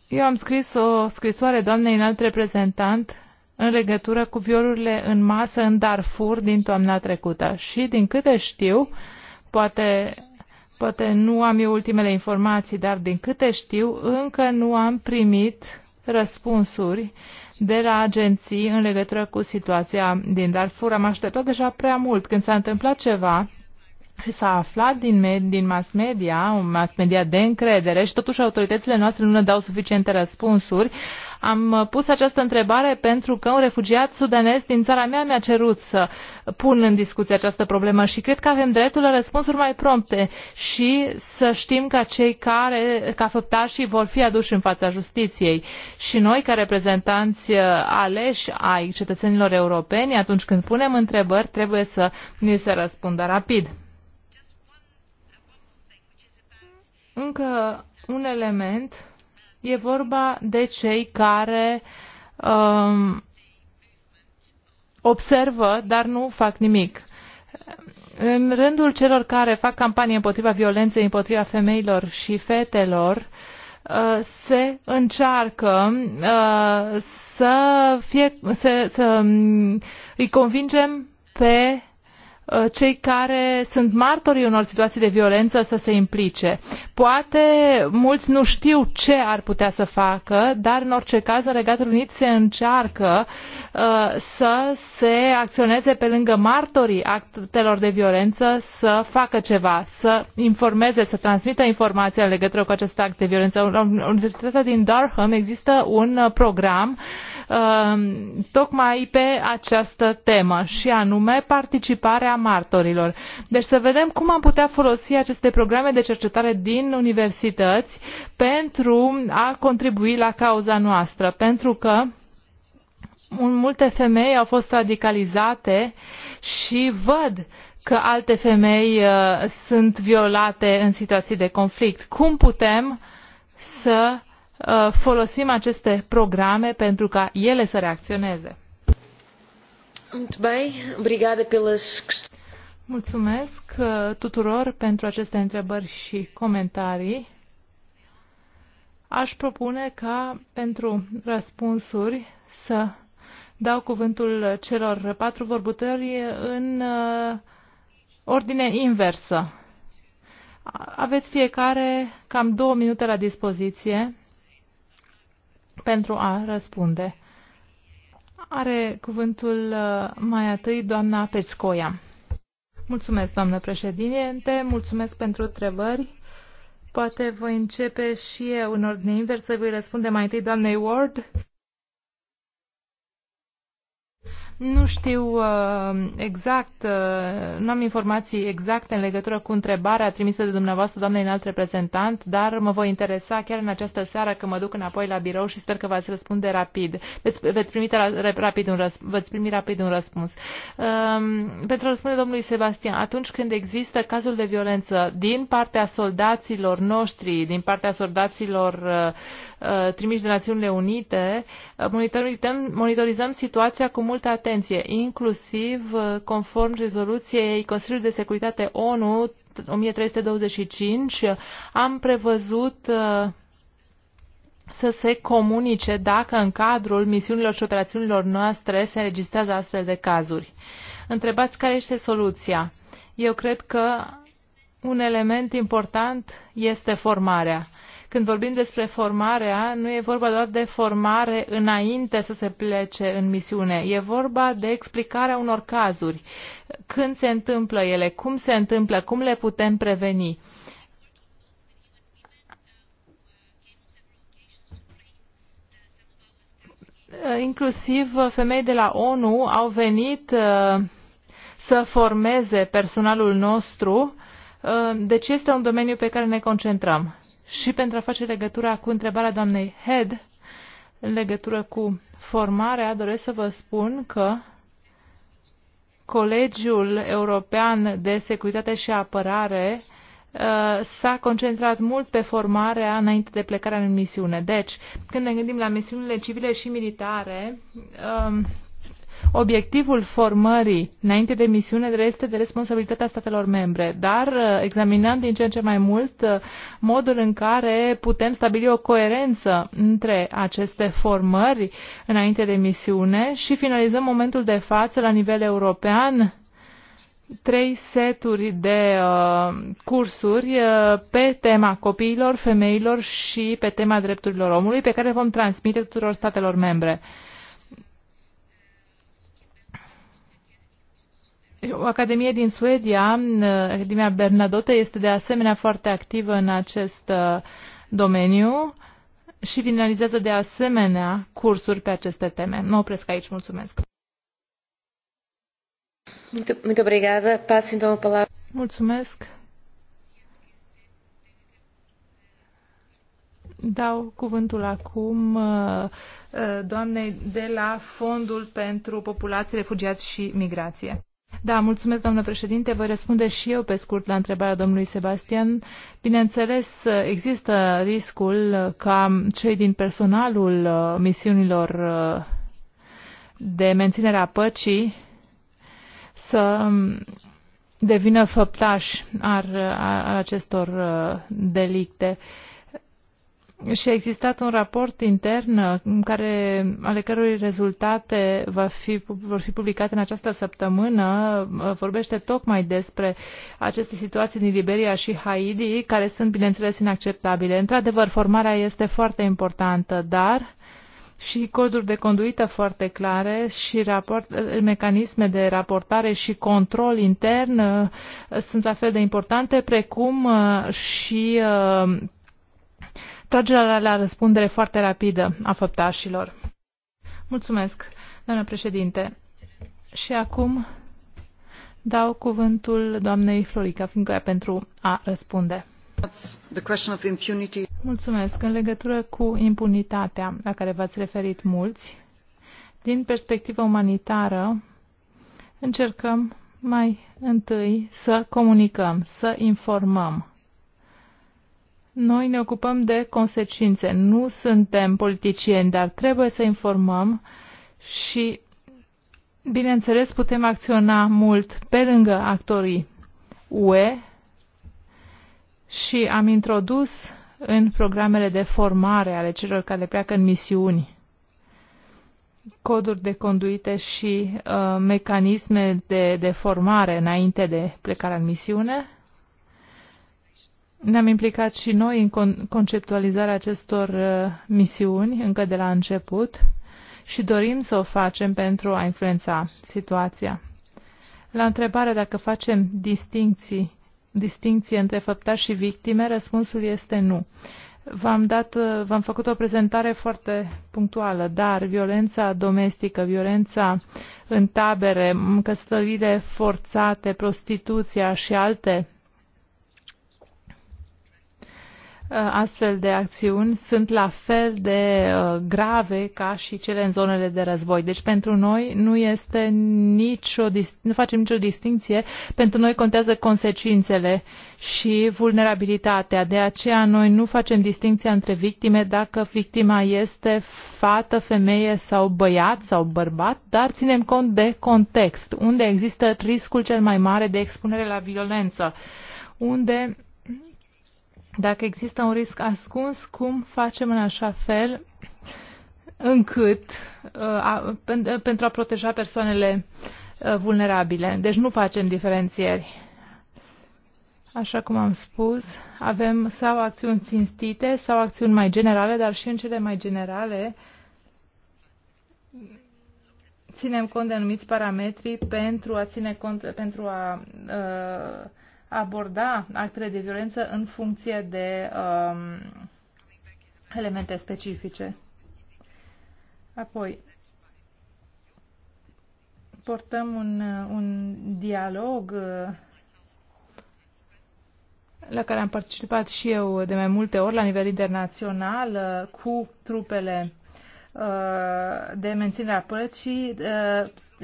eu am scris o scrisoare doamnei înalt reprezentant în legătură cu violurile în masă în Darfur din toamna trecută. Și, din câte știu, poate, poate nu am eu ultimele informații, dar din câte știu, încă nu am primit răspunsuri de la agenții în legătură cu situația din Darfur. Am așteptat deja prea mult. Când s-a întâmplat ceva, și s-a aflat din, med- din mass media, un mass media de încredere și totuși autoritățile noastre nu ne dau suficiente răspunsuri. Am pus această întrebare pentru că un refugiat sudanez din țara mea mi-a cerut să pun în discuție această problemă și cred că avem dreptul la răspunsuri mai prompte și să știm că cei care, ca făptașii, vor fi aduși în fața justiției. Și noi, ca reprezentanți aleși ai cetățenilor europeni, atunci când punem întrebări, trebuie să ni se răspundă rapid. Încă un element E vorba de cei care um, observă, dar nu fac nimic. În rândul celor care fac campanie împotriva violenței, împotriva femeilor și fetelor, uh, se încearcă uh, să, fie, să, să um, îi convingem pe Uh, cei care sunt martorii unor situații de violență să se implice. Poate mulți nu știu ce ar putea să facă, dar în orice caz în Regatul Unit se încearcă uh, să se acționeze pe lângă martorii actelor de violență să facă ceva, să informeze, să transmită informații în legătură cu acest act de violență. La Universitatea din Durham există un uh, program uh, Um, tocmai pe această temă și anume participarea martorilor. Deci să vedem cum am putea folosi aceste programe de cercetare din universități pentru a contribui la cauza noastră, pentru că multe femei au fost radicalizate și văd că alte femei uh, sunt violate în situații de conflict. Cum putem să uh, Uh, folosim aceste programe pentru ca ele să reacționeze. Mulțumesc uh, tuturor pentru aceste întrebări și comentarii. Aș propune ca pentru răspunsuri să dau cuvântul celor patru vorbitori în uh, ordine inversă. Aveți fiecare cam două minute la dispoziție pentru a răspunde. Are cuvântul uh, mai atâi doamna Pescoia. Mulțumesc, doamnă președinte, mulțumesc pentru întrebări. Poate voi începe și eu în ordine inversă, voi răspunde mai întâi doamnei Ward Nu știu uh, exact, uh, nu am informații exacte în legătură cu întrebarea trimisă de dumneavoastră, doamne înalt reprezentant, dar mă voi interesa chiar în această seară când mă duc înapoi la birou și sper că v-ați răspunde rapid. Veți, veți, primi, rapid un răsp- veți primi rapid un răspuns. Um, pentru a răspunde domnului Sebastian, atunci când există cazul de violență din partea soldaților noștri, din partea soldaților uh, uh trimiși de Națiunile Unite, monitorizăm, monitorizăm situația cu multă atenție atenție, inclusiv uh, conform rezoluției Consiliului de Securitate ONU 1325, am prevăzut uh, să se comunice dacă în cadrul misiunilor și operațiunilor noastre se înregistrează astfel de cazuri. Întrebați care este soluția. Eu cred că un element important este formarea. Când vorbim despre formarea, nu e vorba doar de formare înainte să se plece în misiune. E vorba de explicarea unor cazuri. Când se întâmplă ele, cum se întâmplă, cum le putem preveni. inclusiv uh, femei de la ONU au venit uh, să formeze personalul nostru. Uh, deci este un domeniu pe care ne concentrăm și pentru a face legătura cu întrebarea doamnei Head în legătură cu formarea, doresc să vă spun că Colegiul European de Securitate și Apărare uh, s-a concentrat mult pe formarea înainte de plecarea în misiune. Deci, când ne gândim la misiunile civile și militare, um, obiectivul formării înainte de misiune este de responsabilitatea statelor membre, dar uh, examinăm din ce în ce mai mult uh, modul în care putem stabili o coerență între aceste formări înainte de misiune și finalizăm momentul de față la nivel european trei seturi de uh, cursuri uh, pe tema copiilor, femeilor și pe tema drepturilor omului, pe care vom transmite tuturor statelor membre. Uh, O academie din Suedia, uh, Academia Bernadotte, este de asemenea foarte activă în acest uh, domeniu și finalizează de asemenea cursuri pe aceste teme. Mă opresc aici, mulțumesc. Mulțumesc. Dau cuvântul acum uh, doamnei de la Fondul pentru Populații, Refugiați și Migrație. Da, mulțumesc, doamnă președinte. Voi răspunde și eu pe scurt la întrebarea domnului Sebastian. Bineînțeles, există riscul ca cei din personalul uh, misiunilor uh, de menținere a păcii să um, devină făptași al acestor uh, delicte. Uh, și a existat un raport intern uh, în care, ale cărui rezultate va fi, vor fi publicate în această săptămână. Uh, vorbește tocmai despre aceste situații din Liberia și Haiti, care sunt, bineînțeles, inacceptabile. Într-adevăr, formarea este foarte importantă, dar și coduri de conduită foarte clare și raport, uh, mecanisme de raportare și control intern sunt la fel de importante, precum și tragerea la răspundere foarte rapidă a făptașilor. Mulțumesc, doamnă președinte. Și acum dau cuvântul doamnei Florica Fincoia pentru a răspunde. Mulțumesc. În legătură cu impunitatea la care v-ați referit mulți, din perspectivă umanitară, încercăm mai întâi să comunicăm, să informăm noi ne ocupăm de consecințe. Nu suntem politicieni, dar trebuie să informăm și, bineînțeles, putem acționa mult pe lângă actorii UE și am introdus în programele de formare ale celor care pleacă în misiuni coduri de conduite și uh, mecanisme de, de formare înainte de plecarea în misiune ne-am implicat și noi în conceptualizarea acestor uh, misiuni încă de la început și dorim să o facem pentru a influența situația. La întrebarea dacă facem distinții, distinție între făptași și victime, răspunsul este nu. V-am, dat, uh, v-am făcut o prezentare foarte punctuală, dar violența domestică, violența în tabere, căsătorile forțate, prostituția și alte Uh, astfel de acțiuni sunt la fel de uh, grave ca și cele în zonele de război. Deci pentru noi nu este nicio, nu facem nicio distinție, pentru noi contează consecințele și vulnerabilitatea. De aceea noi nu facem distinția între victime dacă victima este fată, femeie sau băiat sau bărbat, dar ținem cont de context, unde există riscul cel mai mare de expunere la violență, unde dacă există un risc ascuns, cum facem în așa fel încât uh, a, uh, pentru a proteja persoanele uh, vulnerabile. Deci nu facem diferențieri. Așa cum am spus, avem sau acțiuni cinstite, sau acțiuni mai generale, dar și în cele mai generale ținem cont de anumiți parametri pentru a ține cont, pentru a uh, aborda actele de violență în funcție de um, elemente specifice. Apoi, portăm un, un dialog uh, la care am participat și eu de mai multe ori la nivel internațional uh, cu trupele uh, de menținere a păcii,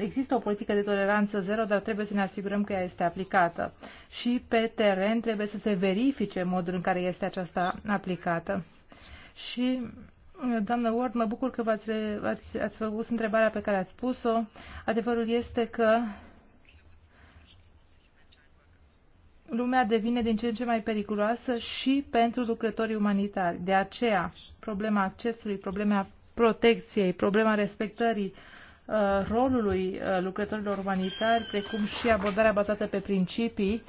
există o politică de toleranță zero, dar trebuie să ne asigurăm că ea este aplicată. Și pe teren trebuie să se verifice modul în care este aceasta aplicată. Și Doamnă Ward, mă bucur că v-ați, ați, ați făcut întrebarea pe care ați pus-o. Adevărul este că lumea devine din ce în ce mai periculoasă și pentru lucrătorii umanitari. De aceea, problema accesului, problema protecției, problema respectării uh, Uh, rolului uh, lucrătorilor umanitari, precum și abordarea bazată pe principii,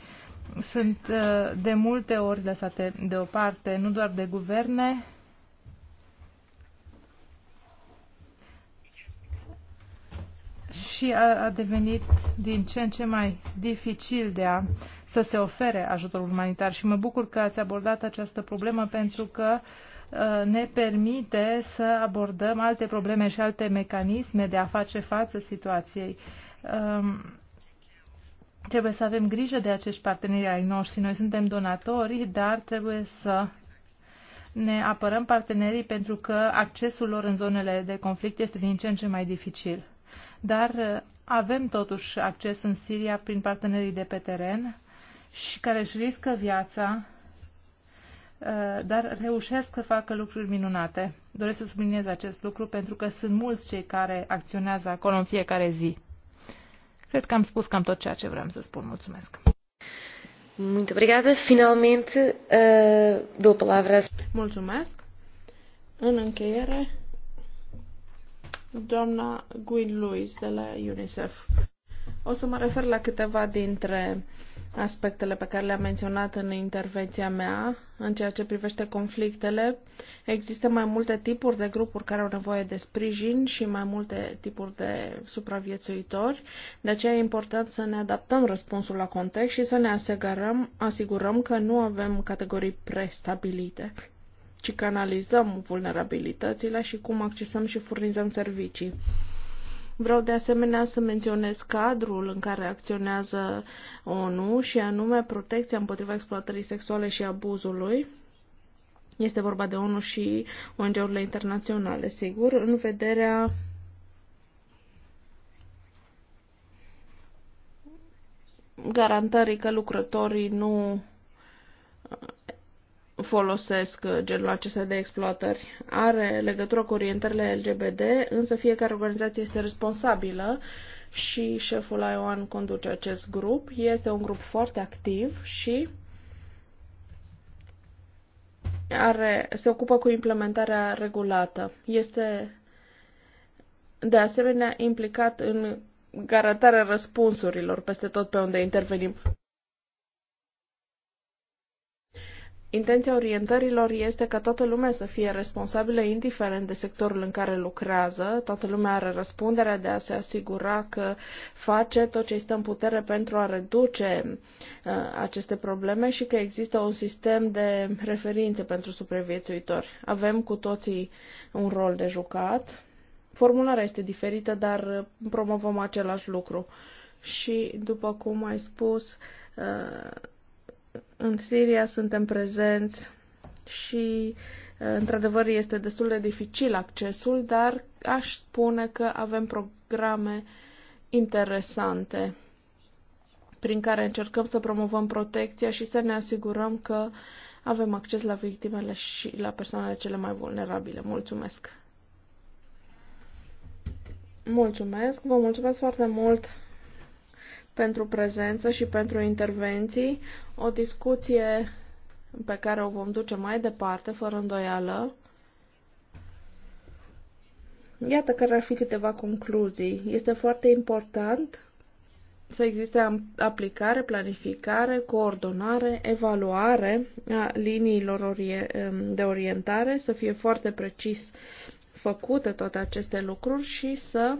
sunt uh, de multe ori lăsate deoparte, nu doar de guverne, și a, a devenit din ce în ce mai dificil de a să se ofere ajutorul umanitar și mă bucur că ați abordat această problemă pentru că uh, Uh, ne permite să abordăm alte probleme și alte mecanisme de a face față situației. Um, trebuie să avem grijă de acești parteneri ai noștri. Noi suntem donatori, dar trebuie să ne apărăm partenerii pentru că accesul lor în zonele de conflict este din ce în ce mai dificil. Dar uh, avem totuși acces în Siria prin partenerii de pe teren și care își riscă viața Uh, dar reușesc să facă lucruri minunate. Doresc să subliniez acest lucru pentru că sunt mulți cei care acționează acolo în fiecare zi. Cred că am spus cam tot ceea ce vreau să spun. Mulțumesc! Muito obrigada. Finalmente, uh, dou a palavra. a... Mulțumesc. În încheiere, doamna Gwyn Lewis de la UNICEF. O să mă refer la câteva dintre uh, aspectele pe care le-am menționat în intervenția mea. În ceea ce privește conflictele, există mai multe tipuri de grupuri care au nevoie de sprijin și mai multe tipuri de supraviețuitori. De aceea e important să ne adaptăm răspunsul la context și să ne asigurăm, asigurăm că nu avem categorii prestabilite ci canalizăm vulnerabilitățile și cum accesăm și furnizăm servicii. Vreau de asemenea să menționez cadrul în care acționează ONU și anume protecția împotriva exploatării sexuale și abuzului. Este vorba de ONU și ONG-urile internaționale, sigur, în vederea garantării că lucrătorii nu folosesc uh, genul acesta de exploatări. Are legătură cu orientările LGBT, însă fiecare organizație este responsabilă și șeful Ioan conduce acest grup. Este un grup foarte activ și are, se ocupă cu implementarea regulată. Este de asemenea implicat în garantarea răspunsurilor peste tot pe unde intervenim. Intenția orientărilor este ca toată lumea să fie responsabilă, indiferent de sectorul în care lucrează. Toată lumea are răspunderea de a se asigura că face tot ce este în putere pentru a reduce uh, aceste probleme și că există un sistem de referințe pentru supraviețuitori. Avem cu toții un rol de jucat. Formularea este diferită, dar uh, promovăm același lucru. Și, după cum ai spus, uh, în Siria suntem prezenți și, uh, într-adevăr, este destul de dificil accesul, dar aș spune că avem programe interesante prin care încercăm să promovăm protecția și să ne asigurăm că avem acces la victimele și la persoanele cele mai vulnerabile. Mulțumesc! Mulțumesc! Vă mulțumesc foarte mult pentru prezență și pentru intervenții, o discuție pe care o vom duce mai departe, fără îndoială. Iată care ar fi câteva concluzii. Este foarte important să existe aplicare, planificare, coordonare, evaluare a liniilor de orientare, să fie foarte precis făcute toate aceste lucruri și să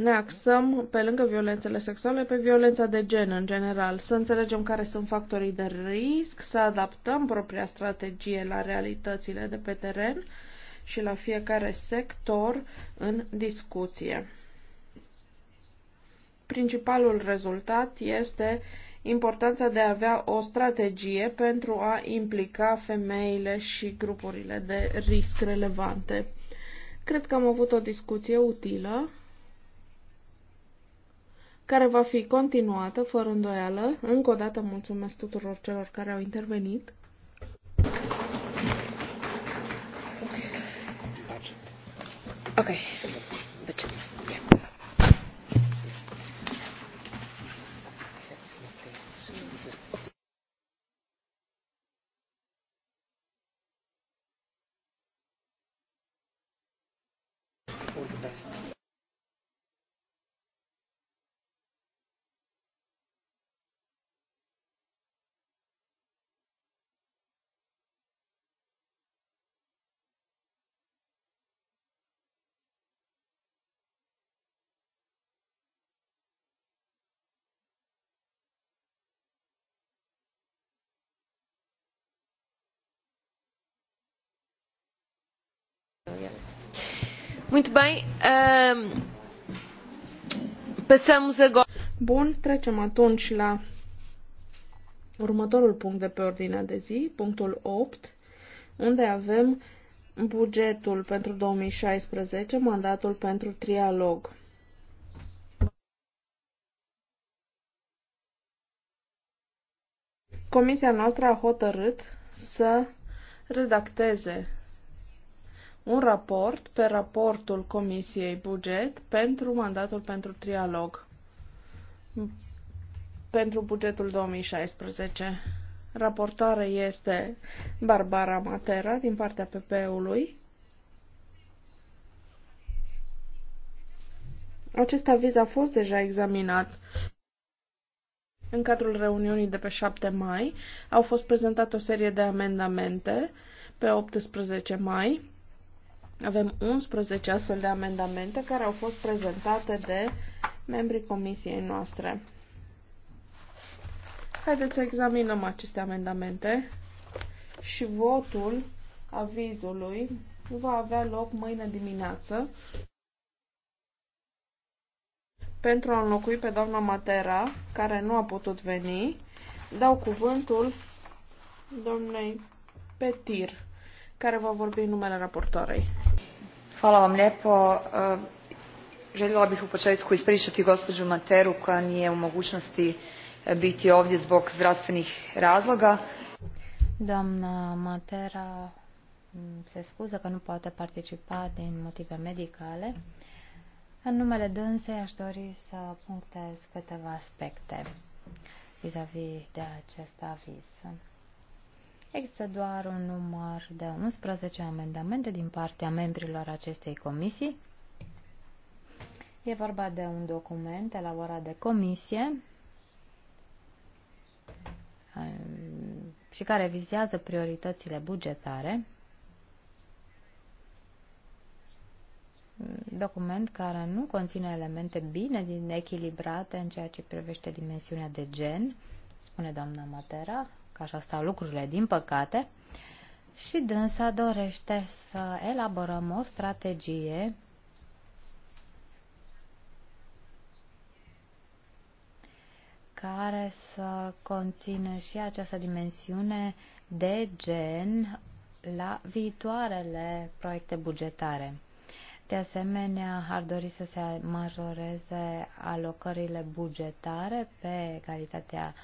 ne axăm, pe lângă violențele sexuale, pe violența de gen în general, să înțelegem care sunt factorii de risc, să adaptăm propria strategie la realitățile de pe teren și la fiecare sector în discuție. Principalul rezultat este importanța de a avea o strategie pentru a implica femeile și grupurile de risc relevante. Cred că am avut o discuție utilă care va fi continuată fără îndoială. Încă o dată mulțumesc tuturor celor care au intervenit. Ok, Budgets. Muito bem. Um, passamos agora. Bun, trecem atunci la următorul punct de pe ordinea de zi, punctul 8, unde avem bugetul pentru 2016, mandatul pentru trialog. Comisia noastră a hotărât să redacteze un raport pe raportul Comisiei Buget pentru mandatul pentru trialog pentru bugetul 2016. Raportoare este Barbara Matera din partea PP-ului. Acest aviz a fost deja examinat în cadrul reuniunii de pe 7 mai. Au fost prezentate o serie de amendamente pe 18 mai avem 11 astfel de amendamente care au fost prezentate de membrii comisiei noastre. Haideți să examinăm aceste amendamente și votul avizului va avea loc mâine dimineață pentru a înlocui pe doamna Matera, care nu a putut veni. Dau cuvântul domnei Petir, care va vorbi în numele raportoarei. Hvala vam Željela bih u početku ispričati gospođu Materu koja nije u mogućnosti biti ovdje zbog zdravstvenih razloga. Doamna Matera se scuză că nu poate participa din motive medicale. În numele dânsei aș dori să punctez câteva aspecte vis-a-vis -vis de acest aviz. Există doar un număr de 11 amendamente din partea membrilor acestei comisii. E vorba de un document elaborat de comisie uh, și care vizează prioritățile bugetare. Document care nu conține elemente bine din echilibrate în ceea ce privește dimensiunea de gen, spune doamna Matera, că așa stau lucrurile, din păcate, și dânsa dorește să elaborăm o strategie care să conțină și această dimensiune de gen la viitoarele proiecte bugetare. De asemenea, ar dori să se majoreze alocările bugetare pe calitatea uh,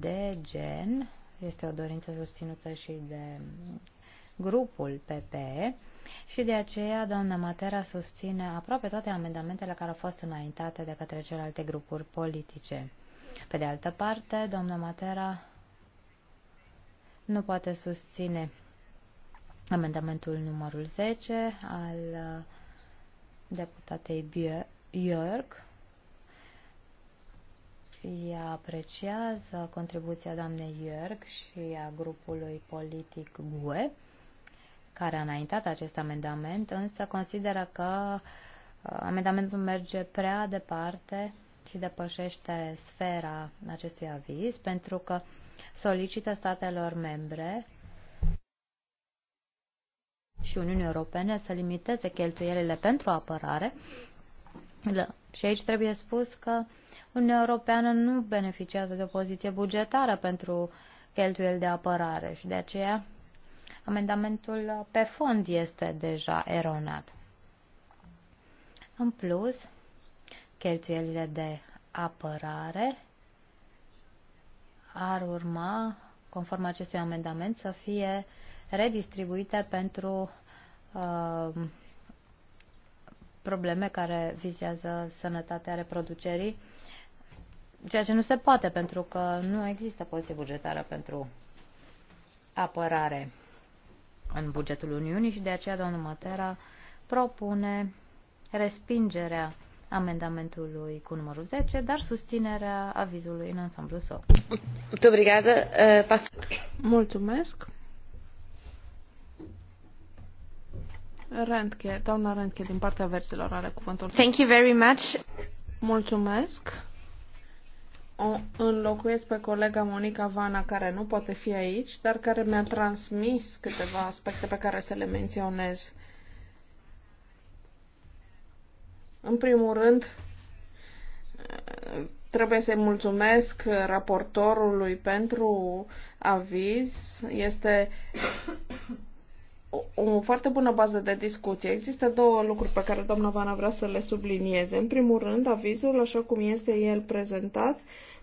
de gen, este o dorință susținută și de grupul PPE și de aceea doamna Matera susține aproape toate amendamentele care au fost înaintate de către celelalte grupuri politice. Pe de altă parte, doamna Matera nu poate susține amendamentul numărul 10 al uh, deputatei Björk, Comisia apreciază contribuția doamnei Iorg și a grupului politic GUE, care a înaintat acest amendament, însă consideră că uh, amendamentul merge prea departe și depășește sfera acestui aviz, pentru că solicită statelor membre și Uniunii Europene să limiteze cheltuielile pentru apărare da. Și aici trebuie spus că Uniunea Europeană nu beneficiază de o poziție bugetară pentru cheltuieli de apărare și de aceea amendamentul pe fond este deja eronat. În plus, cheltuielile de apărare ar urma, conform acestui amendament, să fie redistribuite pentru uh, probleme care vizează sănătatea reproducerii, ceea ce nu se poate pentru că nu există poziție bugetară pentru apărare în bugetul Uniunii și de aceea domnul Matera propune respingerea amendamentului cu numărul 10, dar susținerea avizului în ansamblu său. Eh, Mulțumesc. Rentke, doamna Rentke, din partea verzilor, are cuvântul. Thank you very much. Mulțumesc. O înlocuiesc pe colega Monica Vana, care nu poate fi aici, dar care mi-a transmis câteva aspecte pe care să le menționez. În primul rând, trebuie să-i mulțumesc raportorului pentru aviz. Este o, o foarte bună bază de discuție. Există două lucruri pe care doamna Vana vrea să le sublinieze. În primul rând, avizul, așa cum este el prezentat,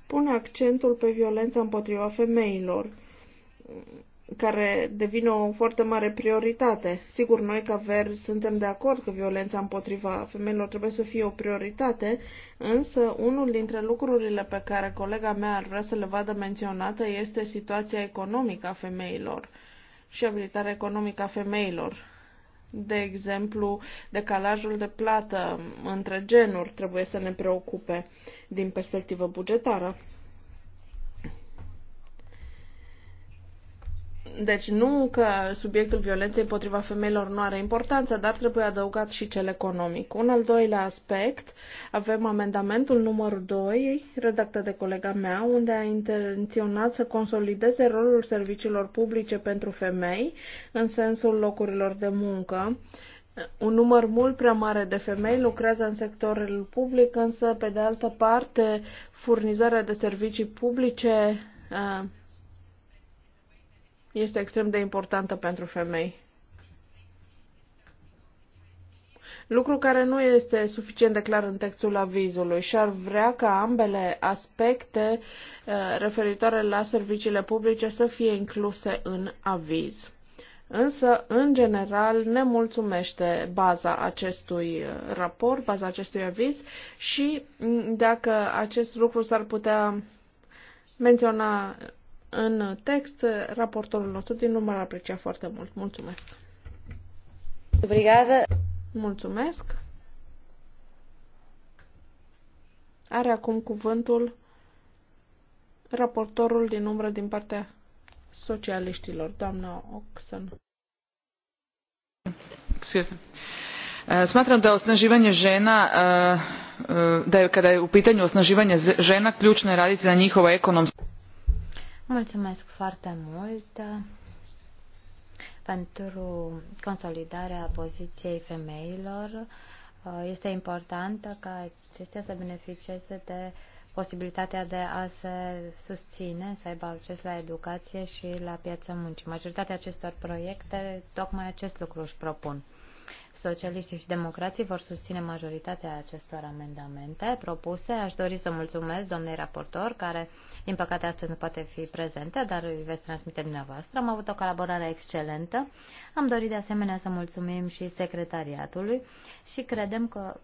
pune accentul pe violența împotriva femeilor care devine o foarte mare prioritate. Sigur, noi ca verzi suntem de acord că violența împotriva femeilor trebuie să fie o prioritate, însă unul dintre lucrurile pe care colega mea ar vrea să le vadă menționată este situația economică a femeilor și abilitarea economică a femeilor. De exemplu, decalajul de plată între genuri trebuie să ne preocupe din perspectivă bugetară. Deci nu că subiectul violenței împotriva femeilor nu are importanță, dar trebuie adăugat și cel economic. Un al doilea aspect, avem amendamentul numărul 2, redactat de colega mea, unde a intenționat să consolideze rolul serviciilor publice pentru femei în sensul locurilor de muncă. Un număr mult prea mare de femei lucrează în sectorul public, însă, pe de altă parte, furnizarea de servicii publice uh, este extrem de importantă pentru femei. lucru care nu este suficient de clar în textul avizului și ar vrea ca ambele aspecte uh, referitoare la serviciile publice să fie incluse în aviz. Însă, în general, ne mulțumește baza acestui uh, raport, baza acestui aviz și mm, dacă acest lucru s-ar putea menționa în text. Raportorul nostru din urmă a ar aprecia foarte mult. Mulțumesc! Obrigada! Mulțumesc! Are acum cuvântul raportorul din umbră din partea socialiștilor, doamna Oxen. Smatram da osnaživanje žena, da je kada je u pitanju osnaživanje žena ključno je raditi na njihovo ekonomsko... Mulțumesc foarte mult uh, pentru consolidarea poziției femeilor. Uh, este important ca acestea să beneficieze de posibilitatea de a se susține, să aibă acces la educație și la piața muncii. Majoritatea acestor proiecte tocmai acest lucru își propun. Socialiștii și democrații vor susține majoritatea acestor amendamente propuse. Aș dori să mulțumesc doamnei raportor, care din păcate astăzi nu poate fi prezentă, dar îi veți transmite dumneavoastră. Am avut o colaborare excelentă. Am dorit de asemenea să mulțumim și secretariatului și credem că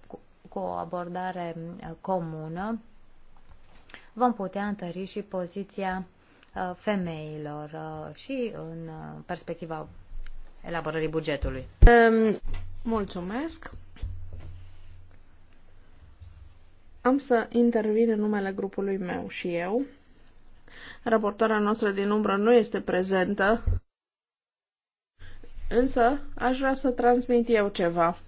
cu o abordare comună vom putea întări și poziția uh, femeilor uh, și în uh, perspectiva elaborării bugetului. Mulțumesc. Am să intervin în numele grupului meu și eu. Raportoarea noastră din umbră nu este prezentă, însă aș vrea să transmit eu ceva.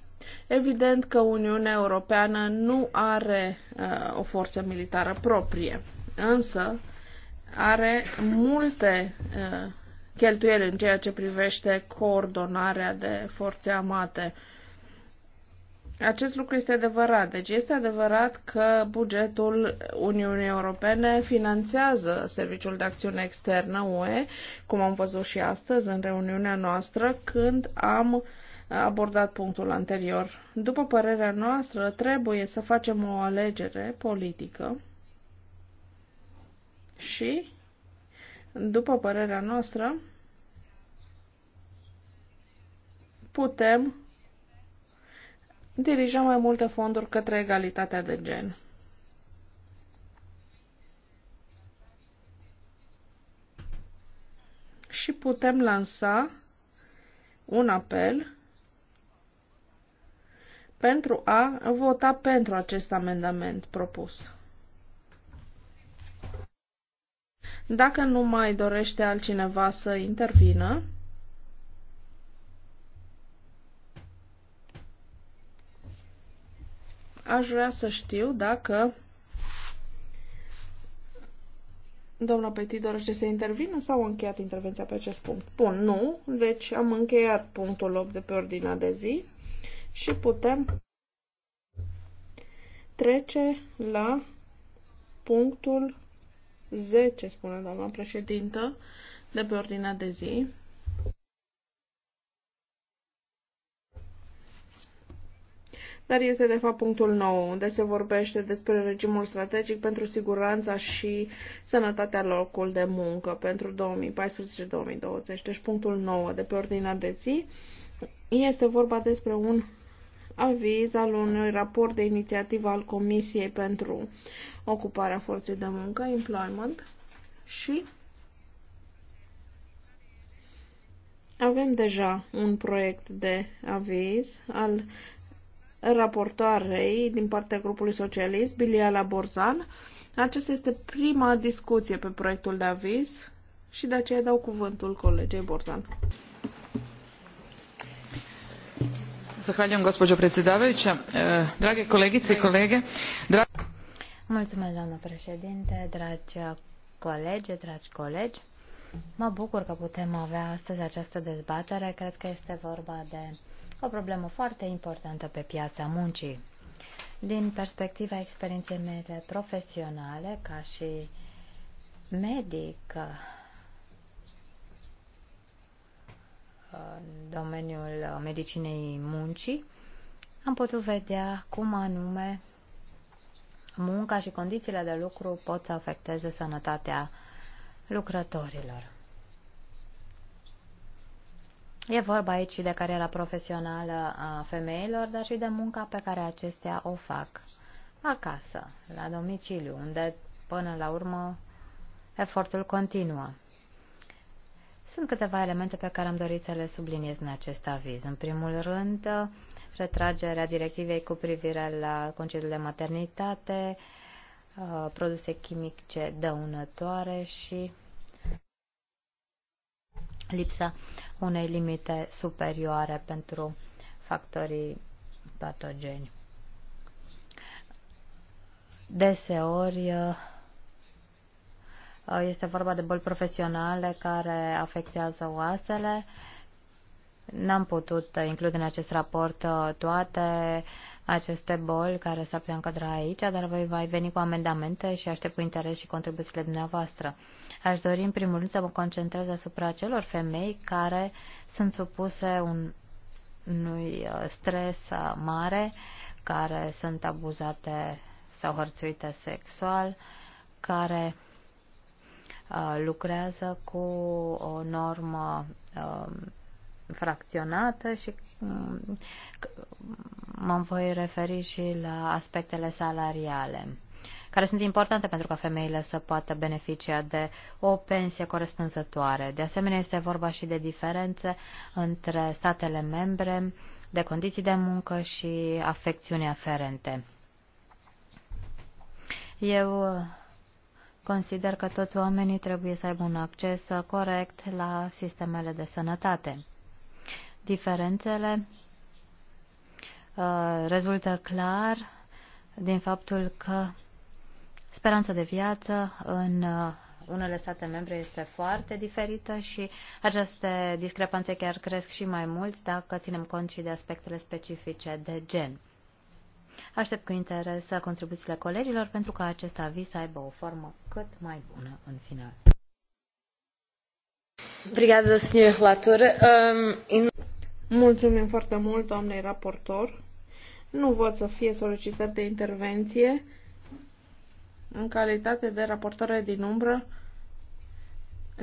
Evident că Uniunea Europeană nu are uh, o forță militară proprie, însă are multe uh, cheltuieli în ceea ce privește coordonarea de forțe amate. Acest lucru este adevărat. Deci este adevărat că bugetul Uniunii Europene finanțează Serviciul de Acțiune Externă UE, cum am văzut și astăzi în reuniunea noastră, când am abordat punctul anterior. După părerea noastră, trebuie să facem o alegere politică și după părerea noastră, putem dirija mai multe fonduri către egalitatea de gen. Și putem lansa un apel pentru a vota pentru acest amendament propus. Dacă nu mai dorește altcineva să intervină, aș vrea să știu dacă Doamna Petit dorește să intervină sau am încheiat intervenția pe acest punct? Bun, nu. Deci am încheiat punctul 8 de pe ordinea de zi și putem trece la punctul 10, spune doamna președintă, de pe ordinea de zi. Dar este de fapt punctul 9, unde se vorbește despre regimul strategic pentru siguranța și sănătatea locul de muncă pentru 2014-2020. Deci punctul 9 de pe ordinea de zi este vorba despre un aviz al unui raport de inițiativă al Comisiei pentru uh, ocuparea forței de muncă, employment, și avem deja un proiect de aviz al raportoarei din partea grupului socialist, Biliala Borzan. Aceasta este prima discuție pe proiectul de aviz și de aceea dau cuvântul colegei Borzan. Zahvaljujem, gospođo predsjedavajuća. Drage kolegice i kolege, dragi... Mulțumesc, doamnă președinte, dragi colegi, dragi colegi. Mă bucur că putem avea astăzi această dezbatere. Cred că este vorba de o problemă foarte importantă pe piața muncii. Din perspectiva experienței mele profesionale, ca și medic în domeniul medicinei muncii, am putut vedea cum anume munca și condițiile de lucru pot să afecteze sănătatea lucrătorilor. E vorba aici și de cariera profesională a femeilor, dar și de munca pe care acestea o fac acasă, la domiciliu, unde, până la urmă, efortul continuă. Sunt câteva elemente pe care am dorit să le subliniez în acest aviz. În primul rând, retragerea directivei cu privire la concediul de maternitate, uh, produse chimice dăunătoare și lipsa unei limite superioare pentru factorii patogeni. Deseori uh, este vorba de boli profesionale care afectează oasele, N-am putut uh, include în acest raport uh, toate aceste boli care s-ar putea încadra aici, dar voi va veni cu amendamente și aștept cu interes și contribuțiile dumneavoastră. Aș dori în primul rând să mă concentrez asupra celor femei care sunt supuse un, unui uh, stres mare, care sunt abuzate sau hărțuite sexual, care lucrează cu o normă um, fracționată și mm, mă voi referi și la aspectele salariale care sunt importante pentru ca femeile să poată beneficia de o pensie corespunzătoare. De asemenea, este vorba și de diferențe între statele membre, de condiții de muncă și afecțiuni aferente. Eu consider că toți oamenii trebuie să aibă un acces corect la sistemele de sănătate. Diferențele uh, rezultă clar din faptul că speranța de viață în uh, unele state membre este foarte diferită și aceste discrepanțe chiar cresc și mai mult dacă ținem cont și de aspectele specifice de gen. Aștept cu interes contribuțiile colegilor pentru ca acest aviz să aibă o formă cât mai bună în final. Obrigada, senhora relatora. Um, in... Mulțumim foarte mult, doamnei raportor. Nu văd să fie solicitări de intervenție. În calitate de raportoare din umbră,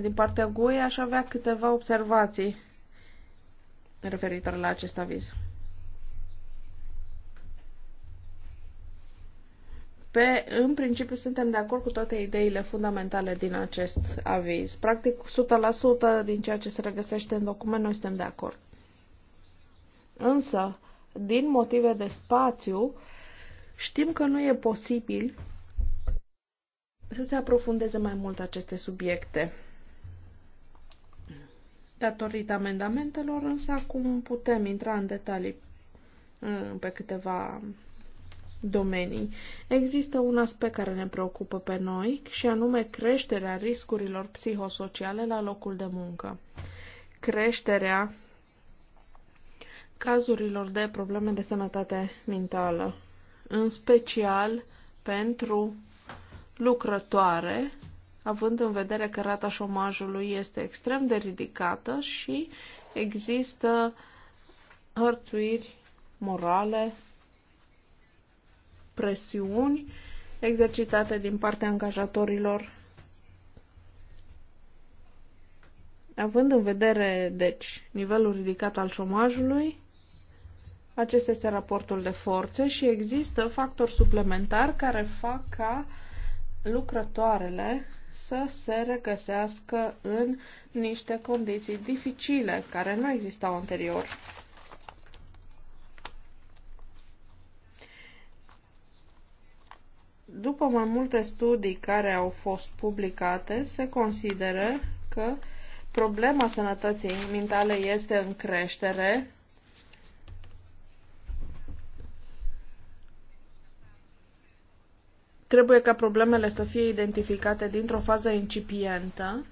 din partea GUE, aș avea câteva observații referitor la acest aviz. Pe, în principiu suntem de acord cu toate ideile fundamentale din acest aviz. Practic 100% din ceea ce se regăsește în document noi suntem de acord. Însă, din motive de spațiu, știm că nu e posibil să se aprofundeze mai mult aceste subiecte. Datorită amendamentelor, însă acum putem intra în detalii uh, pe câteva domenii. Există un aspect care ne preocupă pe noi și anume creșterea riscurilor psihosociale la locul de muncă. Creșterea cazurilor de probleme de sănătate mentală, în special pentru lucrătoare, având în vedere că rata șomajului este extrem de ridicată și există hărțuiri morale, presiuni exercitate din partea angajatorilor. Având în vedere, deci, nivelul ridicat al șomajului, acesta este raportul de forțe și există factori suplimentari care fac ca lucrătoarele să se regăsească în niște condiții dificile care nu existau anterior. După mai multe studii care au fost publicate, se consideră că problema sănătății mentale este în creștere Trebuie ca problemele să fie identificate dintr-o fază incipientă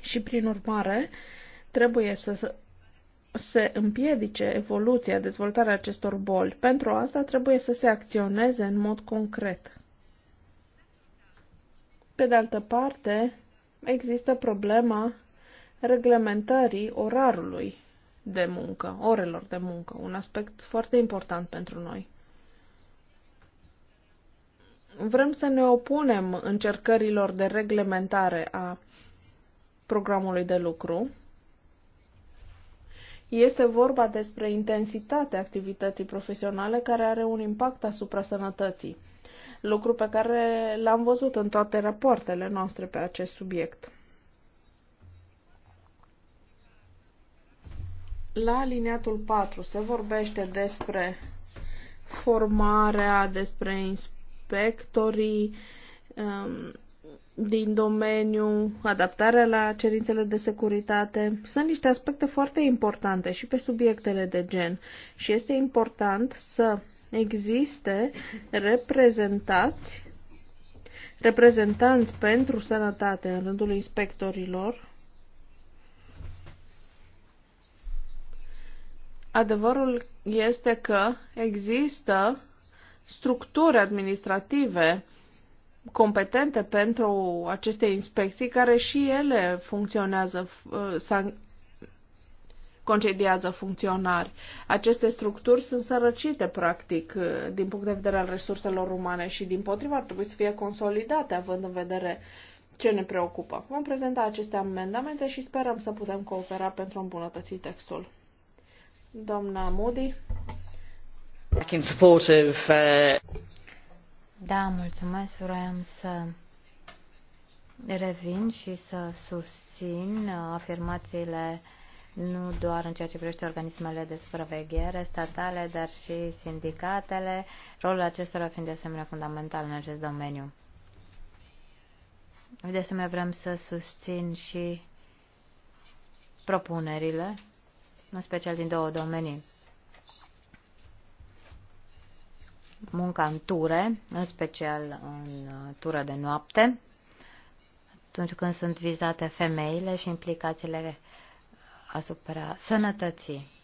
și, prin urmare, trebuie să se împiedice evoluția, dezvoltarea acestor boli. Pentru asta trebuie să se acționeze în mod concret. Pe de altă parte, există problema reglementării orarului de muncă, orelor de muncă, un aspect foarte important pentru noi vrem să ne opunem încercărilor de reglementare a programului de lucru. Este vorba despre intensitatea activității profesionale care are un impact asupra sănătății, lucru pe care l-am văzut în toate rapoartele noastre pe acest subiect. La aliniatul 4 se vorbește despre formarea, despre inspecția inspectorii um, din domeniu, adaptarea la cerințele de securitate. Sunt niște aspecte foarte importante și pe subiectele de gen și este important să existe reprezentați reprezentanți pentru sănătate în rândul inspectorilor. Adevărul este că există structuri administrative competente pentru aceste inspecții, care și ele funcționează, uh, concediază funcționari. Aceste structuri sunt sărăcite, practic, uh, din punct de vedere al resurselor umane și, din potriva, ar trebui să fie consolidate, având în vedere ce ne preocupă. Vom prezenta aceste amendamente și sperăm să putem coopera pentru a îmbunătăți textul. Doamna Moody. Uh, da, mulțumesc. Vroiam să revin și să susțin uh, afirmațiile nu doar în ceea ce privește organismele de supraveghere statale, dar și sindicatele, rolul acestora fiind de asemenea fundamental în acest domeniu. De asemenea, vrem să susțin și propunerile, în special din două domenii. munca în ture, în special în uh, tură de noapte, atunci când sunt vizate femeile și implicațiile asupra sănătății.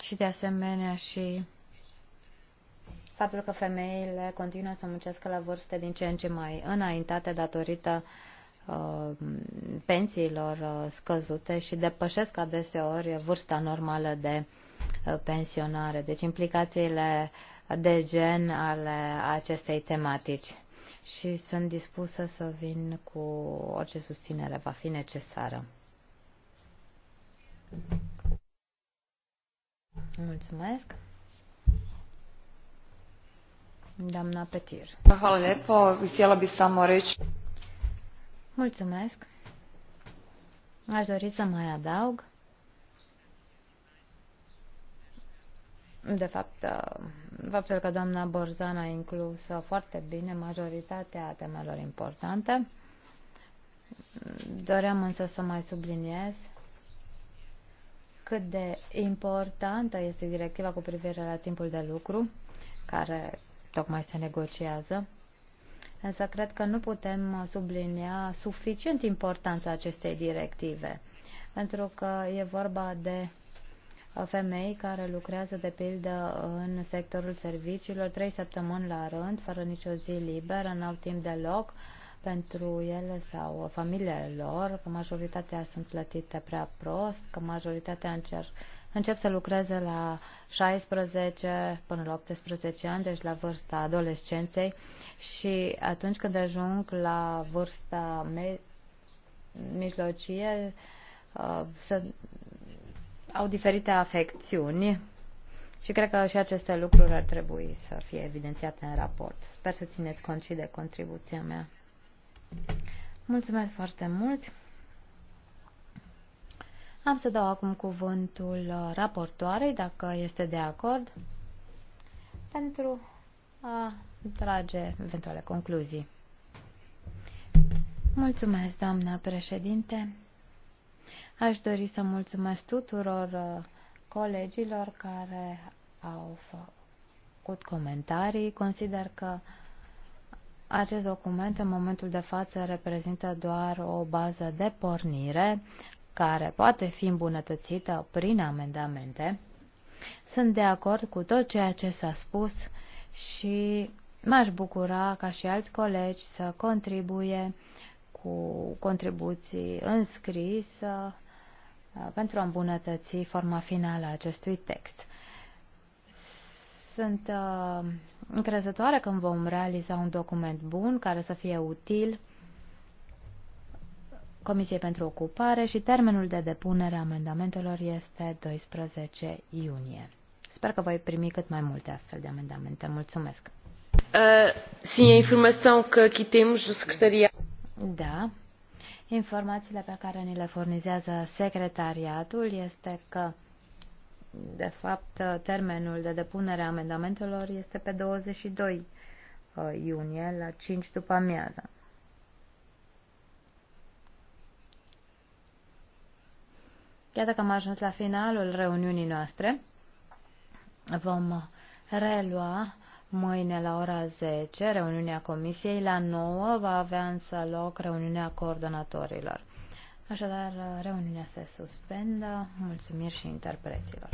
Și de asemenea și faptul că femeile continuă să muncească la vârste din ce în ce mai înaintate datorită uh, Uh, pensiilor uh, scăzute și depășesc adeseori vârsta normală de uh, pensionare. Deci implicațiile de gen ale acestei tematici. Și sunt dispusă să vin cu orice susținere va fi necesară. Mulțumesc. Doamna Petir. Hvala lepo, Htjela bi samo reći Mulțumesc. Aș dori să mai adaug. De fapt, uh, faptul că doamna Borzan a inclus foarte bine majoritatea temelor importante. Doream însă să mai subliniez cât de importantă este directiva cu privire la timpul de lucru, care tocmai se negociază însă cred că nu putem uh, sublinia suficient importanța acestei directive, pentru că e vorba de uh, femei care lucrează, de pildă, în sectorul serviciilor trei săptămâni la rând, fără nicio zi liberă, n-au timp deloc pentru ele sau uh, familiile lor, că majoritatea sunt plătite prea prost, că majoritatea încerc încep să lucreze la 16 până la 18 ani, deci la vârsta adolescenței și atunci când ajung la vârsta mijlocie uh, să au diferite afecțiuni și cred că și aceste lucruri ar trebui să fie evidențiate în raport. Sper să țineți cont și de contribuția mea. Mulțumesc foarte mult! Am să dau acum cuvântul uh, raportoarei, dacă este de acord, pentru a trage eventuale concluzii. Mulțumesc, doamnă președinte. Aș dori să mulțumesc tuturor uh, colegilor care au făcut comentarii. Consider că acest document în momentul de față reprezintă doar o bază de pornire care poate fi îmbunătățită prin amendamente. Sunt de acord cu tot ceea ce s-a spus și m-aș bucura ca și alți colegi să contribuie cu contribuții înscris uh, pentru a îmbunătăți forma finală a acestui text. Sunt uh, încrezătoare când vom realiza un document bun care să fie util Comisiei pentru Ocupare și termenul de depunere a amendamentelor este 12 iunie. Sper că voi primi cât mai multe astfel de amendamente. Mulțumesc. Uh, sim, a informação que aqui temos do secretariado. Da. Informațiile pe care ni le furnizează secretariatul este că de fapt, termenul de depunere a amendamentelor este pe 22 uh, iunie la 5 după amiază. Iată că am ajuns la finalul reuniunii noastre. Vom relua mâine la ora 10 reuniunea comisiei, la 9 va avea însă loc reuniunea coordonatorilor. Așadar, reuniunea se suspendă. Mulțumiri și interpreților.